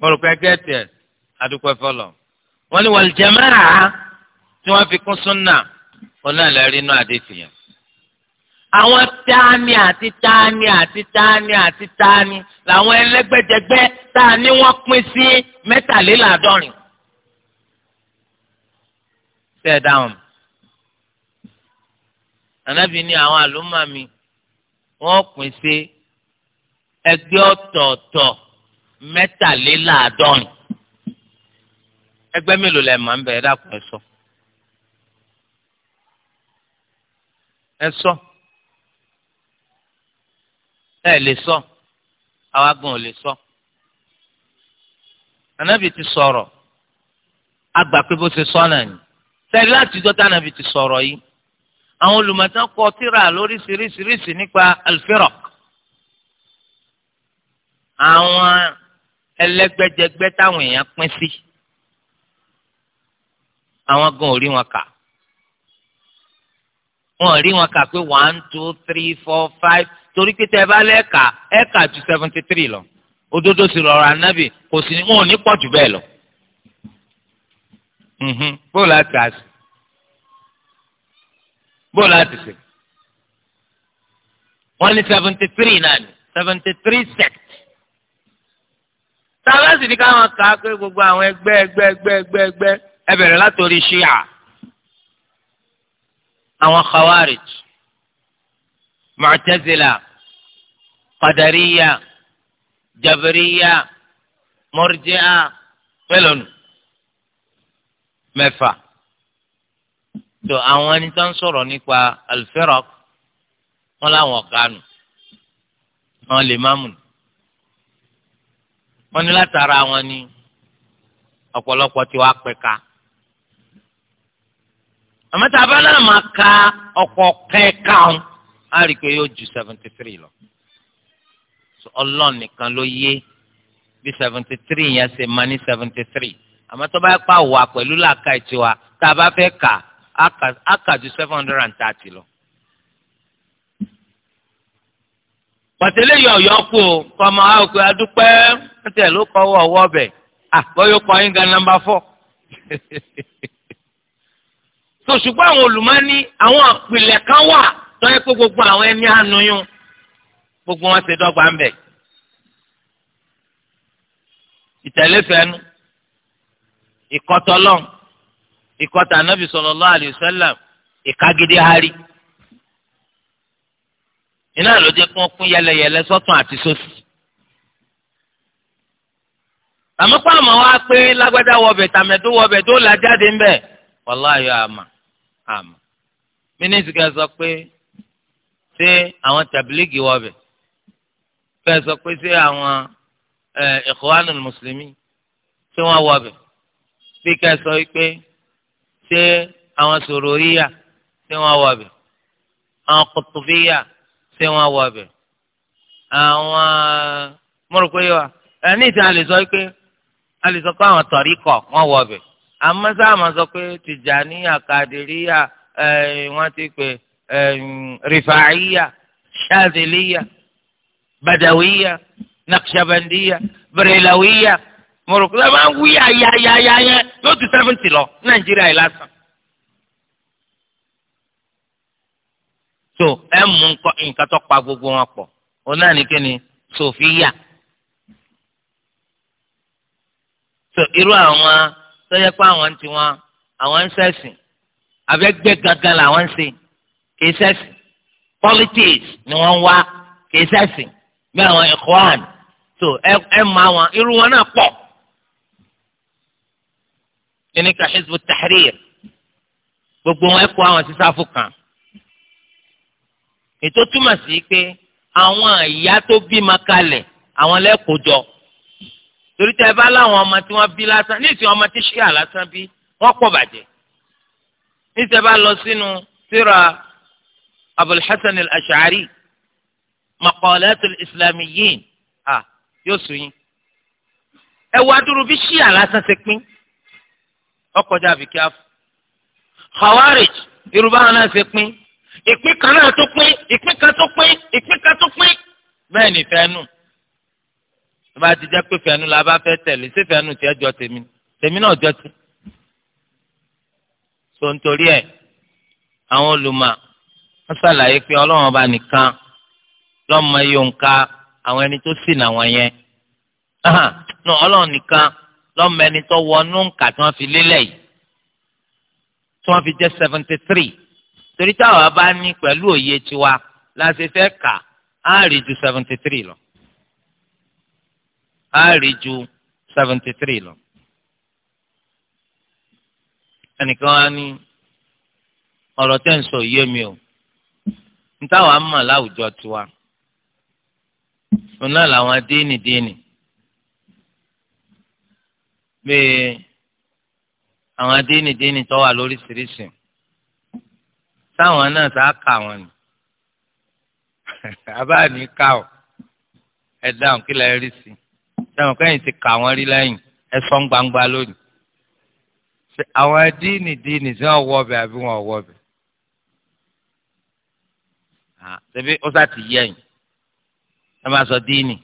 mọ̀rùkọ́ gẹ́tì ẹ̀ adúpẹ́ fọlọ́ wọ́n ní wal jamaa tí wọ́n fi kún súnà onáàlẹ́rìí náà àdéhùn yẹn. àwọn tání àti tání àti tání àti tání làwọn ẹlẹ́gbẹ́jẹgbẹ́ tá a ní wọ́n pín sí mẹ́tàléláàádọ́rin. ṣé ẹ dáhùn mi ànábì ní àwọn àlùmọ́ mi wọ́n pín sí ẹgbẹ́ ọ̀tọ̀ọ̀tọ̀ mẹ́tàléláàádọ́rin ẹgbẹ́ mélòó lẹ máa ń bẹ ẹ dákun ẹ sọ ẹ sọ ẹ lè sọ àwa gan ò lè sọ ànábì ti sọ̀rọ̀ àgbà pé bó ṣe sọ náà ni sẹ́ẹ̀rí láti ìjọ tá ànábì ti sọ̀rọ̀ yìí àwọn olùmọ̀tán kọ tírà lóríṣiríṣiríṣi nípa alfiraq àwọn ẹlẹ́gbẹ́jẹgbẹ́ táwọn èèyàn pín sí àwọn gan ò rí wọn kà wọn ò rí wọn kà pé one two three four five torí pé tẹ bá lẹ́ẹ̀ka ẹ̀ka ju seventy three lọ òdodo sì rọrọ anábì kò sí wọn ò ní pọ̀ jù bẹ́ẹ̀ lọ mhm. bóòlù àti àṣì bóòlù àti ṣe wọn ní seventy three náà ní seventy three sect táwa sì ní káwọn kà á pé gbogbo àwọn ẹgbẹ́ ẹgbẹ́ ẹgbẹ́ ẹgbẹ́ ẹgbẹ́ ẹ bẹ̀rẹ̀ látòrí ṣíà àwọn khawarij mu'tazila qadariya jabiriya murji'a mélòó nù mẹ́fà tó àwọn ẹni tó ń sọ̀rọ̀ nípa al wọn làwọn ọ̀gá wọn lè má mú nù wọ́n ní látara wọn ni ọ̀pọ̀lọpọ̀ tí wàá pẹ̀ka àmọ́ tá a máa ka ọ̀pọ̀ kẹ́ẹ̀ka ọ̀hún á rí i pé yóò ju seventy three lọ ọlọ́run nìkan ló yé bí seventy three yẹn ṣe máa ní seventy three àmọ́ tó bá yẹ pa wà pẹ̀lú làákà ìtiwa tá a bá fẹ́ kà á kà ju seven hundred and thirty lọ. pọ̀tẹ́lẹ̀ yọ̀ yọ̀ kú o kọ́mọ àwòkọ́ adúpẹ́ tẹ̀ ló kọ́ wọ̀ ọwọ́ bẹ̀ àbọ̀yọ̀ kọ́ yín gan nàmbà fọ́. so ṣùgbọ́n àwọn olùmọ́ni àwọn àpilẹ̀ kan wà tó yẹ pé gbogbo àwọn ẹni ànúyún gbogbo wọn ṣe dọ́gba ń bẹ̀. ìtẹ̀lẹ́fẹ̀ẹ́nu ìkọ́tọ́lọ́n ìkọ́tà anábì sallallahu alaihi wasallam ìkagídé iná ló jẹ́ kí wọ́n kún yẹlẹyẹlẹ sọ́tún àti sósì. àmọ́ pa wa pé lágbádá wọbẹ̀ tàmẹ̀dó wọbẹ̀ tó là jáde ń bẹ̀ wàláyé àmà àmà mínísítì kan sọ pé ṣé àwọn tàbílígì wọbẹ̀ fẹ́ sọ pé ṣé àwọn Ikhwanul Muslimin ṣé wọ́n wọbẹ̀ bí ká sọ pé ṣé àwọn sòròríyà ṣé wọ́n wọbẹ̀ àwọn kùtùbíyà ṣé wọ́n wọ ọbẹ̀ àwọn mọ̀rọ̀ pé yọ ẹni ìtàn àlè sọ pé àlè sọ pé àwọn tọ̀rí kọ̀ wọ́n wọ ọbẹ̀ àmọ́ sáàmà sọ pé tìjàníyà kàdìríyà wọ́n ti pè rìfàáyà ṣáàzìlíyà bàdàwíyà nàkṣàbàndíyà bẹ̀rẹ̀làwíyà mọ̀rọ̀ máa ń wí àyàyàyà yẹn yóò ti lọ nàìjíríà yìí lásán. so ẹ mú nǹkan tó pa gbogbo wọn pọ̀ òun náà ní kíni sofiya so irú àwọn tó yẹ pé àwọn ti wọn àwọn ń ṣẹ̀sìn abẹ́gbẹ́ gangan làwọn ń ṣe kì í ṣẹ̀sìn politics ni wọ́n ń wá kì í ṣẹ̀sìn bí àwọn ikhwan so ẹ ẹ mọ àwọn irú wọn náà pọ̀ kíní ka hizbu tahrir gbogbo wọn ẹ kó àwọn sísáfù kan ètò túmọ̀ sí pé àwọn ìyá tó bímọ kalẹ̀ àwọn lẹ́kọ̀ọ́jọ torí tẹ́ ẹ bá láwọn ọmọ tí wọ́n bí lásán ní ìsìn ọmọ tí ṣíà lásán bí wọ́n pọ̀ bàjẹ́ ní tẹ́ ẹ bá lọ sínú síra Abul Hasan al-Ash'ari maqalatul islamiyyin à yóò sùn yín ẹ wá dúró bí ṣíà lásán ṣe pín ọkọjá àbíkí àfọ Khawarij yorùbá náà ṣe pín ìpín kan náà tó pín ìpín kan tó pín ìpín kan tó pín bẹ́ẹ̀ ni fẹ́nu tó bá ti jẹ́ pé fẹ́nu la bá fẹ́ tẹ̀lé sí fẹ́nu tiẹ̀ jọ tèmi tèmi náà jọ ti so nítorí ẹ̀ àwọn olùmọ̀ wọ́n ṣàlàyé pé ọlọ́run ọba nìkan lọ́mọ iye òǹkà àwọn ẹni tó sì nà wọ́n yẹn náà ọlọ́run nìkan lọ́mọ ẹni tó wọnú òǹkà tí wọ́n fi lélẹ̀ yìí tí wọ́n fi jẹ́ seventy three torí táwa bá ní pẹ̀lú òye tiwa la fẹ́ kà á rí ju seventy three lọ á rí ju seventy three lọ. ẹnìkan á ní ọ̀rọ̀ tẹ́ ń sọ yé mi o ní táwa mọ̀ láwùjọ tiwa òun náà làwọn déènì déènì bẹ́ẹ̀ àwọn déènì déènì tó wà lóríṣiríṣi sáwọn náà sá kà wọn ni abáàní ká ọ ẹ dáhùn kí lẹ rí sí dáhùn kẹ́yìn ti kà wọ́n rí lẹ́yìn ẹ sọ ń gbangba lónìí àwọn díìnì díìnì sí wọn wọ ọbẹ àbí wọn wọ ọbẹ ṣebí ó sá ti yẹ yìí ẹ máa sọ díìnì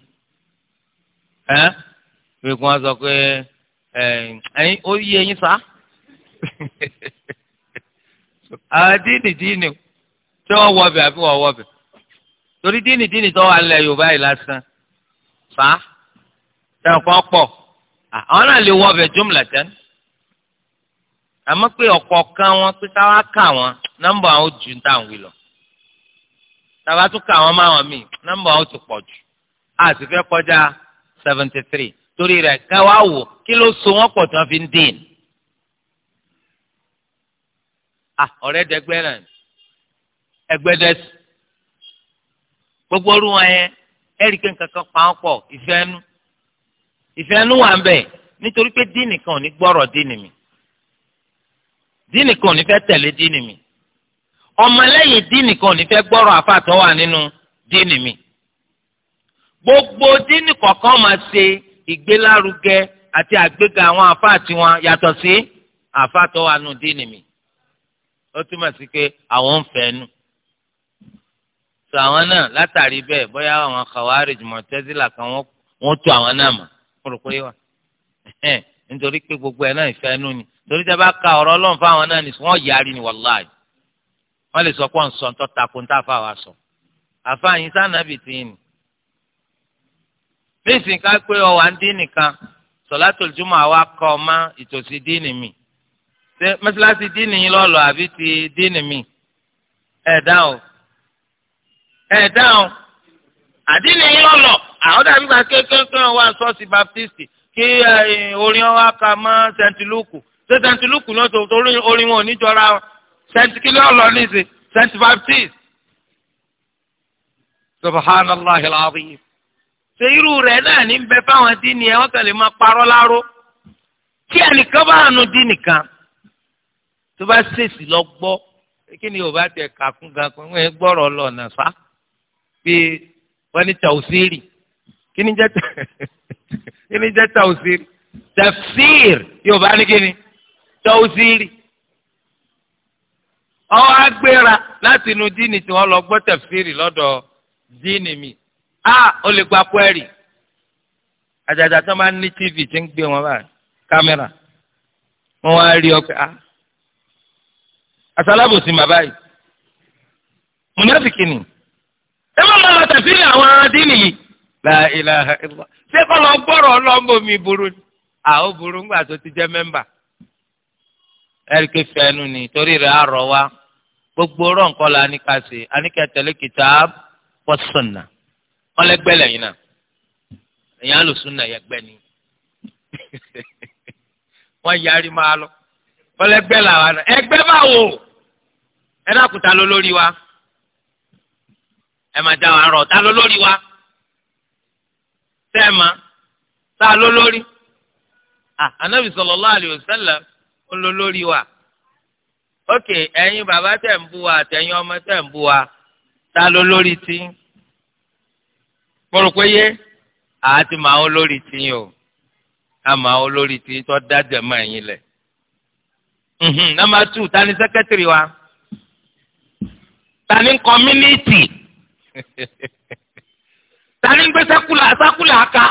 ẹ wíwọ́n sọ pé ẹ̀yin ó yí ẹ̀yin sá. àdínì dínì tí wọ́n wọ bẹ̀ àbí wọ́n wọ bẹ̀ torí dínì dínì tó wà lẹ̀ Yorùbá yìí lásán fà á tẹ̀ kọ́ pọ̀ àwọn náà lè wọ bẹ̀ jùmùlà tán àmọ́ pé ọ̀kọ̀ọ̀kan wọn pé káwá kà wọn nọ́mbà àwọn ojú ń tà ń wí lọ tàbá tún kà wọn máwọn míì nọ́mbà àwọn ti pọ̀ jù á sì fẹ́ kọjá seventy three torí rẹ̀ káwá wò kí ló so wọ́n pọ̀ tí wọ́n fi ń dín in. Ah, ọ̀rẹ́ dẹgbẹ́ náà ẹgbẹ́dẹ́sì gbogbo orú wọn yẹn ẹ̀ríkẹ́ kankan pa wọ́n pọ̀ ìfẹ́nu ìfẹ́nu wà ń bẹ̀ nítorí pé díìnì kan ní gbọ́rọ̀ díìnì mi díìnì kan ò ní fẹ́ tẹ̀lé díìnì mi ọmọlẹ́yìn díìnì kan ò ní fẹ́ gbọ́rọ̀ àfàtọ́ wà nínú díìnì mi gbogbo díìnì kọ̀ọ̀kan máa ṣe ìgbélárugẹ àti àgbéga àwọn àfáà tiwọn yàtọ̀ sí àfáà tó wà nù díìnì mi ó túmọ̀ sí pé àwọn ń fẹ́nu sọ àwọn náà látàrí bẹ́ẹ̀ bóyá àwọn khawarij mu'tazila kan wọ́n tú àwọn náà mọ̀ fún òkú yìí wà nítorí pé gbogbo ẹ̀ náà ìfẹ́nu ni torí tẹ́ bá ka ọ̀rọ̀ ọlọ́run fáwọn náà ní wọ́n yarí ni wàláì wọ́n lè sọ pé ọ̀n sọ ń tọ́ takò ń tà fáwọn aṣọ àfààyàn sànàbì tì í nì nísìnyí pé ọwà ń dín nìkan sọlátòlùjúmọ àwa kọ ọmọ ṣé mọ́sálásí díìnì yín lọ́lọ́ àbí ti díìnì mi ẹ̀ dáhùn ẹ̀ dáhùn àdínì yín lọ́lọ́ àwọn dàbí gba kékeré wà sọ́ọ̀sì baptisti kí orin wa ka mọ́ sẹ́ńtì lùkù ṣé sẹ́ńtì lùkù náà tó orin wọn ò ní jọra sẹ́ńtì kílẹ̀ ọ̀lọ́ níṣẹ́ sẹ́ńtì baptist subhanallah alazim ṣe irú rẹ̀ náà ní bẹ fáwọn díìnì ẹ̀ wọ́n kàn lè máa parọ́ láró kí ẹnìkan bá hànú díìnì kan tó bá ṣèṣì lọ gbọ́ kí ni yorùbá tẹ kàkún gan kan wọn gbọ́rọ̀ lọ́nà fa pé wọ́n ní tàùsírì kí ni jẹ́ kí ni jẹ́ tàùsírì tafsir yorùbá ní kí ni tàùsírì ọwọ́ agbéra láti inú díìnì tí wọ́n lọ gbọ́ tafsiri lọ́dọ̀ díìnì mi a ó lè gba pẹ́ẹ́rì àjàjà tó máa ní tv tí ń gbé wọn báyìí kámẹ́rà wọ́n wá rí ọ pé a. Ah, àtàlábòsí bàbá yìí mùnàfíkì ni ẹ má máa tẹ̀sí ní àwọn adínì yìí la ilaha illa ṣé kọ́ lọ gbọ́rọ̀ ọlọ́mọ mi burú ni àó burú ńgbà tó ti jẹ́ mẹ́mbà ẹ̀ríkẹ́ fẹ́nu ni torí rẹ̀ àrọ̀ wa gbogbo rọ̀ǹkọ́ la níka ṣe àníkẹ́ tẹ̀lé kitab wa sunna ọlẹ́gbẹ́ lẹ́yìn náà ẹ̀yìn alùsùnà yẹ gbẹ́ ni wọ́n yarí máa lọ ọlẹ́gbẹ́ làwọn ẹgbẹ́ bá wò. ẹ dákun ta ló lórí wa ẹ ta ló lórí wa ta ló lórí anabi sallallahu alaihi wasallam ó ló lórí wa ok ẹ̀yin bàbá wa ọmọ tẹ́ ń bú wa ta ló lórí o a màá ó lórí ẹ̀yin lẹ̀. Mhm, ta sẹ́kẹ́tìrì wa. tani kọmínítì tani gbé sakula sakula ká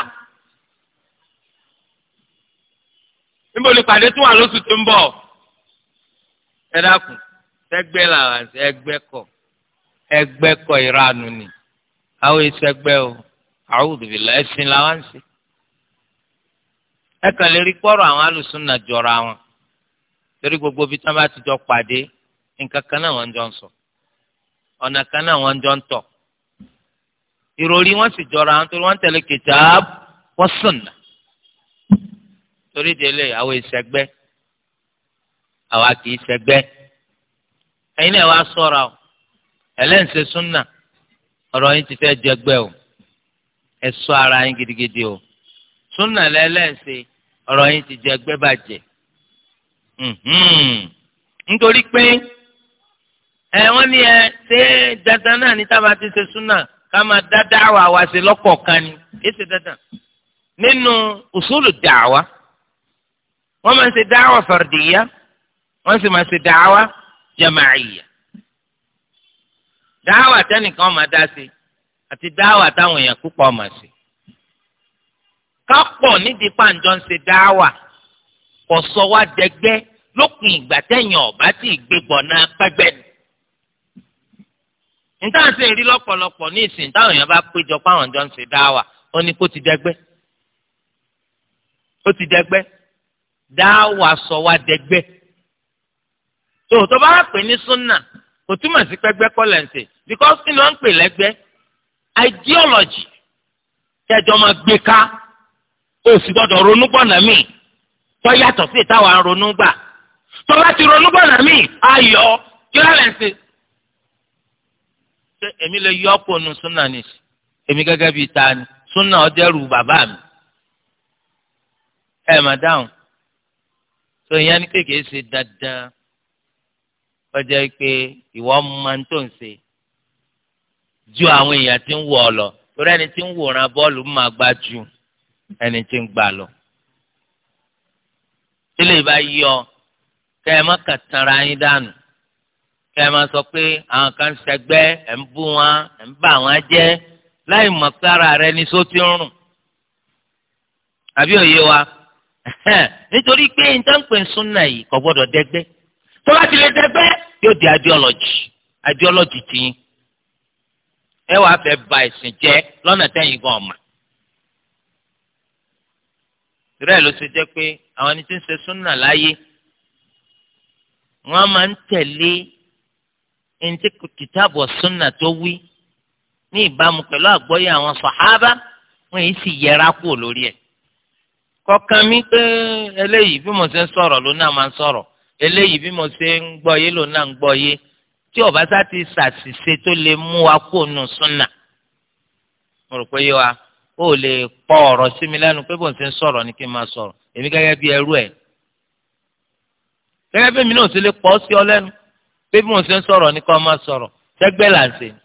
níbo ni pàdé tún wà lóṣù tó ń bọ̀ ẹ dákun ẹgbẹ́ làwọn àti ẹgbẹ́ kọ ẹgbẹ́ kọ ìranu ni àwọn èso ẹgbẹ́ o àwùjọ ìlà ẹ̀sìn làwọn ń ṣe ẹ kàn rí pọ́rọ̀ àwọn alùsùn náà jọra wọn torí gbogbo bí tí wọ́n bá ti jọ pàdé nǹkan kan náà wọ́n jọ ń sọ ọ̀nà kan náà wọ́n jọ ń tọ̀ ìròrí wọn sì jọra àwọn torí wọ́n tẹ̀lé kìtàb wọ́n sùnnà torí délé àwọn ìṣẹ́gbẹ́ àwa kì í ṣẹ́gbẹ́ ẹ̀yin náà wá sọ̀ra o ẹlẹ́ǹsẹ̀ súnà ọ̀rọ̀ yín ti fẹ́ jẹgbẹ́ o ẹ ṣọ́ ara yín gidigidi o súnà lẹ́lẹ́ǹsẹ̀ ọ̀rọ̀ yín ti jẹgbẹ́ bàjẹ́ nítorí pé. ẹ wọ́n ní ẹ ṣé dandan náà ní tábà ti ṣe súnà ká máa dá dáwà wá sí lọ́kọ̀ọ̀kan ni kìí ṣe dandan nínú usulu dáwà wọ́n máa ń ṣe dáwà daawa wọ́n sì máa ṣe dáwà jama'iyya dáwà tẹ́nìkan máa dá sí àti dáwà táwọn èèyàn púpọ̀ máa ṣe kápọ̀ nídìí pàǹjọ́ ń ṣe dáwà kò sọ wá dẹgbẹ́ lópin ìgbà tẹ̀yìn ọ̀bá tí ì níta se rí lọ́pọ̀lọpọ̀ ní ìsìn táwọn èèyàn bá péjọ páwọn jọ ń ṣe dáwà ó ní kó ti dẹgbẹ́ ó ti dẹgbẹ́ dáwà sọ wá dẹgbẹ́ tó tó bá wà pè ní súnà kò túmọ̀ sí pẹ́gbẹ́ kọ́lẹ̀ because kí ni wọ́n ń pè lẹ́gbẹ́ ideology kẹjọ máa gbé ká ó sì gbọ́dọ̀ ronú gbọ́nà míì tó yàtọ̀ sí ìtawà ronú gbà tó bá ti ronú gbọ́nà míì ayọ̀ kí wọ́n lẹ́ ń ṣe èmi lè yọ ọ́pọ̀ nu súnà ni èmi gẹ́gẹ́ bíi ta ni súnà ọ̀dẹ́rù bàbá mi ẹ̀ mà dáhùn tó ìyá ní kékeré ṣe dandan kọjá pé ìwọ máa ń tó ń ṣe ju àwọn èèyàn tí ń wọ ọ lọ torí ẹni tí ń wòran bọ́ọ̀lù máa gbá ju ẹni tí ń gbà lọ. ilé ìbá yí ọ kẹ́ ẹ má kàn yín dànù kẹ́ ẹ máa sọ pé àwọn kan ṣẹgbẹ́ ẹ̀ ń bú wọn ẹ̀ ń bà wọn jẹ́ láì mọ̀ pé ara rẹ ni só ti ń rùn àbí òye wa nítorí pé ìtànpẹ̀ súnà yìí kò gbọ́dọ̀ dẹ́gbẹ́ tó bá ti lè dẹ́gbẹ́ yóò di ideology ideology tiyín ẹ wàá fẹ́ ba ẹ̀sìn jẹ́ lọ́nà tẹ́yìn gan ọ̀mà. ìrẹ́ ló ṣe jẹ́ pé àwọn ẹni tí ń ṣe súnà láyé wọ́n máa ń tẹ̀lé ẹnití kìtàbù ọ̀sùnà tó wí ní ìbámu pẹ̀lú àgbọ́yé àwọn sàhábà wọn èyí sì yẹra kú lórí ẹ̀. kọ̀ọ̀kan mi pé eléyìí bí mo ṣe ń sọ̀rọ̀ ló náà máa ń sọ̀rọ̀ eléyìí bí mo ṣe ń gbọ́ ló náà ń gbọ́ tí ọba ti ṣàṣìṣe tó lè mú wa kú nù súnà. mo rò pé yé wa ó lè pọ ọ̀rọ̀ sí mi lẹ́nu pé bó ṣe ń sọ̀rọ̀ ni kí n máa sọ̀rọ̀ èmi gẹ́gẹ́ bí ẹrú ẹ̀ gẹ́gẹ́ bí mi náà ṣe lè pọ̀ sí ọ lẹ́nu pé bí mo ṣe ń sọ̀rọ̀ ní kọ́ máa sọ̀rọ̀ sẹ́gbẹ́ là ń ṣe ni.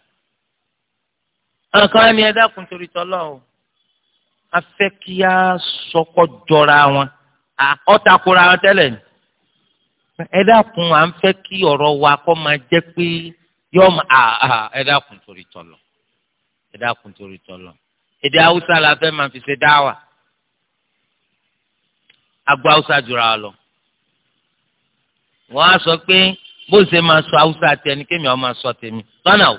àǹkan ni ẹ dákun torí tọ́lọ́ o a fẹ́ kí a sọkọ́ jọra wọn ọ̀takùra wọn tẹ́lẹ̀ ni. ẹ dákun à ń fẹ́ kí ọ̀rọ̀ wa kọ́ máa jẹ́ pé yọ ẹ dákun torí tọ́lọ́ ẹ dákun torí tọ́lọ́ èdè haúsá la fẹ́ máa fi ṣe dáwà agbó haúsá jura lọ wọ́n á sọ pé bó ṣe máa sọ haúsá tẹni kémi ọ máa sọ tèmi lọ́nà o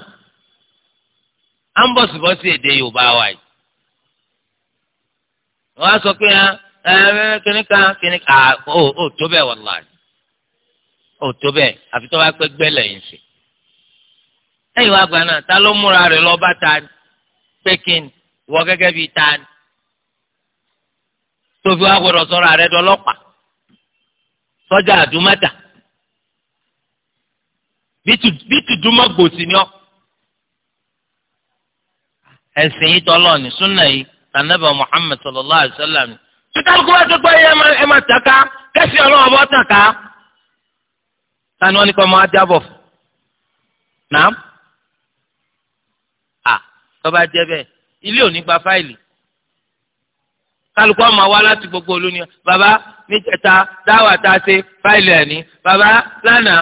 à ń bọ̀sibọ́sí èdè yorùbá wa yìí wọ́n á sọ pé ah, ẹ kìnnìkan kìnnìkan ó ó tó bẹ́ẹ̀ wallahi ó tó bẹ́ẹ̀ àfi tó bá pẹ́ gbẹ́lẹ̀ yìí sí ẹ̀yìn wá gbaná ta ló múra rẹ̀ lọ bá ta ni pé kí ni ìwọ gẹ́gẹ́ bíi ta tóbi wá gbọdọ̀ sọ̀rọ̀ sọ́jà àdúmọ́ta. bí tùdúmọ̀ gbòòsì ni ọ́. ẹ̀sìn yìí tọ́lọ̀ ní súnà yìí tànàbà Muhammad sallallahu alayhi wa sallam. títàlùkù bá ti gbọ́ yẹ ẹ máa tàka kẹ́sì ọlọ́wọ́ bọ́ tàka. tani wọn ni kò máa jábọ̀ nàám. à tọ́ba jẹ́ bẹ́ẹ̀ ilé ò ní gba fáìlì kálukú ọmọ wa láti gbogbo olú ni baba níjẹta dáwà tá a ṣe fáìlì ẹ̀ ní baba lánàá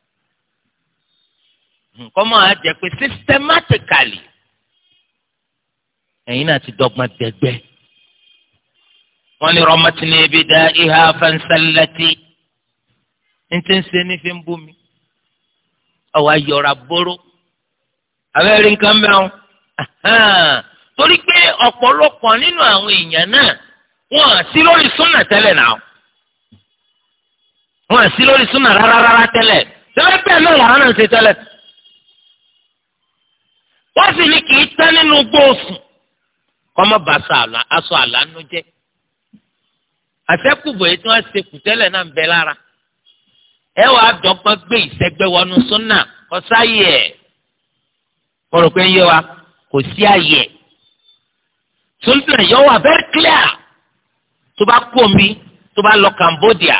Hmm, kọ́mọ àjẹ pé systematically ẹ̀yin náà ti dọ́gba dẹ́gbẹ́ wọ́n ní rọmọtìní ibi dá ihá fansálẹ́tì ń ti ń ṣe ní fi ń bú mi ọ̀wá yọra bóró abẹ́rẹ́ rí nǹkan mẹ́wọ́n torí pé ọ̀pọ̀lọpọ̀ nínú àwọn èèyàn náà wọ́n á sí lórí súnà tẹ́lẹ̀ náà wọ́n á sí lórí súnà rárá rárá tẹ́lẹ̀ tẹ́lẹ̀ bẹ́ẹ̀ náà làwọn náà ń ṣe tẹ́lẹ̀ wọ́n sì ní kì í tán nínú gbóòsùn kọ́mọ́ bá aṣọ àlánú jẹ́ àṣẹ́kùbọ̀ tí wọ́n ṣe kùtẹ́lẹ̀ náà ń bẹ lára ẹ wàá dọ́gbọ́n gbé ìṣẹ́gbẹ́ wọnú súnà kò sáyè ẹ̀ mo rò pé ń yé kò sí àyè ẹ̀ súnà yọ wà very clear tó bá kú omi tó bá lọ Cambodia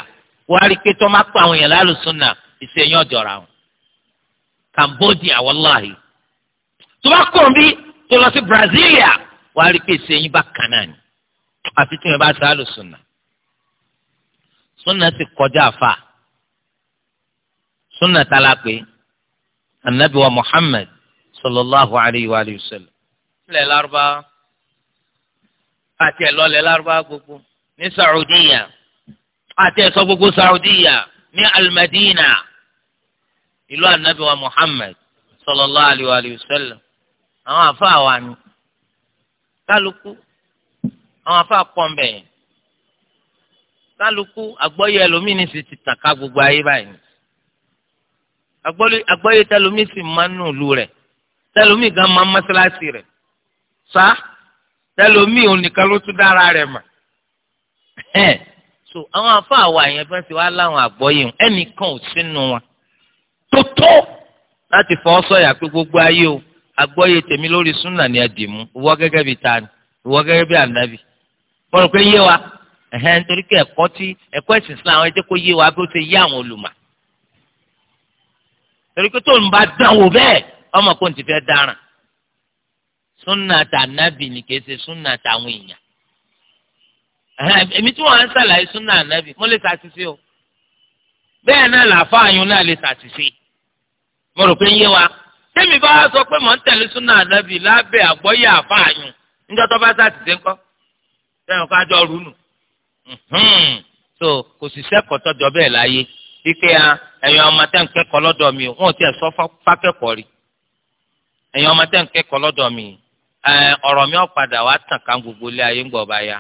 rí i pé tó máa pa àwọn èèyàn ìṣèyàn ọ̀jọ̀ra wọn tó bá kọ̀ ń bí tó lọ sí Brasilia wàá rí pé sẹ́yìn bá kàn náà ni àfi tí wọn bá sá lò sùnà sùnà ti kọjá àfà sùnà tala pé anabi wa Muhammad sallallahu alayhi wa alayhi wa sallam. ilẹ̀ larubá àti ẹ̀lọ́lẹ̀ larubá gbogbo ní Saudiya àti ẹ̀sọ́ gbogbo Saudiya ní al ìlú anabi wa Muhammad sallallahu alayhi wa alayhi wa sallam àwọn àfáà wa ni kálukú àwọn àfáà pọ̀ ń bẹ̀ yẹn kálukú àgbọ́yé ẹlòmíì ní sì ti tàn ká gbogbo ayé báyìí àgbọ́yé tẹlòmíì sì máa ń nù lù rẹ̀ gan máa ń mọ́sálásí rẹ̀ sá tẹlòmíì dára rẹ̀ mà ẹ̀ so àwọn àfáà wa yẹn fẹ́ ti wá láwọn àgbọ́yé ẹnìkan ò sínú wọn tó tó láti fọ́ sọ̀yà pé gbogbo ayé o agbọ́yé tèmi lórí súnà ni àdìmú ìwọ gẹ́gẹ́ bíi ta ni ìwọ gẹ́gẹ́ bíi ànábì bọ́lá pé yé wa ẹ̀hẹ́n nítorí pé ẹ̀kọ́ tí ẹ̀kọ́ ẹ̀sìn Islam àwọn ẹ̀jẹ̀ kó yé wa bí ó ṣe yé àwọn olùmọ̀ torí pé tó ń bá dán wò bẹ́ẹ̀ ọmọ kò ti fẹ́ dáràn súnà tà ànábì ni kì í ṣe súnà tàwọn èèyàn èmi tí wọ́n á ń ṣàlàyé súnà ànábì mo lè ṣàṣìṣe o bẹ́ẹ̀ náà làáfàá àyùn náà lè ṣàṣìṣe mo rò pé yé wa tẹ́mi bá wá sọ pé mò ń tẹ̀lé súnà ànábì lábẹ́ àgbọ́yé àfààyàn níjọ́ tó bá sàtìsẹ́ ńkọ́ sẹ́yìn ká jọ rú nù. so kò sì sẹ́kọ̀ọ́ tọ́jọ́ bẹ́ẹ̀ láyé wípé ẹ̀yin ọmọ tẹ́ ń kẹ́kọ̀ọ́ lọ́dọ̀ mi wọn ò tiẹ̀ sọ fákẹ́kọ̀ọ́ rí ẹ̀yin ọmọ tẹ́ ń kẹ́kọ̀ọ́ lọ́dọ̀ mi ọ̀rọ̀ mi ò padà wá tàn ká gbogbo ilé ayé ń gbọ̀ bá ya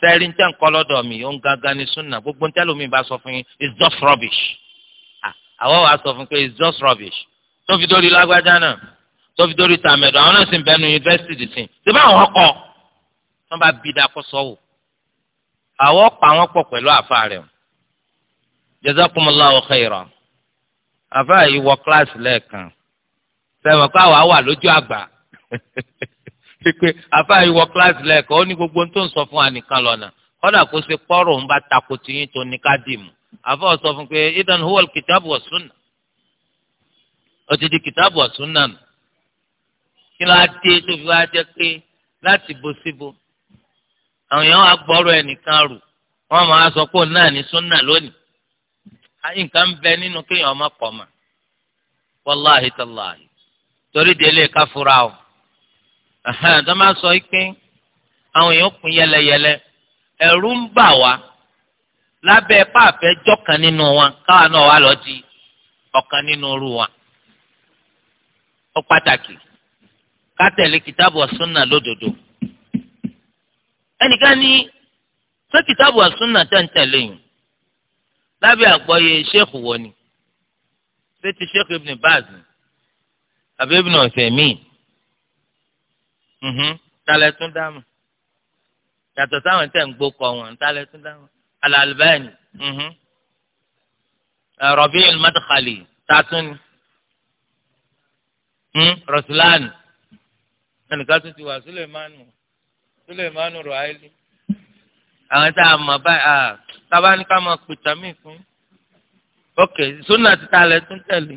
sẹ́rí ń tẹ́ ń kọ́ lọ́dọ̀ mi ó ń gangan ní súnà gbogbo ń tẹ́lómi bá sọ fún yín it's just rubbish àwọn wàá sọ fún pé it's just rubbish tó fi dórí lágbájá náà tó fi dórí tàmẹ̀dọ̀ àwọn náà sì ń bẹnu yunifásitì sí ṣé báwọn ọkọ wọn bá bí dakọ sọwọ àwọn pa wọn pọ̀ pẹ̀lú àfa rẹ jazakumullahu khairan àfa yìí wọ kíláàsì lẹ́ẹ̀kan sẹwọn pé àwa wà lójú àgbà pípé àfa yìí wọ kíláàsì lẹ́ẹ̀kan ó ní gbogbo tó ń sọ fún wa nìkan lọ́nà kó ṣe pọ́rọ̀ ń bá takò tiyín tó ní ká dì mú àfa ọ̀ sọ fún pé idan huwal kitabu wa sunna ó ti di kìtàbù kí ló á tó fi wá pé láti bo síbo àwọn èèyàn á gbọ́rọ̀ ẹnìkan rù wọ́n máa sọ pé òun náà ní súnnà lónìí nǹkan bẹ nínú kéèyàn ọmọ kọ̀ mà wàláhi tàláhi torí délé ká sọ pé àwọn kún yẹlẹyẹlẹ ń bà wá lábẹ́ jọ́kan nínú wọn náà ó pàtàkì ká tẹ̀lé kìtàbù ọ̀sùnà lódodo ẹnìkan ní ṣé kìtàbù ọ̀sùnà tẹ̀ǹtẹ̀lé yìí lábẹ́ àgbọ́yé sheikh wọ ni ṣé ti sheikh ibn baz ni àbí ibn ọ̀sẹ̀mìn mhm. tálẹ̀ tún dáàmú yàtọ̀ sáwọn tẹ̀ ń gbó kọ wọn tálẹ̀ tún dáàmú al-Albani mhm. Rabi' al-Madkhali ni. Hmm? rọ̀sùlánù ẹnìkan tún ti wà Sùlẹ̀mánù Sùlẹ̀mánù Rọ̀hálí àwọn tá a mọ̀ báyìí tábà ní ká máa pè tàmí fún ok sunna ti ta alẹ́ tún tẹ̀lé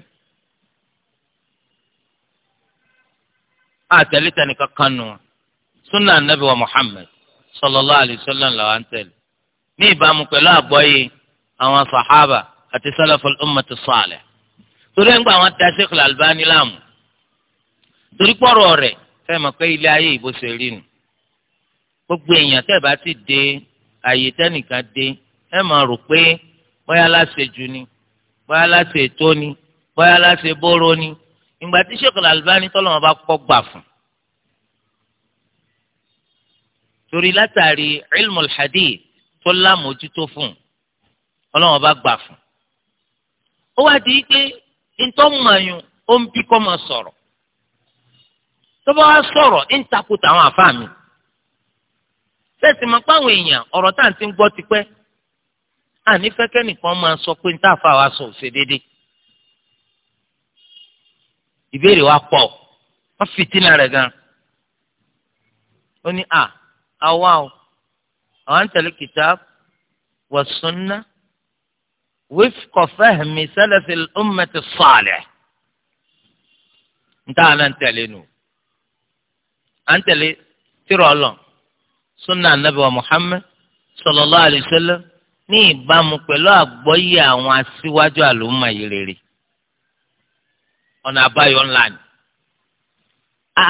àtẹ̀lé tẹnìkan kan nù sunna anabi wa Muhammad sallallahu alayhi wa sallam làwọn tẹ̀lé ní ìbámu pẹ̀lú àgbọ́yé àwọn sàhábà àti sálàfọ̀lùmọ̀tì sọ̀lẹ̀ torí ẹ̀ ń gbà wọn dá Sheikh al torí pọ̀rọ̀ rẹ̀ fẹ́ mọ̀ pé ilé ayé ìbò ṣe rí nu gbogbo èèyàn tẹ́ bá ti dé àyè tẹ́nìkan dé ẹ máa rò pé bóyá láṣejù ni bóyá láṣe ètò ni bóyá láṣe bóró ni ìgbà tí sèkòlá Albani tọ́lọ́mọ bá kọ́ gbà fún torí látàrí ilmul hadith tó lámòjútó fún ọlọ́mọ bá gbà fún ó wá di pé ntọ́ mọ̀ ó ń bí kọ́ máa sọ̀rọ̀ tọ́ba wa sọ̀rọ̀ ń takuta àwọn àfa mi sẹ́ẹ̀sì máa pàwọn èèyàn ọ̀rọ̀ tá à ń ti gbọ́ tipẹ́ àní fẹ́kẹ́ nìkan máa sọ pé ń tàfà wa sọ òṣè déédéé ìbéèrè wa pọ̀ wọ́n fìtínà rẹ̀ gan ó ní à àwa o àwa ń tẹ̀lé kitab wa sunna wifqa fahmi salafil ummati salih ń tà náà ń tẹ̀lé à ń tẹ̀lé tírọ̀ sunna anabi wa muhammed ní ìbámu àwọn aṣíwájú àlùmọ̀ yìí rere ọ̀nà ńlá ni. a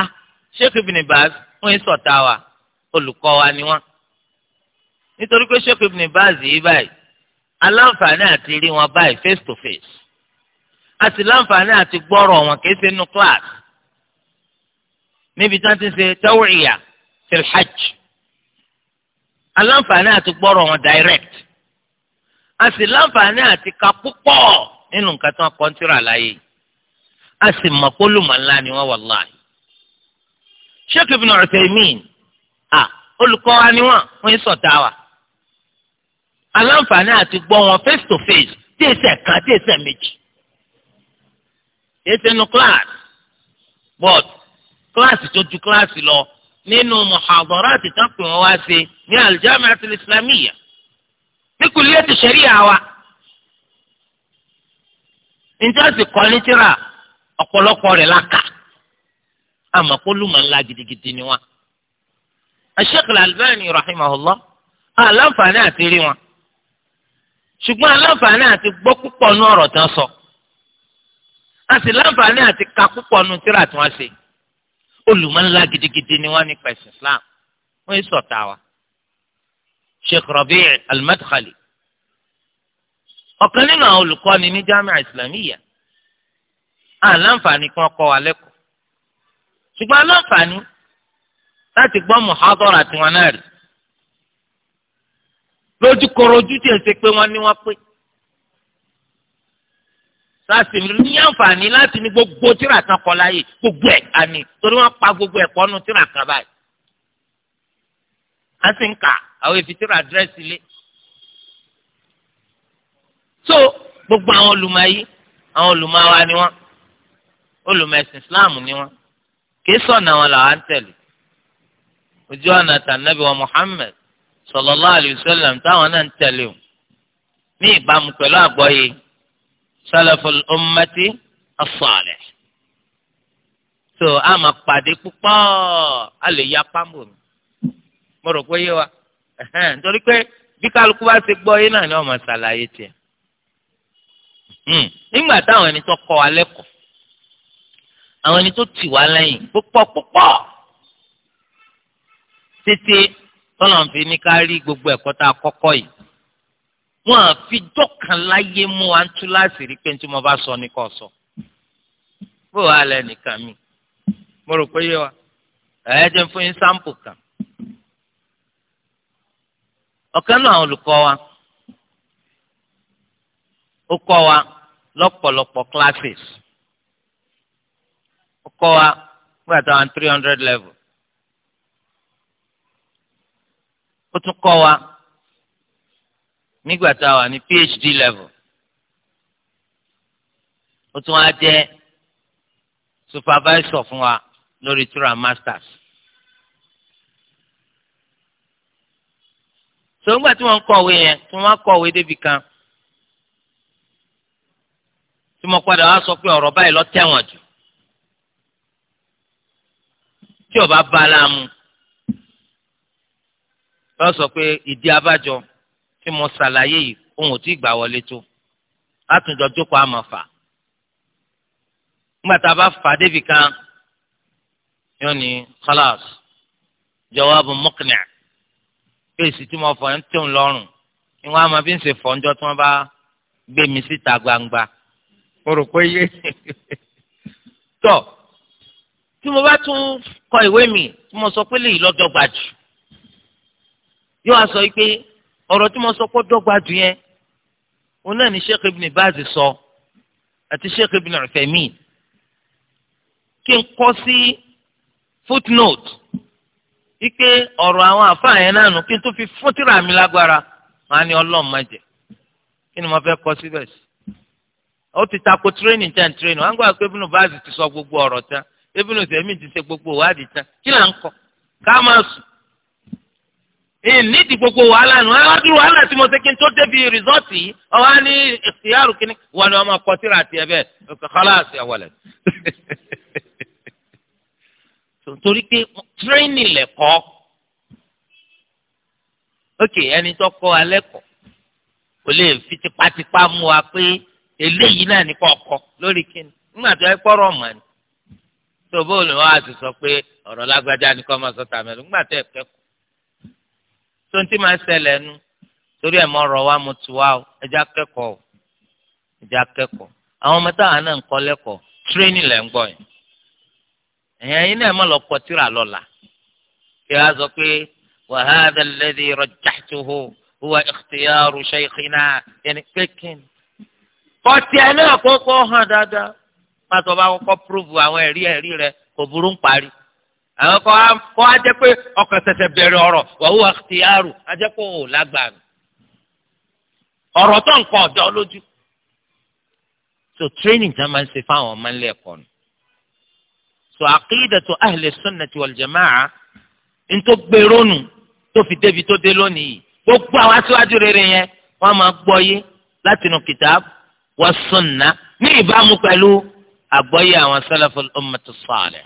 sheikh ibn baz wọ́n wa wa ni wọn nítorí pé sheikh ibn baz yìí báyìí aláǹfààní rí wọn báyìí face to face a láǹfààní àti gbọ́rọ̀ wọn kì í class níbi tí wọ́n ti ṣe tawu'iya fil hajj aláǹfààní àti gbọ́rọ̀ wọn direct a sì láǹfààní àti ka púpọ̀ nínú nǹkan tí wọ́n kọ́ ń tíra láàyè a sì mọ̀ pólùmọ̀ ńlá ni wọ́n wallahi Sheikh Ibn Uthaymeen à olùkọ́ wa ni wọ́n wọ́n ń sọ̀tà wa aláǹfààní àti gbọ́ wọn face to face déèsẹ̀ kan déèsẹ̀ méjì déèsẹ̀ nu class but kíláàsì tó ju kíláàsì lọ nínú muhadarat tí tán pè wọ́n wá ṣe ní al-Jami'ah al-Islamiyya ní kulliyat sharia wa njẹ́ àti kọ́ ní tíra ọ̀pọ̀lọpọ̀ rẹ̀ la kà àmọ́ kó lùmọ̀ ńlá gidigidi ni wọn. Sheikh al-Albani rahimahullah aláǹfààní àti wọn ṣùgbọ́n aláǹfààní àti gbọ́ púpọ̀ nú ọ̀rọ̀ tán sọ a sì láǹfààní ka púpọ̀ nú tíra tí wọ́n ṣe olùmọ̀nlá gidigidi ni wọ́n ní pẹ̀sì islam wọ́n yìí sọ̀tà wa sheikh rabi' al-madkhali ọ̀kan nínú àwọn olùkọ́ni ní jami'a islamiyya àlàǹfààní kan kọ́ wa lẹ́kọ̀ọ́ ṣùgbọ́n àlàǹfààní láti gbọ́ muhadara tiwọn náà rí lójúkọrọ ojú tiẹ̀ ṣe pé wọ́n ní wọ́n pé sasi ní àǹfààní láti ní gbogbo tíra kan kọ láyé gbogbo ẹ̀ àní torí wọ́n pa gbogbo ẹ̀kọ́ nu tíra kan báyìí. a sì ń kà àwọn èfi tíra dírẹ́sì lé. so gbogbo àwọn olùmọ̀ yìí àwọn olùmọ̀ wa ni wọ́n olùmọ̀ ẹ̀sìn Islam ni wọ́n kìí sọ̀nà wọn làwọn ń tẹ̀lé ojú ọ̀nà tànàbí wa Muhammad sallallahu alayhi wa sallam táwọn náà ń tẹ̀lé o ní ìbámu pẹ̀lú àgbọ́yé salaful ummati الصالح. so a máa pàdé púpọ̀ a lè ya pambo mi mo rò pé yé wa nítorí pé bí kálukú bá ṣe gbọ́ yé náà ni wọ́n máa ṣàlàyé tiẹ̀ hmm, nígbà táwọn ẹni tó kọ́ wa lẹ́kọ̀ọ́ àwọn ẹni tó tì wá lẹ́yìn púpọ̀ púpọ̀ títí tọ́lọ̀ ń fi ní ká rí gbogbo ẹ̀kọ́ tá a kọ́kọ́ yìí wọn àfijọ́ kan láyé mú wa ń tú láti rí pé tí mo bá sọ ni kò sọ bó wàá lẹ nìkan mi mo rò pé yé wa ẹ jẹ́ fún yín sáǹpù kan ọ̀kan náà àwọn wa ó kọ́ wa lọ́pọ̀lọpọ̀ classes ó kọ́ wa nígbà táwọn three hundred level ó tún kọ́ wa nígbà tá a wà ní PhD level ó tún á jẹ́ supervisor fún wa lórí tura masters. sọ̀ngbà tí wọ́n ń kọ̀wé yẹn tí wọ́n á kọ̀wé débi kan tí mo padà wá sọ pé ọ̀rọ̀ báyìí lọ tẹ̀wọ̀n jù tí ó bá a láàmú lọ sọ pé ìdí abájọ tí mo ṣàlàyé yìí òun ò tí ì gbà wọlé tó látùjọ jókòó àmọ́ fà nígbà tá a bá fà débi kan yóò ní khalas jawabu muqni' fèsì tí mo fọ ẹ ń tẹun lọ́rùn ni wọn á máa fi ń ṣe fọ́njọ́ tí wọ́n bá gbé mi síta gbangba mo rò pé yé tọ́ tí mo bá tún kọ ìwé mi tí mo sọ pé lè lọ́jọ́ gbàjù yóò wá sọ pé. ọrọ tí mo sọ pé dọ́gba jù yẹn òun náà sheikh ibn baz sọ àti sheikh ibn Uthaymeen kí n kọ sí footnote ike ọrọ àwọn àfáà yẹn náà kí n tó fi fúntìrà mi lágbára màá ní ọlọ́run má jẹ kí ni mo fẹ́ kọ́ síbẹ̀ sí ó ti tako training tán training wọn pé ibùnú ti sọ gbogbo ọrọ tán ibùnú ti ṣe gbogbo ìwádìí tán kí là ń nídìí gbogbo wàhálà nù ẹ wá dúró wàhálà tí mo ṣe kí n tó débi rìsọ́ọ̀tì yìí ọ̀hán ní ìyàrú kínní wọn ni wọn máa kọ síra tiẹ̀ bẹ́ẹ̀ kọ́láàsì àwọlẹ̀. torí pé tírénì lẹ̀kọ́ ókè ẹni tó kọ́ alẹ́ kọ́ kò lè fi tipátipá mú wa pé eléyìí náà ní kọ́ lórí kínní nígbà tó ẹ kọ́rọ̀ mọ́ ni tó bóun ni wọ́n á ti sọ pé ọ̀rọ̀ lágbájá ni kọ́ máa sọ tàmẹ́lú ẹ tó ń tí máa ṣẹlẹ̀ nu torí ẹ̀ mọ ọ̀rọ̀ wa mo tù wá o ẹja kẹ́kọ̀ọ́ ẹja kẹ́kọ̀ọ́ àwọn ọmọ táwọn náà ń kọ́ lẹ́kọ̀ọ́ tírénì lẹ̀ ń gbọ́ yẹn ẹ̀yìn ẹ̀yìn náà mọ̀ lọ kọ́ tíra lọ́la kí a sọ pé wàhálà alladhi rajjahtuhu huwa ikhtiyaru shaykhina yẹn kékin kọ́tí ẹ̀ náà kókó hàn dáadáa pàtó bá kọ́kọ́ púrúfù àwọn ẹ̀rí ẹ̀rí rẹ̀ kò burú ń parí àwọn kan kọ́ á jẹ́ pé ọkàn ṣẹ̀ṣẹ̀ bẹ̀rẹ̀ ọ̀rọ̀ wàhùn àkìtìyàrù á pé òun lágbàánu ọ̀rọ̀ tó nǹkan ọ̀dọ́ lójú. so training tá a máa ń ṣe fáwọn ọmọ ilé ẹ̀kọ́ nù. so aqidatu ahli sunnati wal jamaa ń tó gbèrò nù tó fi débi tó dé lónìí yìí gbogbo àwọn aṣáájú rere yẹn wọ́n máa gbọ́ yé láti nù kitab wa sunna ní ìbámu pẹ̀lú àgbọ́yé àwọn salaful ummati salih.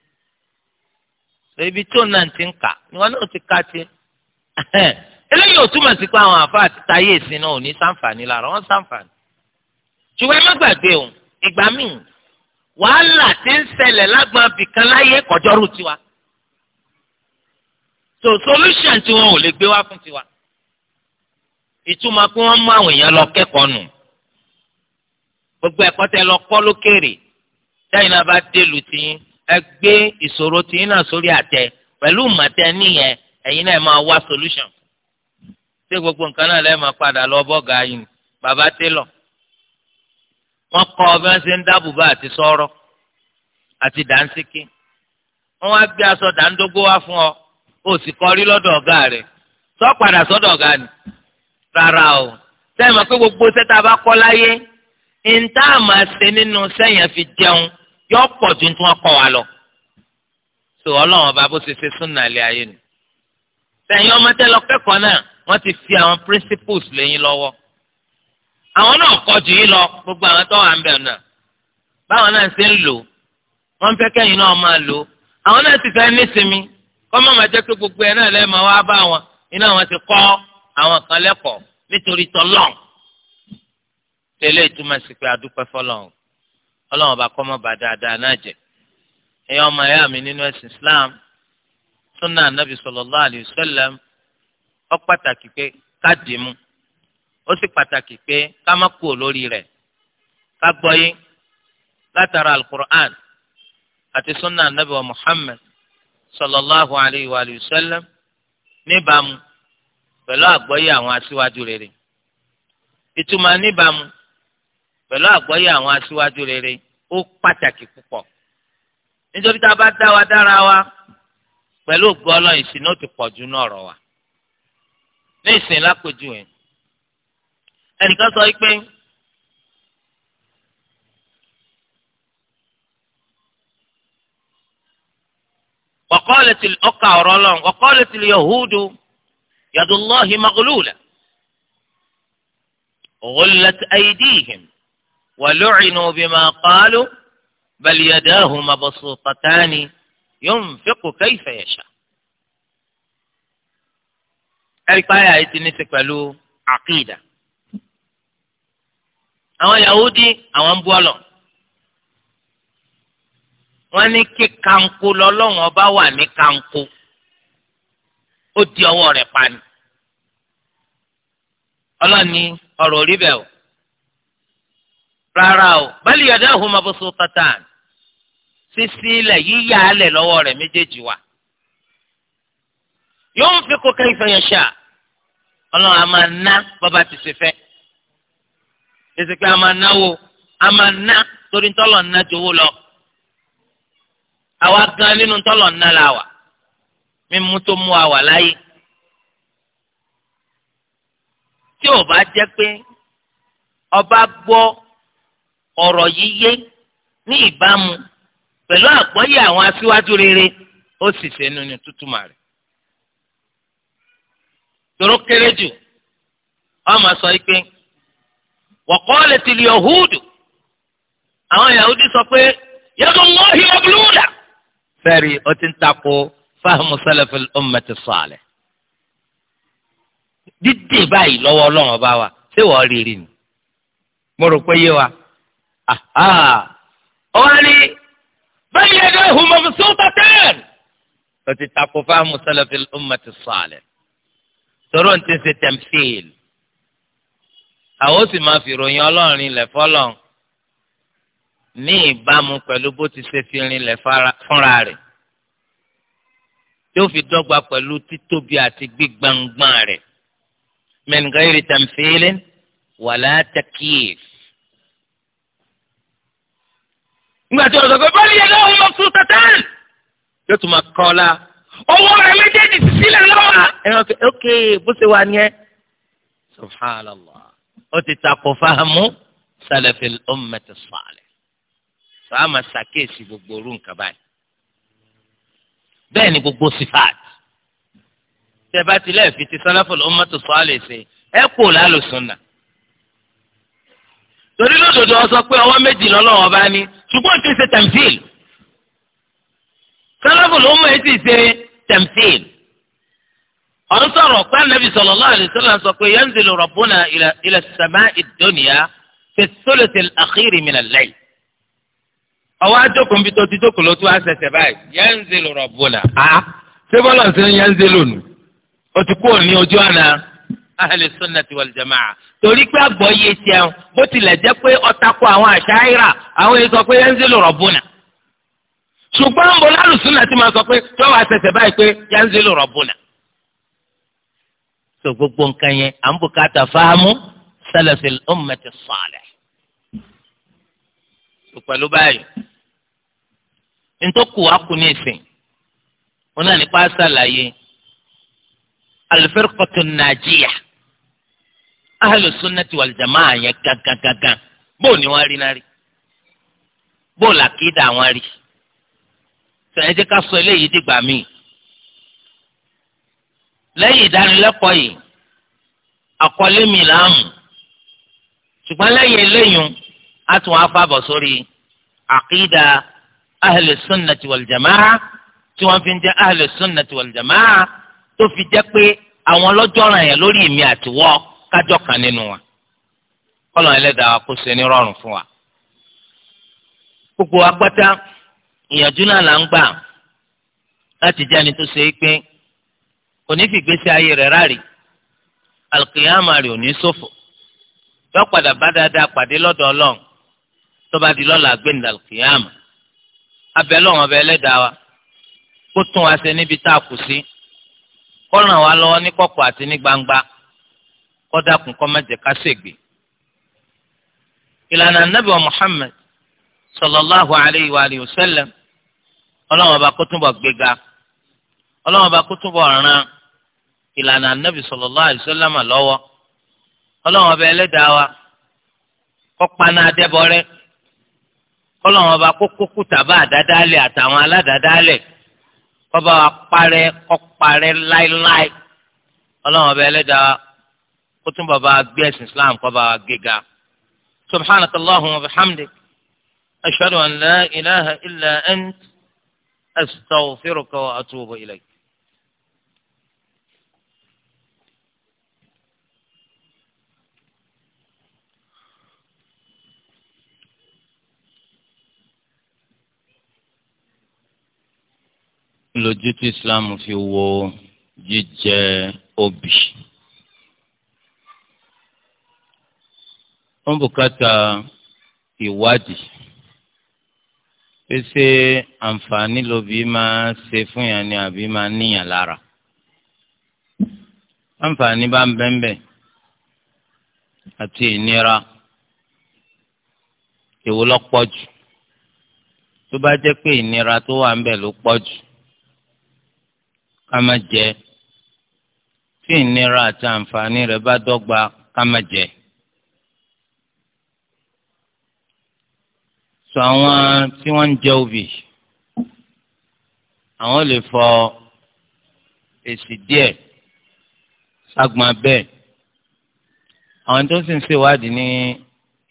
ibi tí òun náà ti ń kà ni wọn náà ti ka ti eléyìí ò túmọ̀ sí pé àwọn àfa àti táyé ìsìn náà ò ní sàǹfààní lára wọn sàǹfààní ṣùgbọ́n ẹ má gbàgbé o ìgbà míì wàhálà ti ń ṣẹlẹ̀ lágbọn abìkan láyé kọjọ́rù tiwa so solution tí wọn ò lè gbé wá fún tiwa ìtumọ̀ pé wọ́n mú àwọn èèyàn lọ kẹ́kọ̀ọ́ nù gbogbo ẹ̀kọ́ tẹ lọ kọ́ lókèrè tẹ́yìn náà bá délùú tiyín ẹ gbé ìṣòro tìyín náà sórí àtẹ pẹ̀lú màtẹ nìyẹn ẹ̀yin náà máa wá solution. ṣé gbogbo nǹkan náà lẹ́ẹ̀ máa padà lọ bọ́ọ̀gà yìí ni bàbá télọ̀ wọ́n kọ́ ọ bí wọ́n ṣe ń dábùbá àti sọ́rọ́ àti dàńsíkí wọ́n wá gbé aṣọ dàńdógó wá fún ọ ó sì kọrí lọ́dọ̀ ọ̀gá rẹ̀ sọ padà sọ́dọ̀ ọ̀gá ni rárá o sẹ́yìn mọ̀ pé gbogbo sẹ́ta bá kọ́ láyé ní tá a máa ṣe nínú sẹ́yìn fi jẹun yọ pọ̀ ju tí wọ́n kọ́ wa lọ. sọ ọlọ́run ọba bó ṣe ṣe súnà ilé ayé nu. sẹ́yìn ọmọ tẹ́ lọ kẹ́kọ̀ọ́ náà wọ́n ti fi àwọn principles lẹ́yìn lọ́wọ́. àwọn náà kọ́ ju yín lọ gbogbo àwọn tó wà ń bẹ̀ náà. báwọn náà ṣe ń lò wọ́n fẹ́ kẹ́yìn náà máa lò. àwọn náà ti fẹ́ nísinmi kọ́ máa jẹ́ pé gbogbo ẹ̀ náà lẹ́ẹ̀ máa wá bá wọn iná wọn ti kọ́ àwọn kan lẹ́kọ̀ọ́ nítorí tọ́lọ́ọ̀ tẹ́lẹ̀ ìtumọ̀ sí pé adúpẹ́ fọlọ́ọ̀ ọlọ́run ọba kọ́ mọ́ bá dáadáa náà jẹ ẹ̀yin ọmọ ẹ̀yà mi nínú ẹ̀sìn Islam sunna anabi sallallahu alayhi wa sallam ó pàtàkì pé ká dì mú ó sì pàtàkì pé ká má kú olórí rẹ̀ ká gbọ́ yín látara alukur'an àti sunna anabi wa Muhammad sallallahu alayhi níbàámu pẹ̀lú àgbọ́yé àwọn aṣíwájú rere ìtumọ̀ níbàámu pẹ̀lú àgbọ́yé àwọn aṣíwájú rere ó pàtàkì púpọ̀ nítorí tá a bá dá wa dára wa pẹ̀lú ògùn ọlọ́yìn ìsìn náà ti pọ̀ jù náà rọ̀ wa ní ìsìn lápèjúwe ẹnìkan sọ pé وقالت ti رلون وقالت اليهود يد الله مغلولة غلت أيديهم ولعنوا بما قالوا بل يداه مبسوطتان ينفق كيف يشاء ẹ̀ríkpáyà yìí ti àwọn Yahudi àwọn ń wọn ní kí kanko lọlọ́wọ́n ọba wà ní kanko ó di ọwọ́ rẹ̀ orí o rárá o bali yadahu mabsutatan sísí ilẹ̀ yíyá alẹ̀ lọ́wọ́ rẹ̀ méjèèjì wà yunfiqu kayfa yasha ọlọ́run a máa ná bọ́ba ti ṣe fẹ́ èsì pé a máa náwó a máa ná torí ntọ́lọ̀ ná jowó lọ àwa gan nínú ntọ́lọ̀ ná la wà mímú tó mú wa wà láyé tí ò bá jẹ́ pé ọba gbọ́ ọ̀rọ̀ yìí yé ní ìbámu pẹ̀lú àgbọ́yé àwọn aṣíwájú rere ó sì sẹ́nu ní tútùmọ̀ rẹ̀. tòró kéré jù ọmọ sọ pé wọ̀kọ́lẹ̀ ti lè ọ̀húdù àwọn yahudi sọ pé yẹ́dùn mọ́hìn ọ̀bùlùmùdà. fẹ́ẹ̀rì ó ti ń takò fáhùmù sẹ́lẹ̀fẹ̀lì ummati salih. dídè báyìí lọ́wọ́ ọlọ́run ọba wa ṣé wọ́n rí rí ni mo rò pé yé wa ọ̀hún ni bẹ́ẹ̀ yẹ kẹ́ hùmọ̀ fún tàtẹ́n. o ti takò fáwọn sẹlẹ̀fì ummati sọ̀lẹ̀ tọ́rọ̀ ti ṣe tẹ̀mfìl àwọn ó sì máa fi ròyìn ọlọ́run ilẹ̀ fọ́lọ́n ní ìbámu pẹ̀lú bó ti ṣe fi rinlẹ̀ fúnra rẹ̀ yóò fi dọ́gba pẹ̀lú títóbi àti gbígbàngbàn rẹ̀ min gairi tamthilin wala takyif nígbà tí ọ̀sán pé báyìí yẹn lọ́wọ́ yọ fún tẹ̀tẹ̀n yóò tún máa kọ́ la ọwọ́ rẹ méjèèjì ti sílẹ̀ lọ́wọ́ ẹ̀rọ pé ok bó ṣe wà nìyẹn subhanallah O ti takò fáhámù salafil ummati salih fáhámà sàkéèsì gbogbo orú nǹkan báyìí bẹ́ẹ̀ ni gbogbo sifat tẹ́bá tilẹ̀ fi ti salafil ummati salih ṣe ẹ kò lálùsùn náà torí lódodo ọ sọ pé ọwọ́ méjì lọ́lọ́wọ́ bá ní ṣùgbọ́n ti ṣe tẹ̀mfìl sálàfù ló mọ̀ ẹ́ sì ṣe tẹ̀mfìl ọ̀n sọ̀rọ̀ pé anabi sallallahu alaihi wasallam sọ pé yanzilu rabbuna ila as-sama'i ad-dunya fi ath-thuluth al-akhir min al-layl ọwọ́ àjọkùn bí tó ti jókòó ló tún á ṣẹ̀ṣẹ̀ báyìí yanzilu rabbuna a ṣé bọ́lá ṣe ń yanzilu nù ó ti kú òní ojú àná ahli sunnati wal jama'a torí pé àgbọ́yé tiẹ̀hún bó tilẹ̀ jẹ́ pé ọ̀tako àwọn àṣàyíra àwọn èso pé yanzilu rabbuna ṣùgbọ́n ń bọ̀ lálùsùnà tí máa sọ pé tọ́wọ́ àṣẹṣẹ báyìí pé yanzilu rabbuna. sọ gbogbo nǹkan yẹn à ń bùkátà fáhámù salafil ummati salih. pẹ̀lú báyìí ntọ́kù wa kù ní ìsìn wọn náà nípa àṣàlàyé al-firqatu an-najiyah ahlu sunnati wal jamaa yẹn gangangangan bóò ni wọ́n rí náà rí bóò làkìdá wọn rí sọ ẹ jẹ́ ká sọ eléyìí dìgbà míì lẹ́yìn ìdánilẹ́kọ̀ọ́ yìí àkọlé mi là ń mú ṣùgbọ́n lẹ́yìn eléyìí a tún wá fábọ̀ sórí àkìdá ahlu sunnati wal jamaa tí wọ́n fi ń jẹ́ ahlu sunnati wal jamaa tó fi jẹ́ pé àwọn ọlọ́jọ́ ràn yẹn lórí mi àtiwọ́. kájọ kan nínú wa kọ́lọ̀ ẹlẹ́dàá kó ṣe ní rọrùn fún wa. gbogbo apáta ìyànjú náà là ń gbà láti tó ṣe é pé kò ayé rẹ̀ ráàrí alùkìyàmà rẹ̀ ò ní yọ padà bá dáadáa pàdé lọ́dọ̀ ọlọ́run tó bá di lọ́la gbẹ̀ndà abẹ́ lọ́wọ́n ọbẹ̀ ẹlẹ́dàá wa kó tún wa ṣe níbi tá a gbangba. kọ́dàkùn kọ́ má jẹ́ ká ṣègbè. ìlànà ànábì Muhammad sallallahu alayhi wa alihi wa sallam ọlọ́run ọba kó túnbọ̀ gbéga kó ìlànà sallallahu alayhi wa sallam lọ́wọ́ ọlọ́run ọba ẹlẹ́dàá wa kó paná kó kókó tàbá àdádálẹ̀ àtàwọn aládàádálẹ̀ wa parẹ́ kọ́ parẹ́ kó tún bàbá gbé ẹ̀sìn islam kó bá gbéga subhanaka allahumma wa bihamdik ashhadu an la ilaha illa ant astaghfiruka wa atubu ilayk. lójú tí islam fi wo jíjẹ obì wọ́n bùkátà ìwádìí pèsè àǹfààní lóbi máa ṣe fún yàn ni àbí máa níyàn lára àǹfààní bá ń bẹ́ńbẹ́ àti ìnira èwo ló pọ̀ jù tó bá jẹ́ pé ìnira tó wà ń bẹ̀ ló pọ̀ jù ká má jẹ tí ìnira àti àǹfààní rẹ̀ bá dọ́gba ká má jẹ. sọ àwọn tí wọ́n ń jẹ obì àwọn lè fọ èsì díẹ̀ ságbọn bẹ́ẹ̀ àwọn tó sì ń ṣèwádìí ní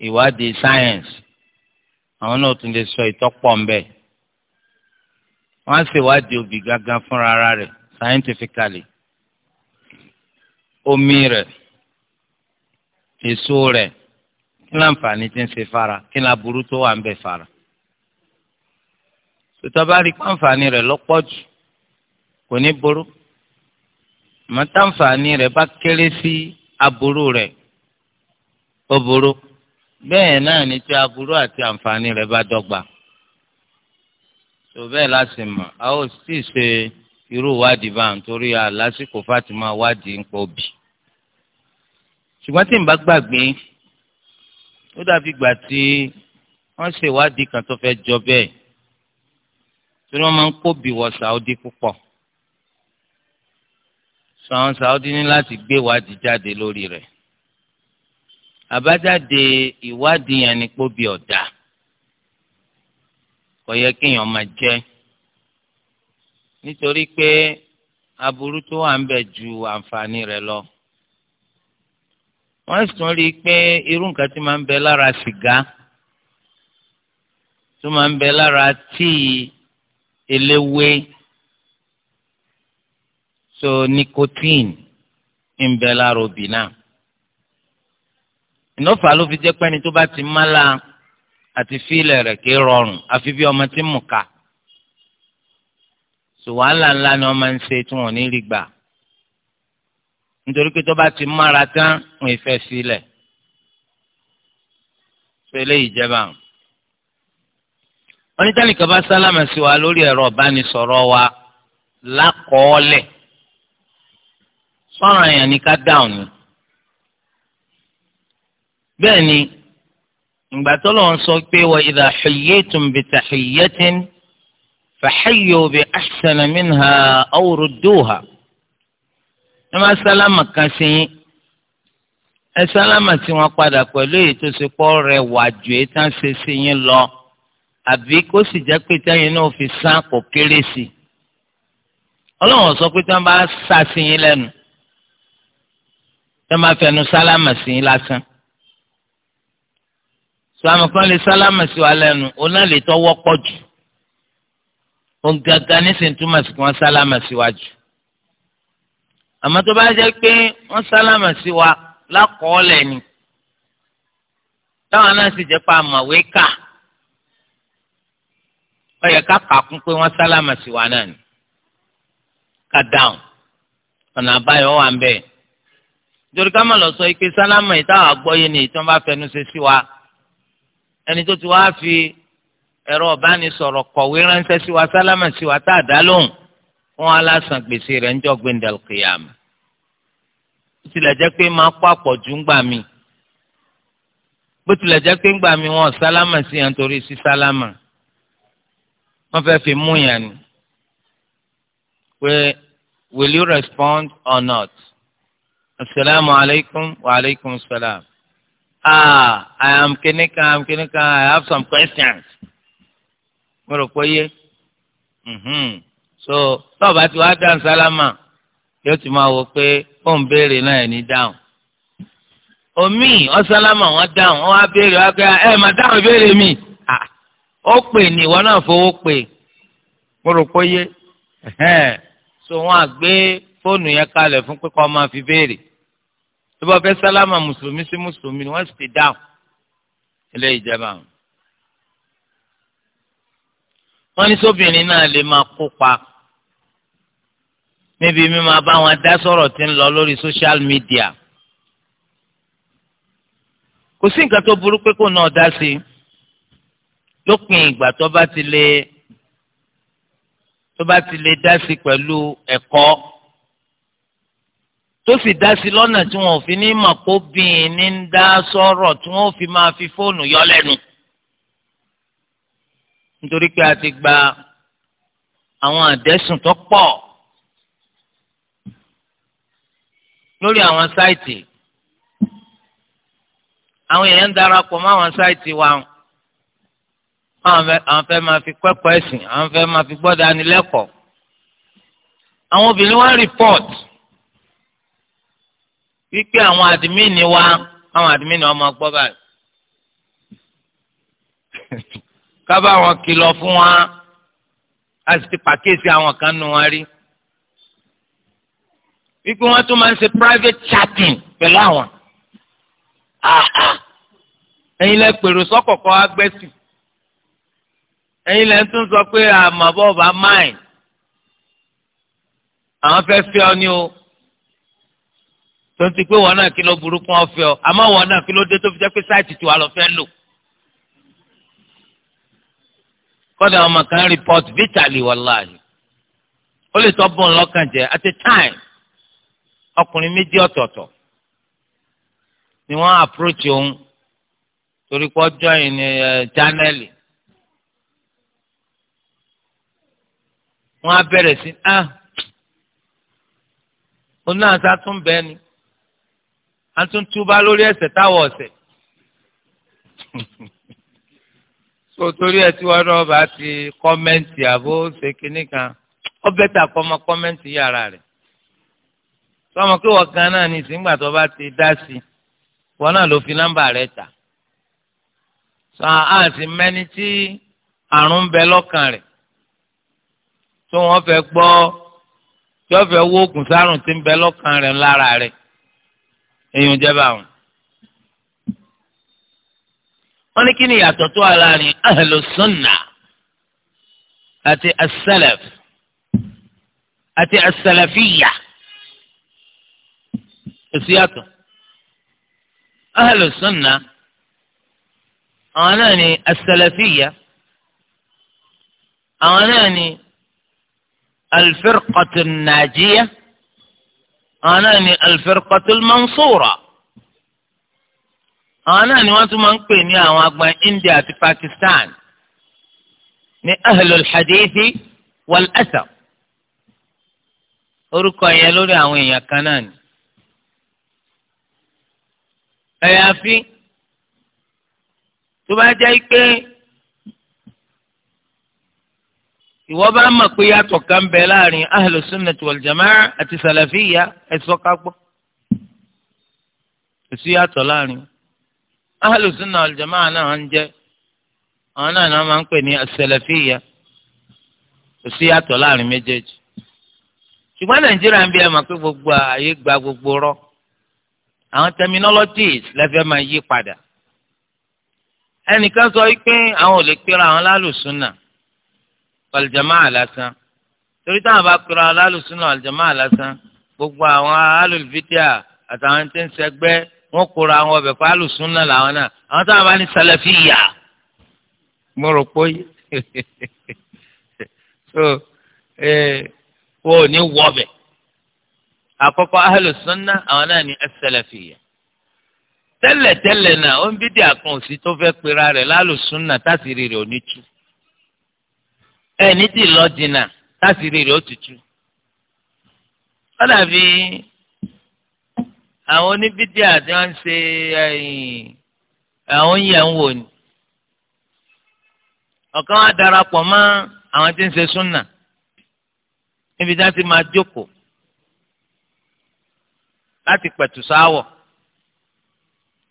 ìwádìí sáyẹ̀nsì àwọn náà tún lè sọ ìtọ́pọ̀ ń bẹ́ẹ̀ wọ́n á ṣèwádìí obì gangan fúnra ara rẹ̀ scientifically omi rẹ̀ èso rẹ̀ kí láǹfààní ti ń ṣe fara kí láburú tó wà ń bẹ fara tòtọ́ bá rí pàǹfààní rẹ̀ lọ́pọ̀ jù kò ní ború mọ́tàǹfààní rẹ̀ bá kéré sí aburú rẹ̀ ó ború bẹ́ẹ̀ náà ni tí aburú àti àǹfààní rẹ̀ bá dọ́gba tó bẹ́ẹ̀ láti mọ̀ a ó sì ṣe irú ìwádìí bá ń torí a lásìkò Fatima wádìí ń pọ̀ bì ṣùgbọ́n tí n bá gbàgbé ó dàbí ìgbà tí wọ́n ṣèwádìí kan tó fẹ́ jọ bẹ́ẹ̀ tí wọ́n máa ń kó bìwọ̀ Saudi púpọ̀ sọ àwọn Saudi ní láti gbé ìwádìí jáde lórí rẹ̀ àbájáde ìwádìí yẹn ni kó bí ọ̀dà kò yẹ kéèyàn máa jẹ́ nítorí pé aburú tó wà ń bẹ ju àǹfààní rẹ̀ lọ wọ́n sì tún rí i pé irú nǹkan tí máa ń bẹ lára sìgá tó máa ń bẹ lára tíì eléwé so nicotine ń bẹ lára obì náà ìnáfà ló fi jẹ́ pẹ́ni tó bá ti má àti fílẹ̀ rẹ̀ kí rọrùn àfi bí ọmọ tí mù ká so ńlá ni wọ́n máa ń ṣe tí wọ́n ní rí gbà nítorí pé tó bá ti mára tán wọn ìfẹ́ sílẹ̀ fẹlẹ ìjẹba onítàlíkà bá sálámà sí wa lórí ẹ̀rọ ìbánisọ̀rọ̀ wa lákọọ́lẹ̀ sọ̀rọ̀ àyàn ní ká dáhùn ni bẹ́ẹ̀ ni ìgbà tó lọ́n sọ pé wa idha hayyitum bi tahiyyatin fa hayyu bi ahsana minha aw rudduha ẹ máa sálámà kan sí yín ẹ sálámà tí wọ́n padà pẹ̀lú èyí tó ṣe pọ́ rẹwà ju èyí tá ń ṣe sí yín lọ àbí kó sì jẹ́ pé tẹ́yìn náà fi sán kò kéré sí i ọlọ́run sọ pé tí wọ́n bá sá sí yín lẹ́nu ẹ máa fẹnu sálámà sí yín lásán sọ́wọ́n kan lè sálámà sí wa lẹ́nu òun lè tọ́wọ́ pọ̀ jù òun nísìnyí túmọ̀ sí kí wọ́n sálámà síwájú àmọ́ tó bá jẹ́ pé wọ́n sálámà sí wa lákọọ́lẹ̀ ni táwọn náà sì jẹ́ pa àmọ̀wé kà ó yẹ ká kàkún pé wọ́n sálámà sí wa náà ni ká dáhùn ọ̀nà àbáyọ wà ń bẹ̀ nítorí ká má lọ sọ pé sálámà yìí táwọn ni ìtàn bá fẹnu ṣe sí wa ẹni tó ti wá fi ẹ̀rọ ọ̀bánisọ̀rọ̀ kọ̀wé ránṣẹ́ sí wa sálámà sí wa tá a dá lóhùn wọn alásan gbèsè rẹ̀ ń jọ gbendal kìyàmù bó tilẹ̀ jẹ́ pé máa kó àpọ̀jù ń gbà mí bó tilẹ̀ jẹ́ pé ń gbà mí wọn sálámà sí yàn torí sí sálámà wọ́n fẹ́ fi mú yàn ni pé will you respond or not asalaamu alaykum wa alaykum salaam ah i am kinika i am kinika i have some questions mo rò pé yé. Mm-hmm so tọ́ọ̀bá tí wàá dáhùn sálámà yóò ti máa wọ pé ó ń béèrè náà ẹ̀ ní dáhùn omi ọ̀sálámà wọn dáhùn wọn á béèrè wọn pé ah, ẹ mà dáhùn ìbéèrè mi ó pè ní ìwọ náà fowó pè mo rò pé yé so wọn á gbé fóònù yẹn kalẹ̀ fún pé kó máa fi béèrè tó bá fẹ́ sálámà mùsùlùmí sí mùsùlùmí ni wọ́n sì ti dáhùn ilé ìjẹba wọn ní sóbìnrin náà lè máa kópa níbi mímọ bá wọn dá sọ̀rọ̀ tí ń lọ lórí social media kò sí nǹkan tó burú pé kó náà dá sí i lópin ìgbà tó bá ti lè tó bá ti lè dá sí pẹ̀lú ẹ̀kọ́ tó sì dá sí lọ́nà tí wọn ò fi ní mọ̀ kó bíin ní ń dá sọ̀rọ̀ tí wọn ò fi máa fi fóònù yọ lẹ́nu nítorí pé a ti gba àwọn àdẹ́sùn tó pọ̀ lórí àwọn sáìtì àwọn èèyàn ń darapọ̀ mọ́ àwọn sáìtì wa àwọn fẹ́ máa fi kẹ́kọ̀ọ́ ẹ̀sìn àwọn fẹ́ máa fi gbọ́ dánilẹ́kọ̀ọ́ àwọn obìnrin wá report wípé àwọn àdìmíìnì wa àwọn àdìmíìnì ọmọ gbọ́ báyìí ká bá wọn kìlọ̀ fún wa a sì ti pàkíyèsí àwọn kan nù wọn rí ikú wọn tún máa ń ṣe private chatting pẹ̀lú àwọn. Ah, ah. ẹ̀yin lẹ pèrò sọ́kọ̀kọ́ agbẹ́sì ẹ̀yin lẹ tún sọ pé àmàbọ̀ bá máìn àwọn fẹ́ fẹ́ ọ ní o tó ń ti pé wọn náà kí ló burú kún ọ fẹ́ ọ àmọ́ wọn náà kí ló dé tó fi jẹ́ pé sáìtì tiwa lọ fẹ́ lò. kọ́dà ọmọ kan report vitally wàláhì ó lè tọ́ bọ́ọ̀n lọ́kàn jẹ́ at a time ọkùnrin méjì ọ̀tọ̀ọ̀tọ̀ ni wọ́n approach òun torí pé ọjọ́ yìí ni eh, chanẹ́lì wọ́n á bẹ̀rẹ̀ sí ah onáàsá tún bẹ́ẹ̀ ni a tún túbá lórí ẹ̀ṣẹ̀ táwọn ọ̀ṣẹ̀ so torí ẹ tí wọn náà bá ti kọ́mẹ́ǹtì àbó ṣe kinní kan ọ bẹ́tà kọ́ kọ́mẹ́ǹtì yàrá rẹ̀ sọmọ pé wọ́n kan náà ní ìsìngbà tó bá ti dá sí i wọ́n náà ló fi nọ́mbà rẹ̀ tà sọ àti mẹ́ni tí àrùn ń bẹ lọ́kàn rẹ̀ tó wọ́n fẹ́ gbọ́ tí wọ́n fẹ́ wo oògùn sárùn tí ń bẹ lọ́kàn rẹ̀ lára rẹ̀ èèyàn jẹ́ báwọn. wọ́n ní kí ni ìyàtọ̀ tó wà láàrin ahlu sunna àti as-salaf àti as kò sí yàtọ̀ ahlu sunna àwọn náà ni as-salafiyya àwọn náà ni al-firqatu an-najiyya àwọn náà ni al-firqatu al-mansura àwọn náà ni wọ́n tún máa ń pè ní àwọn agbọn India àti Pakistan ní ahlul hadithi wal athar orúkọ yẹn lórí àwọn èèyàn kan náà ni àyàfi tó bá jẹ́ ike ìwọ bá mọ̀ pé yàtọ̀ kan bẹ láàrin ahlus waljamaa àti sàlàfíyà ẹ̀sọ́ ká èsì yàtọ̀ láàrin ahlus sunnati náà ń jẹ́ àwọn náà náà máa ń pè ní as èsì yàtọ̀ láàrin méjèèjì ṣùgbọ́n nàìjíríà ń bí ẹ mọ̀ pé gbogbo ààyè gba gbogbo rọ́ọ̀ àwọn terminologies lẹ́fẹ̀ẹ́ máa yí padà ẹnìkan sọ pé àwọn ò lè pera àwọn lálùsùnà pàlìjàmá àlásán torí táwọn bá pera àwọn lálùsùnà pàlìjàmá àlásán gbogbo àwọn alùlùfídíà àtàwọn tí ń ṣẹgbẹ́ wọn kóra àwọn ọbẹ̀ pé alùsùnà làwọn náà àwọn táwọn bá ní sàlàfíyà mo rò pé so ẹ eh, wọn ò ní wọ ọbẹ̀ àkọ́kọ́ ahlu sunna àwọn náà ní as-salafiyya tẹ́lẹ̀tẹ́lẹ̀ náà ó ń bídìí àkànṣí tó fẹ́ pera rẹ̀ lálùsúnà tásìrì rẹ̀ ò ní tú ẹni tí lọ jìnnà tásìrì rẹ̀ ó ti tú. ó dàbí àti wọn ṣe àwọn yẹ̀ ń wò ni ọ̀kan wá darapọ̀ mọ́ àwọn tí ń ṣe súnà níbi tí wọ́n ti máa jókòó láti pẹ̀tù sáwọ̀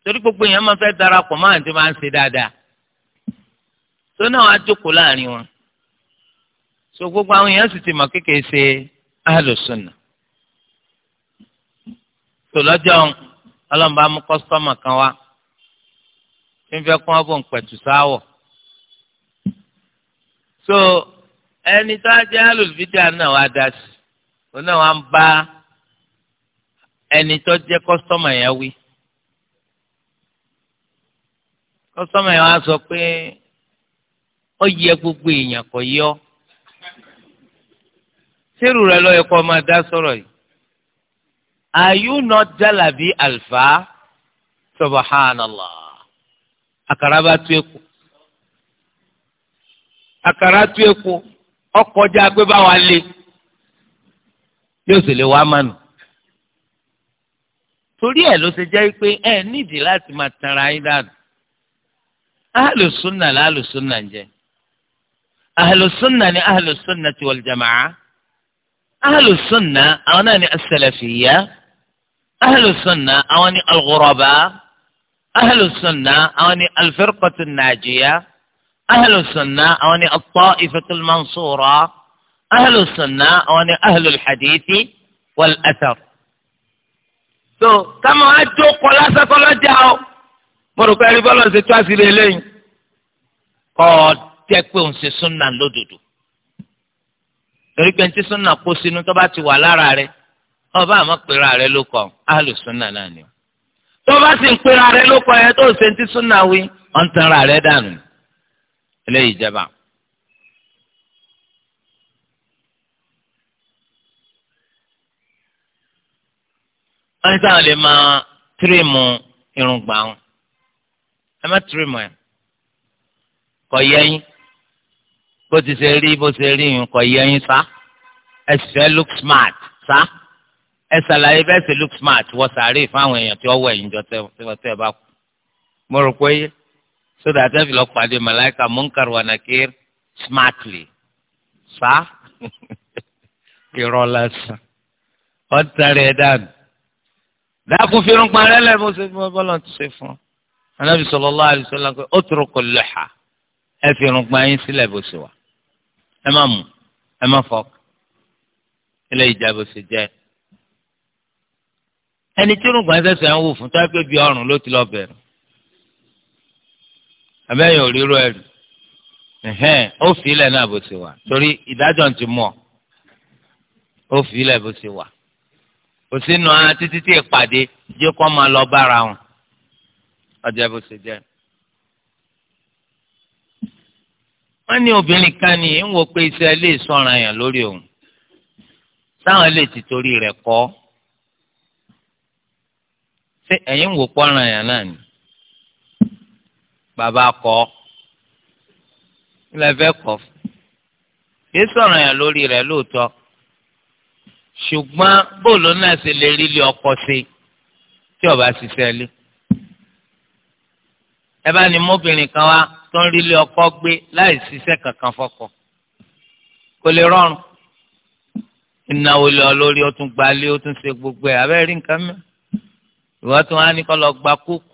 torí gbogbo èèyàn máa fẹ́ darapọ̀ máa ń tí máa ń ṣe dáadáa tó náà wá jókòó láàrin wọn so gbogbo àwọn èèyàn sì ti mọ̀ kékeré ṣe àlùsùnà tó lọ́jọ́ ọlọ́mọba mú kọ́sítọ́mà kan wá tí ń fẹ́ kó wọn bò ń pẹ̀tù sáwọ̀ so ẹni tó á jẹ́ àlùfídíà náà wá dá sí òun náà wá ń bá. ẹni tó jẹ́ kọ́sítọ́mà yẹn wí. kọ́sítọ́mà yẹn wá sọ pé ó yẹ gbogbo èèyàn kò yọ. sírù rẹ lọ́ọ́ ẹ̀kọ́ máa dá sọ̀rọ̀ yìí. are you not jalabi alfa subhanallah àkàrà bá tú eku àkàrà tu eku ọkọjá pé báwa lé yóò sì lè wá mánu. torí ẹ̀ ló ṣe jẹ́ pé ẹ nídìí láti máa tanra yín dáadáa ahlùsúnà làálùsúnà ń jẹ ahlùsúnà ni ahlùsúnà ti wọlé jama'a ahlùsúnà àwọn náà ni as-salafiyya àwọn ni al-ghuraba àwọn ni al-firqatu an-najiya àwọn ni at-ta'ifatu al-mansura àwọn ni ahlul hadithi wal athar. so kama ajó kọ́ lásán kọ́ lọ́jà o mo rò pé ẹrí bọ́lá ṣe tó àṣírí eléyìí kọ́ ọ jẹ́ pé òun ṣe súnà lódodo torí pé ntí súnà kó sínú tó bá ti wà lára rẹ ọba àmọ́ pera rẹ ló kọ áàlù súnà náà ni tó bá sì ń pera rẹ ló kọ yẹn tó ṣe ntí súnà wí ọ̀ ń tanra rẹ dànù eléyìí jẹba. wọ́n ní sáwọn lè máa tírèmù irùngbà wọn ẹ má tírèmù ẹ̀ kọ̀ yẹ́yìn bó ti ṣe rí bó ṣe rí yìí kọ̀ yẹ́yìn sá ẹ sì fẹ́ look smart sá ẹ ṣàlàyé bẹ́ẹ̀ sì look smart wọ́n sàárè fáwọn èèyàn tí wọ́n wọ ẹ̀yìn jọ tẹ́ ẹ bá kú mo rò pé sódà àtẹ́fì lọ pàdé màláìka munkar wa nakir smartly sá irọ́ lásán wọ́n tẹ̀lé ẹ dànù dákun fi irun parẹ́ lẹ́ bó ṣe bọ́lá ti ṣe fún ọ. anábì sallallahu alaihi wasallam pé utruku liha ẹ fi irun pa yín sílẹ̀ bó ṣe wà ẹ má mú ẹ má fọk ilé ìjà bó ṣe jẹ́. ẹni tí irun gbọ́n ṣẹ̀ṣẹ̀ ń wò fún tó pé ọrùn ló ti lọ bẹ̀rẹ̀ abẹ́yẹn ò rírọ ẹ̀rù ó fi ilẹ̀ náà bó ṣe wà torí ìdájọ́ ti mọ̀ ó fi ilẹ̀ bó ṣe wà. kò sínú títí tí ìpàdé jẹ́ kó máa lọ bára wọn ọjọ́ bó ṣe jẹ́. wọ́n ní obìnrin kan ní ń wo pé iṣẹ́ lè sọ̀ràn yàn lórí òun táwọn lè ti torí rẹ̀ kọ́ ṣé ẹ̀yin ń wò pọ́nrán yàn náà ni bàbá kọ́ ilẹ̀ fẹ́ kì í sọ̀ràn yàn lórí lóòótọ́ ṣùgbọ́n bóòlù náà ṣe lè rí ilé ọkọ ṣe tí ọba ṣiṣẹ́ lé ẹ bá ní mọ́bìnrin kan wá tó ń rí ilé ọkọ gbé láì ṣiṣẹ́ kankan fọ́kọ kò lè rọrùn ìnáwó lé ọ lórí ó tún gbalé ó tún ṣe gbogbo ẹ̀ abẹ́ rí nǹkan mẹ́ ìwọ́n tún wá ní kó lọ gba kókò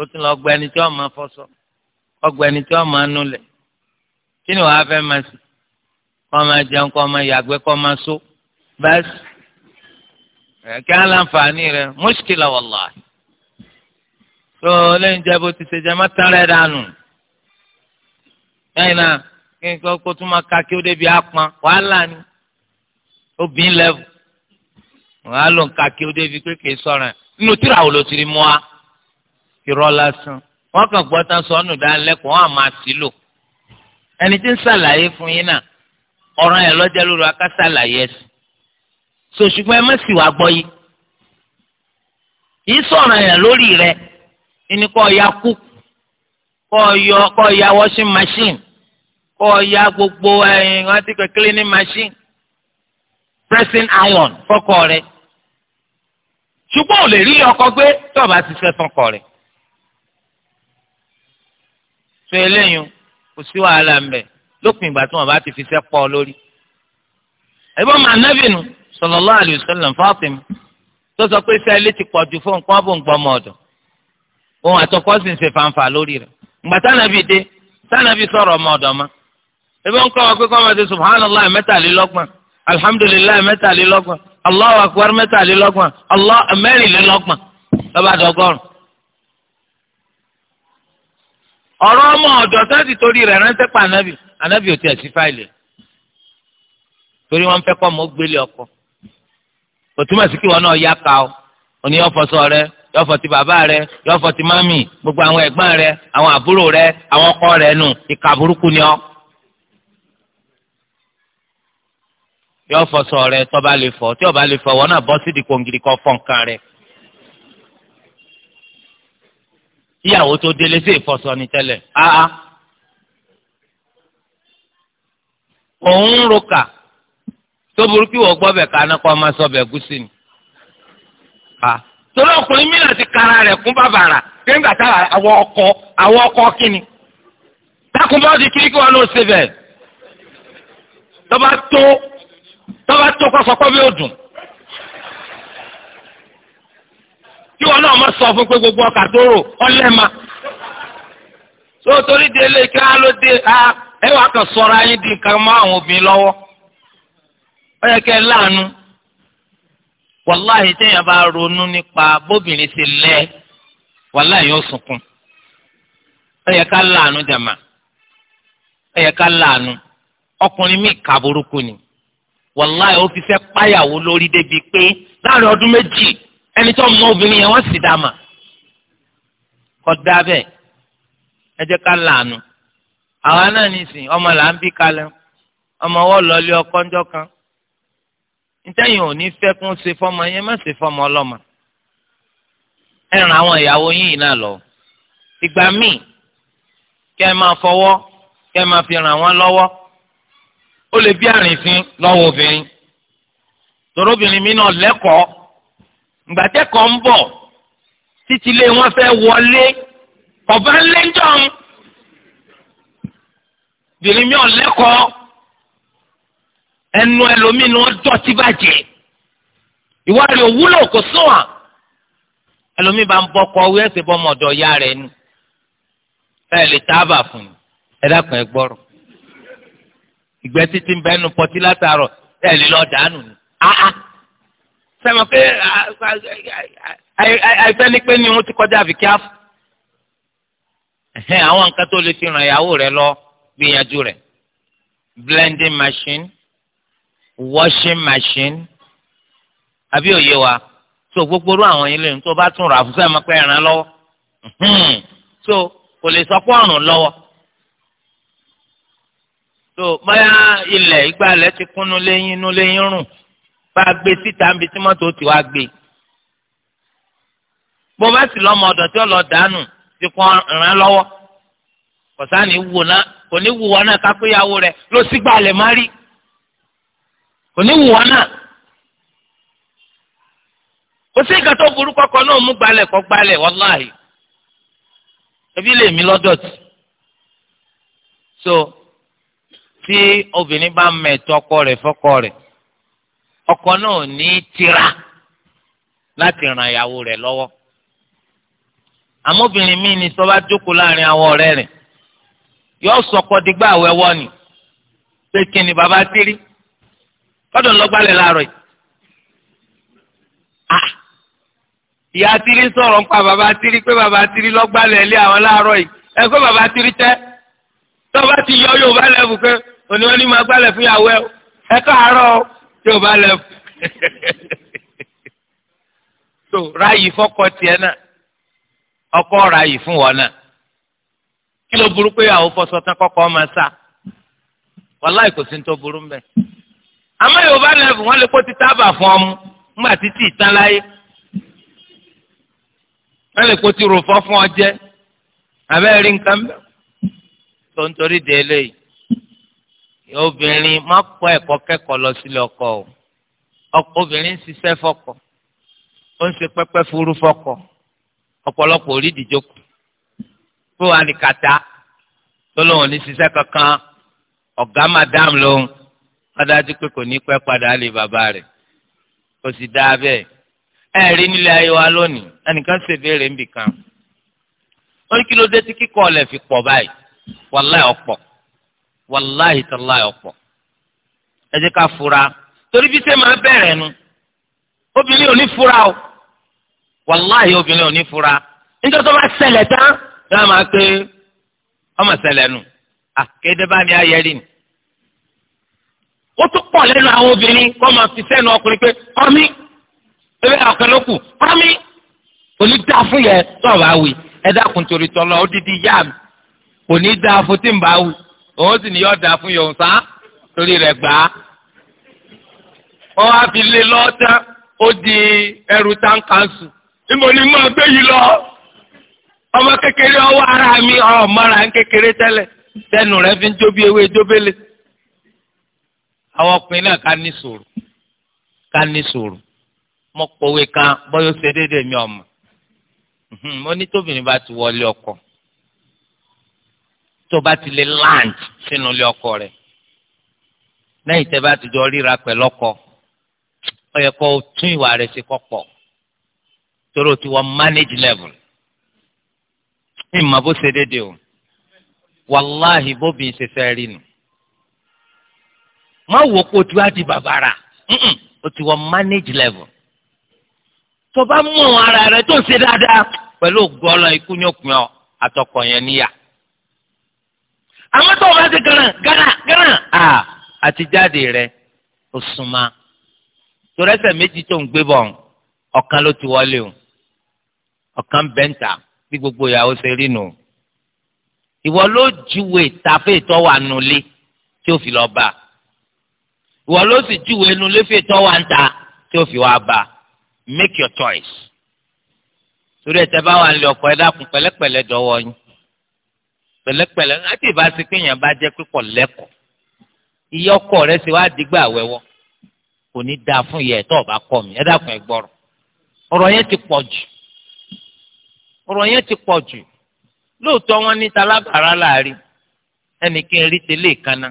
ó tún lọ gba ẹni tí wọ́n máa fọṣọ ọgbà ẹni tí wọ́n máa nulẹ̀ kí ni wàá fẹ́ máa sì kọ́ máa jẹun kọ́ máa yàgbẹ́ kọ́ máa bẹ́ẹ̀sì kí á láǹfààní rẹ mùṣkílà wallahi tó lẹ́yìn jẹ́ bó ti ṣe jẹ́ má tán rẹ̀ dànù lẹ́yìn náà kí n ni obìnrin lẹ́vù wàá ló ń ka kí ó débi pé kì í sọ̀rọ̀ nínú tíra wo ló ti a ẹni so ṣùgbọ́n ẹ má sì wá gbọ́ yìí yìí sọ̀rọ̀ yẹn lórí rẹ ẹni kọ́ ya kú kọ́ yọ kọ́ ya washing machine kọ́ ya gbogbo ẹ̀yìn wọn kọ́ cleaning machine pressing iron fọ́kọ rẹ ṣùgbọ́n ò lè rí ọkọ gbé tí ọba ti fẹ́ fọ́kọ rẹ so eléyìí kò sí wàhálà ń bẹ lópin ìgbà tí wọn bá ti fi sẹ́pọ̀ lórí ẹ̀bọ́n màá nẹ́bìnú sallallahu alayhi wa sallam Fatima tó sọ pé iṣẹ́ ilé ti pọ̀ ju fún nǹkan bó ń gbọ́ ọmọ ọ̀dọ̀ òun àtọkọ sì ń ṣe fanfa lórí rẹ̀ ìgbà tánàbí dé tánàbí sọ̀rọ̀ ọmọ ọ̀dọ̀ ma ebi ń kọ́ wa pé kọ́ ma ṣe subhanallah mẹ́tàlélọ́gbọ̀n alhamdulilayi mẹ́tàlélọ́gbọ̀n allahu akbar mẹ́tàlélọ́gbọ̀n allah mẹ́rìnlélọ́gbọ̀n lọ́ba dọ́gọ́rùn. ọ̀rọ̀ ọmọ ọ̀dọ̀ torí rẹ̀ ránṣẹ́ pa ànábì ànábì ò tiẹ̀ sí fáìlì torí wọ́n fẹ́ kọ́ mọ́ gbélé ọkọ̀ kò túmọ̀ sí kí wọn náà yá ka o òní yọ fọṣọ rẹ yọ fọ ti bàbá rẹ yọ fọ ti mami gbogbo àwọn ẹ̀gbọ́n rẹ àwọn àbúrò rẹ àwọn ọkọ rẹ nù ìka burúkú ni ọ. yọ fọṣọ rẹ tọba lè fọ tí ọba lè fọ wọn náà bọ sídìí kòǹgìrì kọ fọ nǹkan rẹ. ìyàwó tó délé sí ìfọṣọ ni tẹ́lẹ̀ áá. òun ń roka tó burú kí wọ́n gbọ́ bẹ̀ ká náà kọ́ ọmọ sọ bẹ̀ ni. torí ti kara rẹ̀ kún bàbàrà pé ọkọ àwọn ọkọ kínni. dákúnbọ́ di kiri kí wọ́n lọ ṣe bẹ̀. tọ́ba tó tọ́ba tó kọ́ sọ́kọ́ bí ó dùn. kí wọ́n náà sọ fún pé gbogbo ọkà tó rò ọlẹ́ẹ̀ma. ó yẹ kẹ ẹ láàánú wàláhì téèyàn bá ronú nípa bóbìnrin ṣe lẹ wàláhì yóò sunkún ó yẹ ká láàánú jàmá ó yẹ ká láàánú ọkùnrin míì kà burúkú ni wàláhì ó fi fẹ́ páyàwó lórí débi pé láàrin ọdún méjì ẹni tó mọ obìnrin yẹn wọ́n sì dá mà kódà bẹ́ẹ̀ ẹ jẹ́ ká láàánú àwa náà nìsín ọmọ là ń bí kalẹ̀ ọmọ wọ́n lọ lé ọkọ́ ńjọ́ kan ntẹ́yìn ò ní fẹ́ kún ṣe fọ́mọ yẹn má ṣe fọ́mọ ọlọ́mọ ẹ ràn àwọn ìyàwó yìí náà lọ ìgbà míì kẹ́ ẹ máa fọwọ́ kẹ́ ẹ máa fi ràn wọ́n lọ́wọ́ ó lè bí àrìnfín lọ́wọ́ obìnrin tòró obìnrin mi náà lẹ́kọ̀ọ́ ìgbàtẹ́kọ̀ọ́ ń bọ̀ títí lé wọn fẹ́ wọlé ọ̀bá ńlẹ́jọ́ obìnrin mi ò lẹ́kọ̀ọ́ ẹnu ẹlòmíì ni wọ́n dọ̀tí bàjẹ́ ìwádìí òwúlò kò sún à ẹlòmíì bá ń bọkọ wí ẹsẹ̀ bọ́ ọmọ ọ̀dọ̀ ya rẹ̀ nu ẹ lè tábà fún un ẹ dákun ẹ gbọ́rọ̀ ìgbẹ́ títí ń bẹ́ẹ̀ nu pọtí látàárọ̀ ẹ lè lọ dànù ni áá sẹ́mi pé àìfẹ́ ni pé ni wọ́n ti kọjá àfi kí á fún àwọn nǹkan tó lè fi ràn ìyàwó rẹ lọ gbìyànjú rẹ blending machine washing machine àbí òye wa so gbogbo irú àwọn yìí lóyún tó bá tún rà fúnṣẹ́ máa pẹ́ ẹran lọ́wọ́ hmm. so kò lè sọ pé lọ́wọ́ so báyà ilẹ̀ ìgbà alẹ́ ti kúnnú léyìn inú léyìn rùn bá a gbé síta níbi tí mọ́tò ti wá gbé bó bá sì lọ́mọ ọ̀dọ̀ tí ó lọ dànù ti kọ́ ẹran lọ́wọ́ kò sáà ní wò náà kò ní wò wọn náà kápẹ́yàwó rẹ̀ ló sígbà lè má rí. oníwù wọn náà kò sí ìgbà tó burú kọkọ náà mú gbalẹ̀ kọ gbalẹ̀ wàláhì ebi lè mí lọdọtì so tí obìnrin bá mẹtọ ọkọ rẹ̀ fọkọ rẹ̀ ọkọ náà ní tira láti ràn ìyàwó rẹ̀ lọwọ. àmọ́bìnrin mi ni sọba jókòó láàrin àwọn ọrẹ rẹ. yóò sọkọ dìgbà wẹwọ ni pé kí ni bàbá ti ọdọ ńlọgbàlẹ̀ láàárọ̀ yìí. Ah! ìyá tiri sọ̀rọ̀ nípa bàbá tiri pé bàbá tiri lọ́gbàlẹ̀ ilé àwọn láàárọ̀ yìí ẹ pé bàbá tiri tẹ́ tọ́ba ti yọ yóò bá lẹ́fù pé òní wọn ní máa gbàlẹ̀ fún ìyàwó ẹ ẹ káàárọ̀ yóò bá lẹ́fù. so ráàyè fọkọ tiẹ náà ọkọ ráàyè fún wọn náà kí ló burú pé àwọn fọṣọ tán kọkọ máa sá wàláì kò sí ní tó burú mbẹ àmọ́ yorùbá lẹ́bù wọ́n lè kó ti tábà fún ọmú ńgbà títí ìtàn láyé wọ́n lè kó ti rò fọ́ fún ọ jẹ́ abẹ́ rí nǹkan bẹ́ẹ̀ tó ń torí de eléyìí obìnrin má kọ́ ẹ̀kọ́ kẹ́kọ̀ọ́ lọ sílé ọkọ o obìnrin ń ṣiṣẹ́ fọ́kọ ó ń ṣe pẹ́pẹ́ furu fọ́kọ ọ̀pọ̀lọpọ̀ orí ìdíjókòó fún wa ní kàtá tó lóun ní ṣiṣẹ́ kankan ọ̀gá madam lóhun. ọdájú pé kò ní pẹ́ padà bàbá rẹ̀ kò sì dáa bẹ́ẹ̀ ẹ rí nílé ayé wa lónìí ẹnìkan níbì kan ó tí kíkọ́ ọ̀lẹ̀ fi pọ̀ báyìí wàláì ọ̀pọ̀ wàláì tàláì ọ̀pọ̀ ẹ jẹ́ ká fura torí bí nu obìnrin ò fura o wàláì obìnrin ò fura tó bá ṣẹlẹ̀ tán yóò máa pé ọmọ ṣẹlẹ̀ àkédébá ni ayẹ́rì ó tún pọ̀ lẹ́nu àwọn obìnrin kọ́ máa fi sẹ́nu ọkùnrin pé kọ́mí ewé ọ̀kan ló kù kọ́mí dáa fún yẹ tó ọ̀bá wí ẹ dákun torí tọ́lọ́ ó yá mi kò dáa fún tí ń bá wí òun sì yọ dáa fún yòówù sá torí gbà á. lé ó di ẹrù táǹkàǹsù níbo ni mo gbé yìí lọ ọmọ kékeré ọwọ́ ara mi ọmọ ara ń kékeré tẹ́lẹ̀ tẹnu fi ń jó bí ewé àwọn ọkùnrin náà ká ní sùúrù ká ní sùúrù mo pòwe kan bóyá ṣe déédéé mi ọmọ mo ní tóbìnrin bá ti wọlé ọkọ tó bá ti lè land sínú ilé ọkọ rẹ̀ lẹ́yìn tẹ́ bá ti jọ ríra pẹ̀lú ọkọ ó yẹ kó o tún ìwà rẹ̀ ṣe kó pọ̀ torí o ti wọ manage level ìmọ̀ bó ṣe déédéé o wàláhì bóbi ṣe fẹ́ rí nu má wò pé o ti wá di bàbàrà o ti wọ manage level tó bá mú ara rẹ tó ń ṣe dáadáa pẹ̀lú ògbọ́lọ ikú yókùn ọ àtọkọ yẹn níyà àwọn tó o bá ti gánà gánà gánà àti jáde rẹ o súnmọ́ torí ẹsẹ̀ méjì tó ń gbé bọ̀ ọ̀kan ló ti wọlé o ọ̀kan bẹ́ńtà bí gbogbo ìyàwó ṣe rí nù ìwọ ló júwe tàfé ìtọ́wà nulẹ̀ tí ó fi lọ bá a ìwọ ló sì júwèé nu léfè tó wà ń ta tí ó fi wá bá make your choice torí ẹ̀ tẹ́ bá wà nílé ọkọ ẹ dákun pẹ̀lẹ́pẹ̀lẹ́ dọ́wọ́ yín pẹ̀lẹ́pẹ̀lẹ́ láti ìbá sí pé èèyàn bá jẹ́ pípọ̀ lẹ́kọ̀ọ́ iye ọkọ rẹ sì wá dìgbà wẹ́wọ́ kò ní dáa fún ìyá ẹ̀ tó ọba kọ́ mi ẹ dákun ẹ gbọ́rọ̀ ọ̀rọ̀ yẹn ti pọ̀ jù ọ̀rọ̀ yẹn ti pọ̀ jù lóòótọ́ wọn ní talábàárà láàrin ẹnì kí rí tẹ́lẹ̀ kaná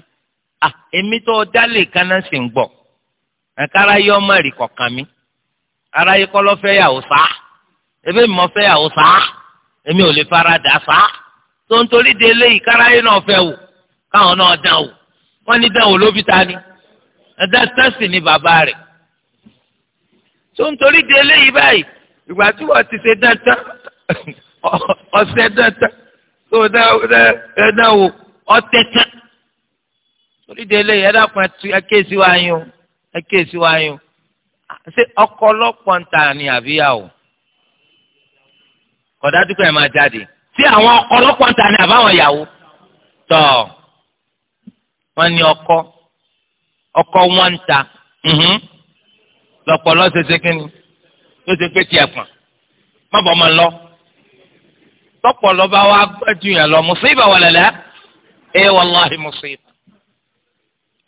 à ah, èmi tó dálé kaná sì ń gbọ́ ẹ̀kára yọ ọmọ rì kọ̀ọ̀kan mi ara yìí kọ́ lọ fẹ́ yàwó sá ebi mi mọ fẹ́ yàwó sá èmi ò lè fara dà sá tó ń torí de eléyìí kára yìí náà fẹ́ wò káwọn náà dán wò wọ́n ní dán wò ló ta ni ẹ̀dá tẹ́sì ni bàbá rẹ̀ tó ń torí de eléyìí báyìí ìgbà tí wọ́n ti ṣe dantan ọ̀sẹ̀ dantan tó dá ẹ̀dá tán orídìí eléyìí ẹ̀dàkùn ẹ̀kẹ́sí wa yín o ẹ̀kẹ́sí wa yín o ṣé ọkọ ọlọ́pọ̀ ń ta ni àbíyàwó kọ̀dájú pé ẹ̀ máa jáde sí àwọn ọkọ ọlọ́pọ̀ ń ta ni àbáwọn ìyàwó tọ̀ wọ́n ní ọkọ ọkọ wọn ń ta lọ́pọ̀lọ́ ṣẹṣẹ kí ni ló ṣe pé tiẹ̀ pọ̀n má bọ̀ máa lọ tọ́pọ̀ lọ́ba wa gbẹ́jú yẹn lọ mùsíbà wà lẹ́lẹ́ ẹ wàláhi mùsíbà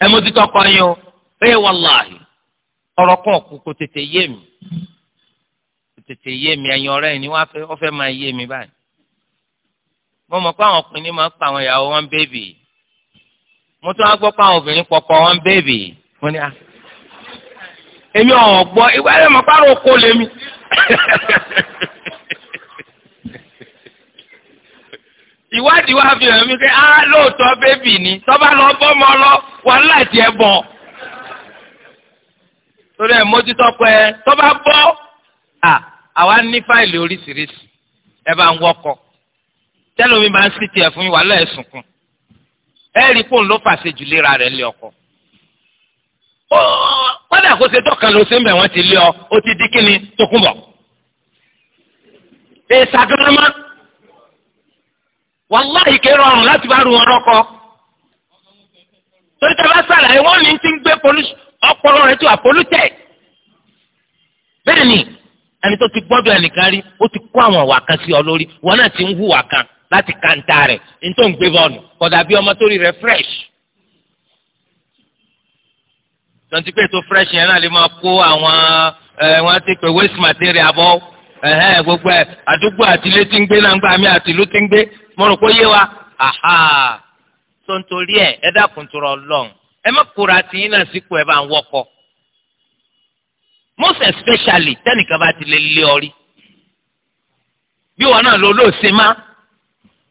ẹ mójútó ọkọ yín o bẹ́ẹ̀ wàláhì ọ̀rọ̀ kan kù kò tètè yé mi kò tètè yé mi ẹ̀yin ọ̀rẹ́ yìí ni wọ́n fẹ́ ọ̀fẹ́ máa yé mi báyìí mo mọ̀ pé àwọn ọkùnrin máa ń pa àwọn ìyàwó wọn bébì mo tún á gbọ́ pé àwọn obìnrin pọpọ wọn bébì mo ní à ah, èmi ọ̀hún gbọ́ ìwé ẹ̀rọ mọ̀ pàrọ̀ oko lèmi ìwádìí wa fi hàn mí pé á lóòótọ́ bébì ni tọ́ba lọ bọ́mọ lọ wàhálà tiẹ̀ bọ̀. torí ẹ̀ mójútó pé tọ́ba bọ́ à àwa ní fáìlì oríṣiríṣi ẹ bá ń wọ́kọ̀ tẹ́lómi máa ń sì tiẹ̀ fún wàhálà ẹ̀ sùnkún ẹ rí kóun ló fàṣẹ jù léra rẹ̀ lé ọkọ. kódà kó ṣe tọ́ka ló ṣe ń bẹ̀ wọ́n ti lé ọ ó ti di kíni tó kún bọ̀. èsà gánà máa wàláhì ké rọrùn láti bá ru wọn rọkọ torí tẹ́lá sàlàyé wọ́n ní ti ń gbé ọpọlọ rẹ̀ tó wà polútẹ̀ bẹ́ẹ̀ ni ẹni tó ti gbọ́dọ̀ ẹnìkan rí ó ti kó àwọn ìwà kan sí ọ lórí wọn náà ti ń hùwà kan láti kàńtà rẹ̀ ní tó ń gbé bọ́ọ̀nù kódà bí ọmọ tó rí rẹ̀ fresh tonti pé tó fresh yẹn náà lè máa kó àwọn wọn ti pè waste material bọ́ gbogbo àdúgbò àti ilé tí ń gbé náà ń gbà mí àti ìlú tí ń gbé mo rò yé wa aha tó ń torí ẹ ẹ dákun tó rọ lọ́n ẹ má kóra tí yín náà sípò ẹ bá ń wọ́kọ most especially tẹnìkan bá ti lè lé ọ rí bí wọn náà lọ lóòsè má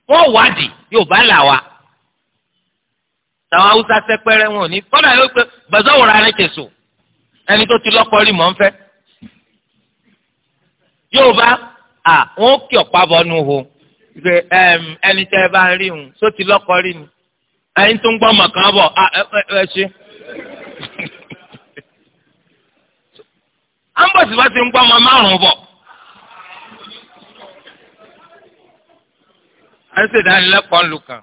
wọn wádìí yóò bá là wa tàwọn haúsá sẹpẹrẹ wọn ò ní kọ́nà yóò pé gbàzọ́wòrán arẹ́kẹ̀sọ ẹni tó ti lọ́kọ rí mọ́ ń fẹ́ yóò bá wọn ó kí ọ̀pá bọ́nu ho ìfẹ ẹni tẹ́ ẹ bá ń rí òun só ti lọ́kọ rí ni ẹni tó ń gbọ́ mọ̀kàn bọ̀ ah, ẹ ṣe. à ń bọ̀ sí bá ti ń gbọ́ ọmọ márùn-ún bọ̀. a ń ṣèdánilẹ́kọ̀ọ́ ńlù kan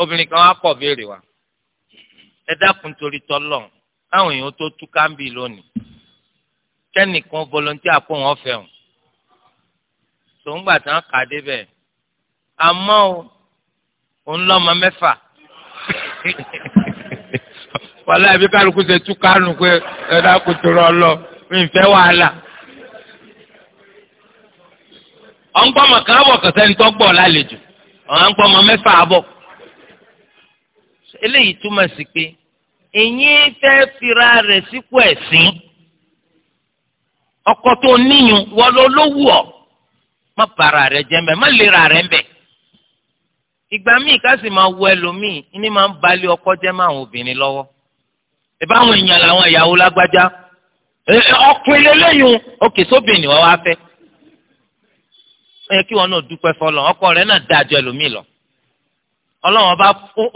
obìnrin kan wá pọ̀ béèrè wa ẹ dákun torí tọ́lọ̀ káwọn èèyàn tó tú kámbì lónìí kẹ́nìkan volunteer àpò wọn fẹ́ràn tòun gbà tán kà débẹ̀ àmọ́ o òun mẹ́fà wàhálà ẹbí kálukú ṣe tú kánú pé kò lọ wàhálà. ọ̀n kan bọ̀ kọ̀sẹ́ni tó gbọ́ lálejò ọ̀n mẹ́fà bọ̀. eléyìí túmọ̀ sí pé ẹ̀yin fẹ́ fira rẹ̀ sípò ẹ̀sìn ọkọ tó níyùn wọ́n lọ lówù má bara rẹ̀ jẹ́ mbẹ́ má lera rẹ̀ mbẹ́ ìgbà míì ká sì máa wọ ẹlòmíì ní máa ń balẹ̀ ọkọ jẹ́ máa àwọn obìnrin lọ́wọ́ ìbá àwọn èèyàn làwọn ìyàwó lágbájá ọkùnrin lélẹ́yìn òkè sóbìnrin wọn wá fẹ́ ó yẹ kí wọn náà dúpẹ́ fọlọ́ ọkọ rẹ̀ náà dájọ́ ẹlòmíì lọ ọlọ́wọ́n bá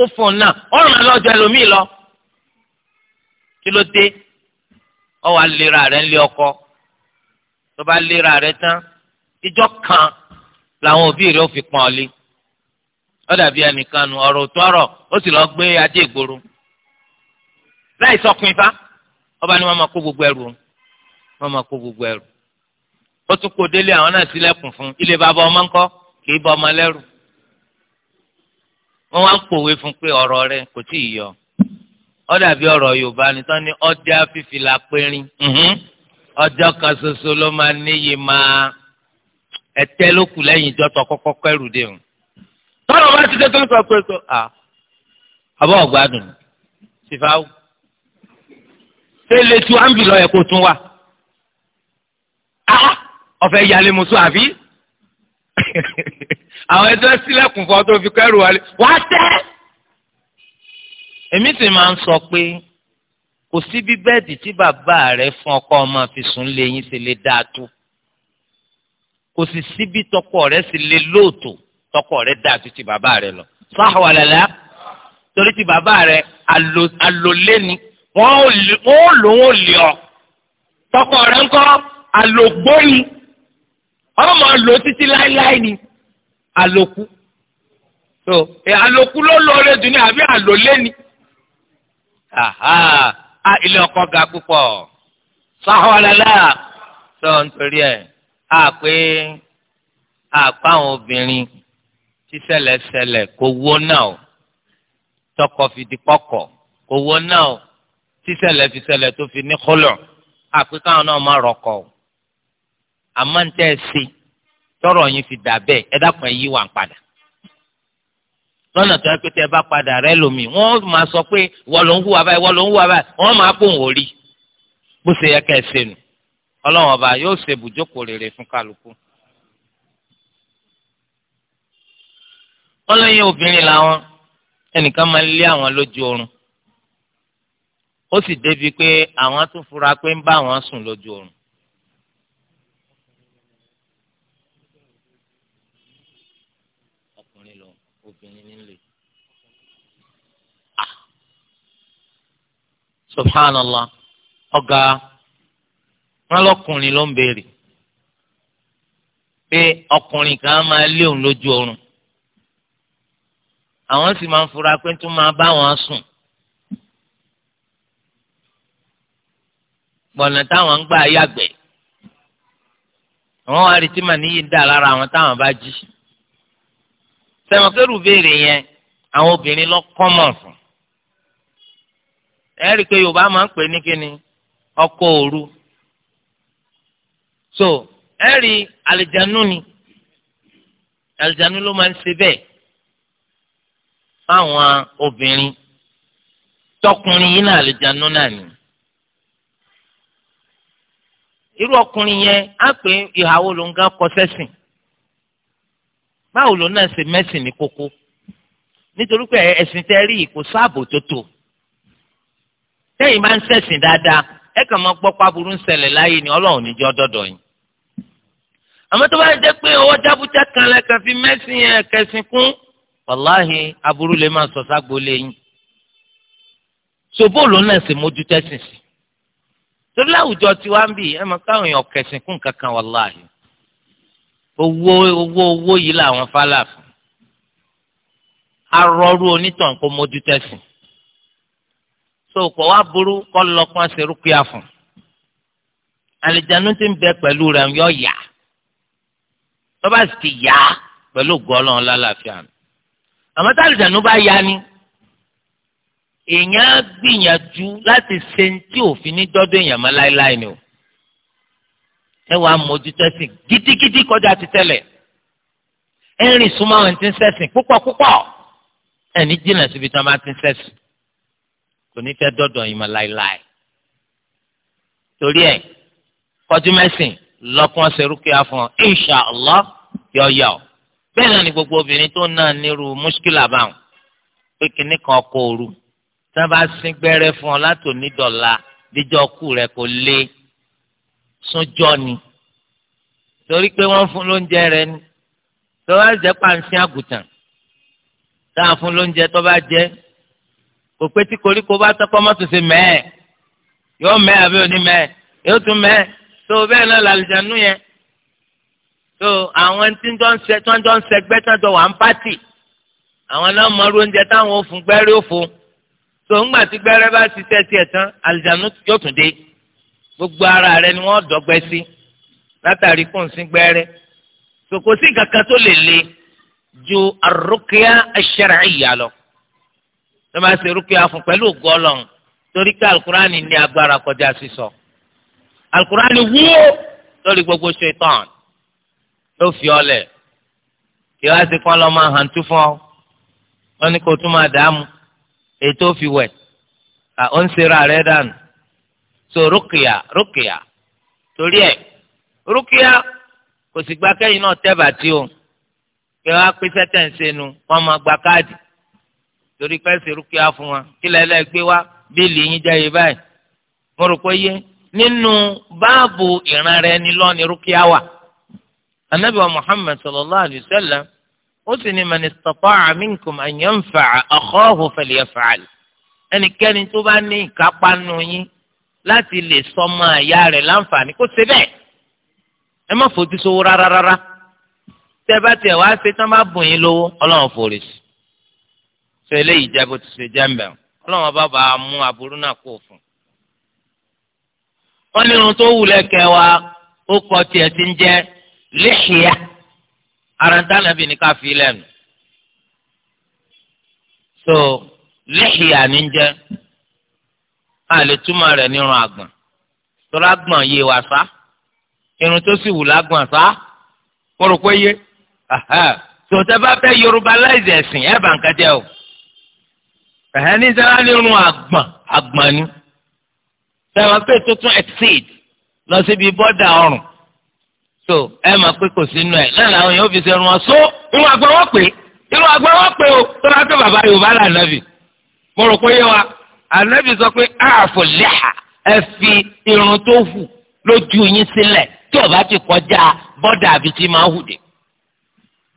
ó fún un náà ọ̀ràn lọ́jọ́ ẹlòmíì lọ kí ló dé ọ wà lera rẹ̀ ńlé ọkọ tó bá lera rẹ̀ tán ìjọ kan làwọn òbí rẹ̀ ó fi pọ́n ọ Ọ dàbí ẹnìkan nu ọ̀rọ̀ òtún ọ̀rọ̀ ó sì lọ gbé ajé ìgboro láì sọkùn ifá ọba ni wọ́n máa kó gbogbo ẹrù wọ́n máa kó gbogbo ẹrù ó tún kó délé àwọn náà sílẹ̀kùn fún ilé bàbá ọmọ ńkọ́ kì í bọ ọmọ lẹ́rù wọ́n wá ń pòwe fún pé ọ̀rọ̀ rẹ̀ kò tí ì yọ Ọ dàbí ọ̀rọ̀ Yorùbá ni tán ní ọdẹ afífi la périn ọjọ́ kan ṣoṣo ló máa níyì máa ẹtẹ ló kù ìjọ tó kọ́kọ́ kẹrù dé hùn bọ́lá bá ti dé tó ń sọ pé sọ à àbọ̀ ọ̀gbádùn sífáwù tẹ́lẹ̀ tí wọ́n ń bì lọ́yẹ̀ kó tún wà ọ̀fẹ́ yalé musu àbí àwọn ẹjọ́ sílẹ̀kùn fún ọ tó fi kẹ́rù wálé wá tẹ́ èmi sì máa ń sọ pé kò sí bí bẹ́ẹ̀dì tí bàbá rẹ̀ fún ọkọ ọmọ fi sùn lé yín ṣe lè dáa tó kò sì síbi tọkọ rẹ̀ sì lè lóòótọ́ tọkọ rẹ dáa ju ti bàbá rẹ lọ sáhùwàlálà torí ti bàbá rẹ alòlé ni wọn ò lòun ò lè ọ tọkọ rẹ ńkọ́ alògbó ni ọmọ lò títí láéláé ni àlòkù so àlòkù ló lóore dùn ní àbí àlòlé ni aha ilé ọkọ ga púpọ̀ sáhùwàlálà tó ń torí ẹ̀ àpé àpá àwọn obìnrin tí ṣẹlẹ̀ṣẹlẹ̀ kò wó náà o tọkọ fi di kọkọ kò wó náà o tí ṣẹlẹ̀ fi ṣẹlẹ̀ tó fi ní kọlọ àpé káwọn náà má rọkọ o àmọ́ ń tẹ́ ẹ sí tọrọ yín fi dà bẹ́ẹ̀ ẹ dákun ẹ yí wà ń padà lọ́nà tó yẹ pé tẹ́ ẹ bá padà rẹ lómi wọ́n máa sọ pé wọ́n ló ń hùwà báyìí wọ́n ló ń hùwà báyìí wọ́n máa pò wọ́n rí bó ṣe yẹ ká ẹ ṣe nù ọlọ́wọ́n ọba yóò ṣe ibùjókòó rere fún kálukú. wọ́n lóyún obìnrin làwọn ẹnìkan máa ń lé àwọn lójú oorun ó sì débi pé àwọn tún fura pé ń bá àwọn sùn lójú oorun. ọkùnrin lọ obìnrin nílé. Ah! subhanallah ọ̀gá wọn lọkùnrin ló ń béèrè pé ọkùnrin kan máa lé òun lójú oorun. àwọn sì máa ń fura pé tún máa bá wọn sùn. gbọ̀nà táwọn ń gbà yàgbẹ́ àwọn wá rí tí màá níyì ń dà lára àwọn táwọn bá jí. sẹ̀mọ̀kẹ́rù béèrè yẹn àwọn obìnrin lọ kọ́mọ̀ fún. ẹ rí i pé Yorùbá máa ń pè ní kíni ọkọ òru. so ẹ rí àlìjánu ni àlìjánu ló máa ń ṣe bẹ́ẹ̀ fáwọn obìnrin tọkùnrin yìí náà àlùjánu náà ni irú ọkùnrin yẹn á pé ìhàwó ló ń gán kọ sẹ́sìn báwo ló náà ṣe mẹ́sìn ní kókó nítorí pé ẹ̀sìn tẹ́ rí kò sáàbò tó tó tẹ́yìn bá ń ṣẹ̀sìn dáadáa ẹ kàn máa gbọ́ pàbùrú ń ṣẹlẹ̀ láyé ni ọlọ́run níjọ́ dọ́dọ̀ yìí àmọ́ tó bá jẹ́ pé ọwọ́ jábújá kan lẹ́kàn fi mẹ́sìn yẹn kún wàláhì aburú lè máa sọ ságbolé yín ṣòbó ló náà sì mójú tẹ́sìn sí torí láwùjọ tiwa ń bì ẹ máa káwọn èèyàn kẹsìn kún kankan wàláhì owó owó owó yìí làwọn fálàfù arọrú onítàn kó mójú tẹ́sìn so kò wá burú kọ́ lọ́kàn ṣerú fún àlìjánu ti ń bẹ pẹ̀lú rẹ̀ yọ yá tọ́ba sì ti yá pẹ̀lú gọ́ọ̀lọ́n lálàáfíà nù àmọ́ tálùjànú bá ya ni èèyàn gbìyànjú láti ṣe tí òfin ní dọ́dọ̀ èèyàn mọ́ láéláé ni o ẹ wàá mójútó ẹ̀sìn gidigidi kọjá ti tẹ́lẹ̀ ẹ rìn súnmọ́ àwọn tí ń ṣẹ̀sìn púpọ̀ púpọ̀ ẹ ní jìnnà síbi tí wọ́n bá ti ń ṣẹ̀sìn kò ní fẹ́ dọ́dọ̀ yìí mọ́ láéláé torí ẹ kọjú mẹ́sìn lọ́kùn ọ̀sẹ̀ rúkìá fún ọ inṣàlá yọ yọ bẹ́ẹ̀ náà ni gbogbo obìnrin tó náà nírú mùṣkílà báwọn pé kinní kan kó ooru tí wọ́n bá sín gbẹ́rẹ́ fún ọ láti onídọ̀la díjọ́ kù rẹ̀ kò lé súnjọ́ ni torí pé wọ́n fún lóúnjẹ rẹ̀ ni tó bá jẹ́ pàǹsí àgùntàn tá a fún lóúnjẹ tó bá jẹ́ kò pé tí koríko bá tọ́kọ́ mọ́tò mẹ́ẹ̀ yóò mẹ́ẹ̀ àbí òní mẹ́ẹ̀ yóò tún mẹ́ẹ̀ tó bẹ́ẹ̀ náà làlùjá nú yẹn so àwọn tí wọ́n jọ ń ṣẹgbẹ́ tí wọ́n jọ wà ń pátì àwọn náà mọ irú oúnjẹ táwọn òfun gbẹ́rẹ́ òfo so ńgbà tí gbẹ́rẹ́ bá ti tẹ́ tiẹ̀ tán àlìjánu yóò tún dé gbogbo ara rẹ ni wọ́n dọ̀gbẹ́ sí látàrí kùnsín gbẹ́rẹ́ so kò sí kankan tó lè le ju arúkìá aṣ-ṣar'iyya lọ ló máa ṣe rúkìá fún pẹ̀lú ògo Ọlọ́run torí pé alukurani ní agbára kọjá sísọ alukurani wúwo lórí gbogbo ṣaitan ló fi ọlẹ̀ kí wá sí kán lọ́ máa hàn tú fún ọ wọ́n ní kó tún máa dààmú ètò fi wẹ̀ ó ń sera rẹ̀ dànù so rúkìá rúkìá torí ẹ̀ rúkìá kò sì gba kẹ́yìn náà tẹ́ bàtí o kí wọ́n á pín sẹ́tẹ̀ǹsì nu wọ́n máa gba káàdì torí pé ṣe rúkìá fún wa kí lẹ́lẹ́ gbé wá bíìlì yín jẹ́ yé báyìí mo rò pé yé nínú báàbù ìran rẹ ni lọ́ni rúkìá wà. anabi wa muhammad sallallahu alayhi wa sallam ó sì ní man istata'a minkum an yanfa'a akhahu falyaf'al ẹnikẹ́ni tó bá ní ìkápá nù yín láti lè sọmọ àyà rẹ̀ láǹfààní kó ṣe bẹ́ẹ̀ ẹ má fojú sówó rárá rárá tẹ́ bá tiẹ̀ wá ṣe tán bá bùn yín lówó ọlọ́run forí sí ṣe eléyìí jẹ́ bó ti ṣe jẹ́ mbẹ́ ọlọ́run bá bá a mú aburú náà kó fún un. wọ́n ní irun tó wù lẹ́kẹ̀ẹ́ wa ó kọ tiẹ̀ ti ń jẹ́ lẹ́hìá ara ń ni bí fi lẹ́nu so lẹ́hìá ní jẹ́ a lè túmọ̀ rẹ̀ nírun àgbọ̀n tọ́lá gbọ̀n yé wa sá irun tó sì wù lágbọ̀n sá kóró pé yé tó tẹ́ bá fẹ́ yorùbáláìsì ẹ̀sìn ẹ̀ bá ń kẹ́jẹ́ o ẹ̀hẹ́ ní sẹ́wọ́n nírun àgbọ̀n àgbọ̀n ni sẹ́wọ́n pé tuntun exceed lọ síbi bọ́dà ọrùn so ẹ máa pé kò sínú ẹ náà làwọn èèyàn fi ṣe irun wọn so irun àgbọn wọn pè irun àgbọn wọn pè o tó bá pé bàbá yorùbá là nàbì mo rò pé yé wa ànábì sọ pé ààfò lẹ́hà ẹ fi irun tó hù lójú yín sílẹ̀ tí ó bá ti kọjá bọ́dà àbí tí máa hù dé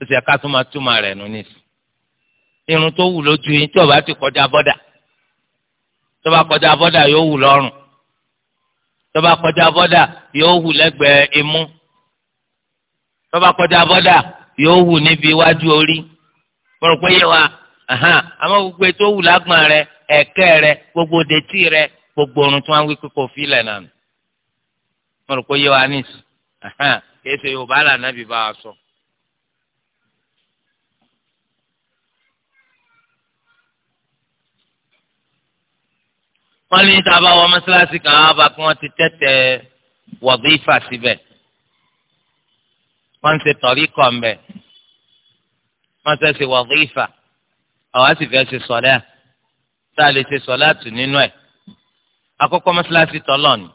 ó sì ẹ̀ka tó máa túmọ̀ rẹ̀ nù ní irun tó hù lójú yín tí ó ti kọjá bọ́dà tó bá kọjá bọ́dà yóò hù lọ́rùn tó bá kọjá bọ́dà yóò hù lẹ́gbẹ̀ẹ́ imú tọ́ba kọjá bọ́dà yóò wù níbi iwájú orí bọ́rọ̀ pé yẹ wa àmọ́ gbogbo ètò wù lágbọ̀n rẹ ẹ̀kẹ́ rẹ gbogbo dètí rẹ gbogbo orun tí wọ́n wí kókò fílẹ̀ náà bọ́rọ̀ pé yẹ wa nìs kìí ṣe Yorùbá lànà bí bá a sọ. wọ́n ní tá a bá wọ mọ́ṣáláṣí kan á bá kí wọ́n ti tẹ́tẹ́ wọ̀bí fà síbẹ̀ wọ́n ń ṣe tọ̀rí kọ̀ mbẹ́ wọ́n fẹ́ ṣe wàdífà àwa sì fẹ́ ṣe sọ̀lẹ́ tá a lè ṣe sọ̀lẹ́ àtù nínú ẹ̀ akọ́kọ́ mọ́ṣáláṣí tọ́lọ̀ ni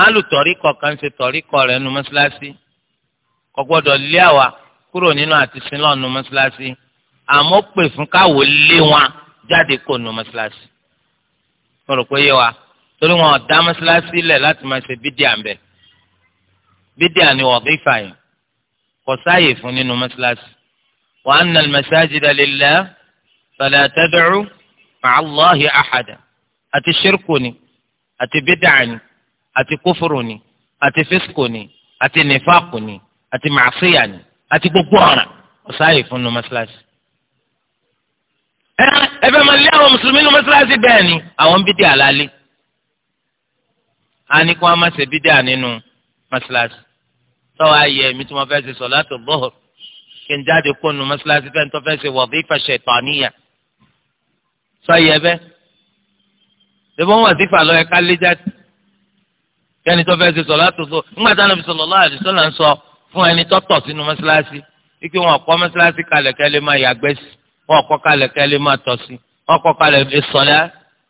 àálù tọ̀rí kọ̀ kan ṣe tọ̀rí kọ̀ rẹ̀ nu mọ́ṣáláṣí kò gbọ́dọ̀ lé àwa kúrò nínú àti sinlọ́ọ̀ nu mọ́ṣáláṣí àmọ́ pè fún káwọ́ lé wọn jáde kó nu mọ́ṣáláṣí mo rò pé yé wa torí wọn ò dá mọ́ṣáláṣí lẹ̀ láti máa ṣe bídíà mbẹ́ bídíà ni wàdífà yìí kò sáàyè fún nínú mọ́ṣáláṣí wa anna al-masajida lillah fala tad'u ma'a Allahi ahada àti ṣírkù ni àti bídíà ni àti kófòrò ni àti fíṣkù ni àti nìfàkù ni àti màṣíyà ni àti gbogbo ẹfẹ máa lé àwọn mùsùlùmí ní mọ́sálásí bẹ́ẹ̀ ni àwọn ń bídíà lálé. a ní kí wọ́n mọ́ṣáláṣí tọ́wọ́ ayé mi tí mo fẹ́ ṣe sọ̀látù bọ́ọ̀rù kí n jáde kó nu mọ́ṣáláṣí fẹ́ tó fẹ́ ṣe wàdífà ṣàítáníyà sọ yẹ bẹ́ẹ̀ ṣùgbọ́n wàdífà lọ ẹ̀ka lé jáde kẹ́ni tó fẹ́ ṣe sọ̀látù bọ́ọ̀rù ńgbà táwọn Ànábì sallallahu alaihi wasallam ń sọ fún ẹni tọ́tọ̀ sínú mọ́ṣáláṣí ike wọn kọ́ mọ́ṣáláṣí kalẹ̀ kẹ́ lè máa yàgbẹ́ sí wọn kọ́ kalẹ̀ kẹ́ máa tọ̀ sí wọn kọ́ kalẹ̀ sọ̀lá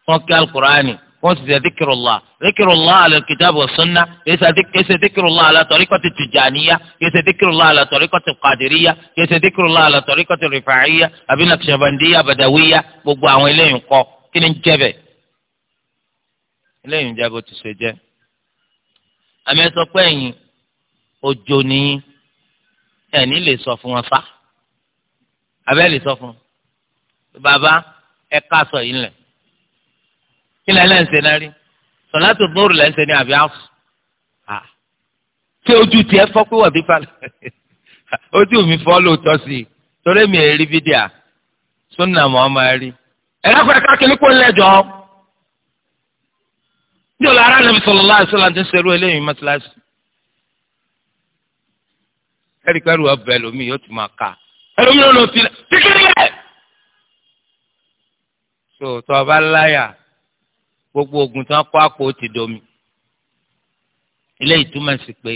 fún kí alukurani wọ́n sì ṣe zikrullah zikrullah ala alkitab wa sunnah kéṣe zikrullah ala tariqati tijaniyya kéṣe zikrullah ala tariqati qadiriyya kéṣe zikrullah ala tariqati rifa'iyya àbí naqshbandiyya badawiyya gbogbo àwọn eléyìí kọ́ kí ni jẹ́bẹ̀ eléyìí jẹ́ bó ti ṣe jẹ́ àmì ẹ̀sọ́ pé ẹ̀yìn òjò nìyí ẹ̀ní lè sọ fún wọn fa abẹ́ lè sọ fún baba ẹ̀ka sọ yìí lẹ̀ kí lẹ́yìn lẹ́sẹ̀ náà rí sọ̀láàtù bóòrù lẹ́sẹ̀ ní àbí àfù ṣé ojú tiẹ̀ fọ́ pé wọ́n ti fa ojú mi fọ́ lóòótọ́ sí i torí mi èrí fídíà súnà mọ́ máa rí ẹ̀rọ pẹ̀lú káàkiri kó lẹ́jọ́ ní ọ̀la ara nàbì sọ̀rọ̀ láì sọ̀rọ̀ àti ṣerú eléyìí mọ́tíláṣí ẹ̀ríkẹ́rù ọbẹ̀ lómi yóò ti máa kà ẹlòmíràn ló ti kíkiri rẹ̀. gbogbo oògùn tí wọ́n kó àpò ti domi eléyìí túmọ̀ sí pé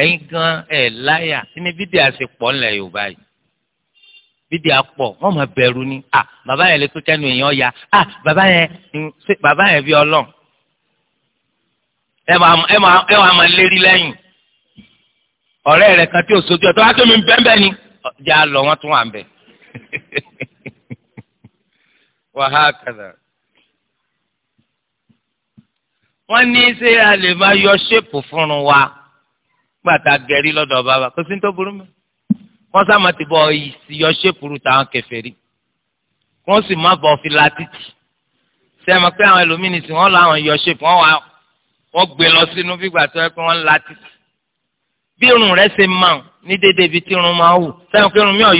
ẹ̀yin gan ẹ̀ láyà kíni bídìí àti pọ̀ ńlẹ̀ Yorùbá yìí bídìí àpọ̀ wọ́n máa bẹ̀rù ni à bàbá yẹn lè tó kẹ́nu èèyàn ya à bàbá yẹn bàbá yẹn bí ọlọ́ọ̀ ẹ máa ẹ máa ẹ máa máa lérí lẹ́yìn ọ̀rẹ́ rẹ̀ kan tí ò sojú ọ̀tọ́ wá tó mi bẹ́ẹ̀ ni ọjà lọ wọ́n tún wà ń bẹ̀ wàhálà kàdà wọ́n ní ṣé a lè máa yọ ṣépù fún wa gbàtà gẹ̀rí lọ́dọ̀ bàbá kò sí ní tó burú mọ́ wọ́n sábà ti bọ̀ yọ ṣépù rú táwọn kèfèrí wọ́n sì má bọ̀ fi látìtì sẹ́mi pé àwọn ẹlòmíín ní sìn wọ́n láwọn yọ ṣépù wọ́n wà wọ́n gbé lọ sínú fígbà tó yẹ pé wọ́n látìtì bí irun rẹ̀ ṣe máa ní déédéé ibi tí irun máa wù sẹ́mi pé irun mi yọ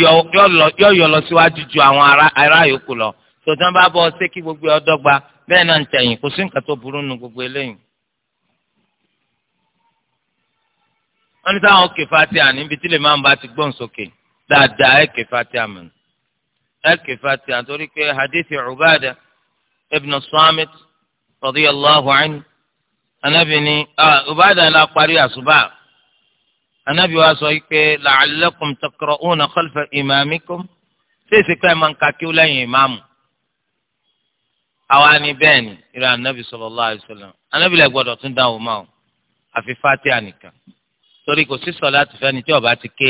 yọ lọ síwájú ju àwọn ará yòókù lọ tòtán bá bọ ọsẹ kí gbogbo ọdọgba bẹ́ẹ̀ náà ń tẹ̀yìn kò sí nǹkan tó burú nu gbogbo eléyìí. wọ́n ní táwọn òkè fatia níbi tí lè máa ń bá ti gbọ́n sókè dáadáa ẹ̀ kè fatia mọ̀ ẹ̀ kè fatia torí pé hadith Ubada ibn Samit radiyallahu anhu anabi ni Ubada la parí àṣùbà anabi wa sọ pé la'allakum taqra'una khalfa imamikum ṣé èsì pé máa ń ka lẹ́yìn ìmáàmù àwa ni bẹ́ẹ̀ ni ìrọ̀ anabi sallallahu alaihi wasallam anabi lẹ gbọ́dọ̀ tún dá òun máa o àfi fatiha nìkan torí kò sí sọlá ti fẹ́ni tí ó ti ké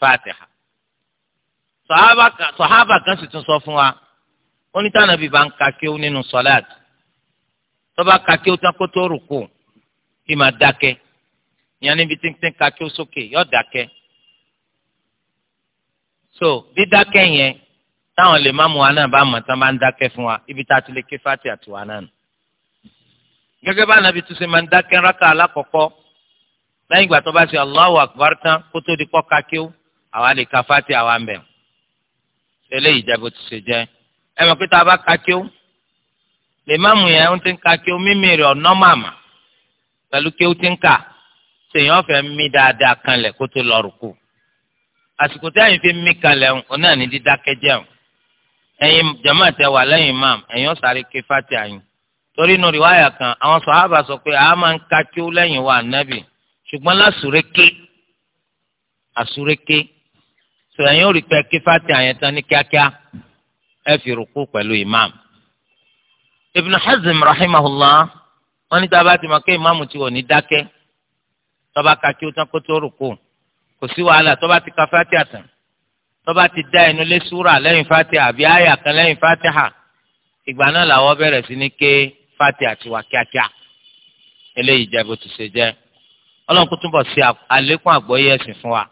fatiha sọ̀hábà kan sì tún sọ fún wa ó ní tànàbí bá ń ka kéwú nínú sọlá ti tọ́ba ka kéwú tán kó tó rùkú kí máa dákẹ́ ìyẹn níbi tí ń pín ka sókè yọ dákẹ́ so dídákẹ́ yẹn táwọn lè má mu wa náà bá mọ̀ tán bá ń dákẹ́ fún wa ibi tá a ti lè ké fati àtiwá náà nù. gẹ́gẹ́ bá nàbí tún ṣe máa ń dákẹ́ rákà alákọ̀ọ́kọ́ lẹ́yìn ìgbà tó bá ṣe Allahu Akbar tán kó tó di kọ́ka kíó àwa lè ka fati àwa ń bẹ̀. eléyìí jẹ́ bó ti ṣe jẹ́ ẹ mọ̀ pé tá a bá ka kíó lè má mu yẹn ó ti ń ka kíó mímì rẹ̀ ọ̀nà màmá pẹ̀lú kíó ti ń kà ṣèyàn fẹ́ mí dáadáa kanlẹ̀ kó tó lọ rùkù àsìkò tẹ́yìn fi mí kanlẹ̀ ọ̀nà ní dídákẹ́ jẹun ẹ̀yin jama tẹ wà lẹ́yìn imam ẹ̀yin ó sáré ké fati àyìn torí inú riwaya kan àwọn sọ̀hábà sọ pé a máa ń ka kí ó lẹ́yìn wa ànábì ṣùgbọ́n lásùrékè àsùrékè sọ ẹ̀yin ó rí pé ké fati àyìn tán ní kíákíá ẹ fi rúkú pẹ̀lú imam Ibn Hazm rahimahullah wọn ní tábà tí mo ké imam ti wọ̀ ní dákẹ́ tọ́ba ka kí tán kó tó rúkú kò sí wàhálà tọ́ba ti ka fati àtàn tọ́ba ti dá inú lé súrà lẹ́yìn fatiha àbí àyà kan lẹ́yìn fatiha ìgbà náà làwọn bẹ̀rẹ̀ sí ní ké fatiha tiwa kíákíá eléyìí jẹ́ bó ti ṣe jẹ́ ọlọ́run kó sí àlékún àgbọ́yé ẹ̀sìn fún wa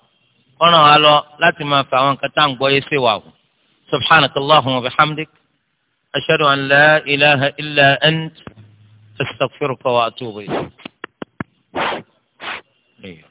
ọ̀ràn wa lọ láti máa fa àwọn nǹkan tá à ń gbọ́yé sí wa o subhanakallahumma wa bihamdik ashhadu an la ilaha illa ant astaghfiruka wa atubu ilayk.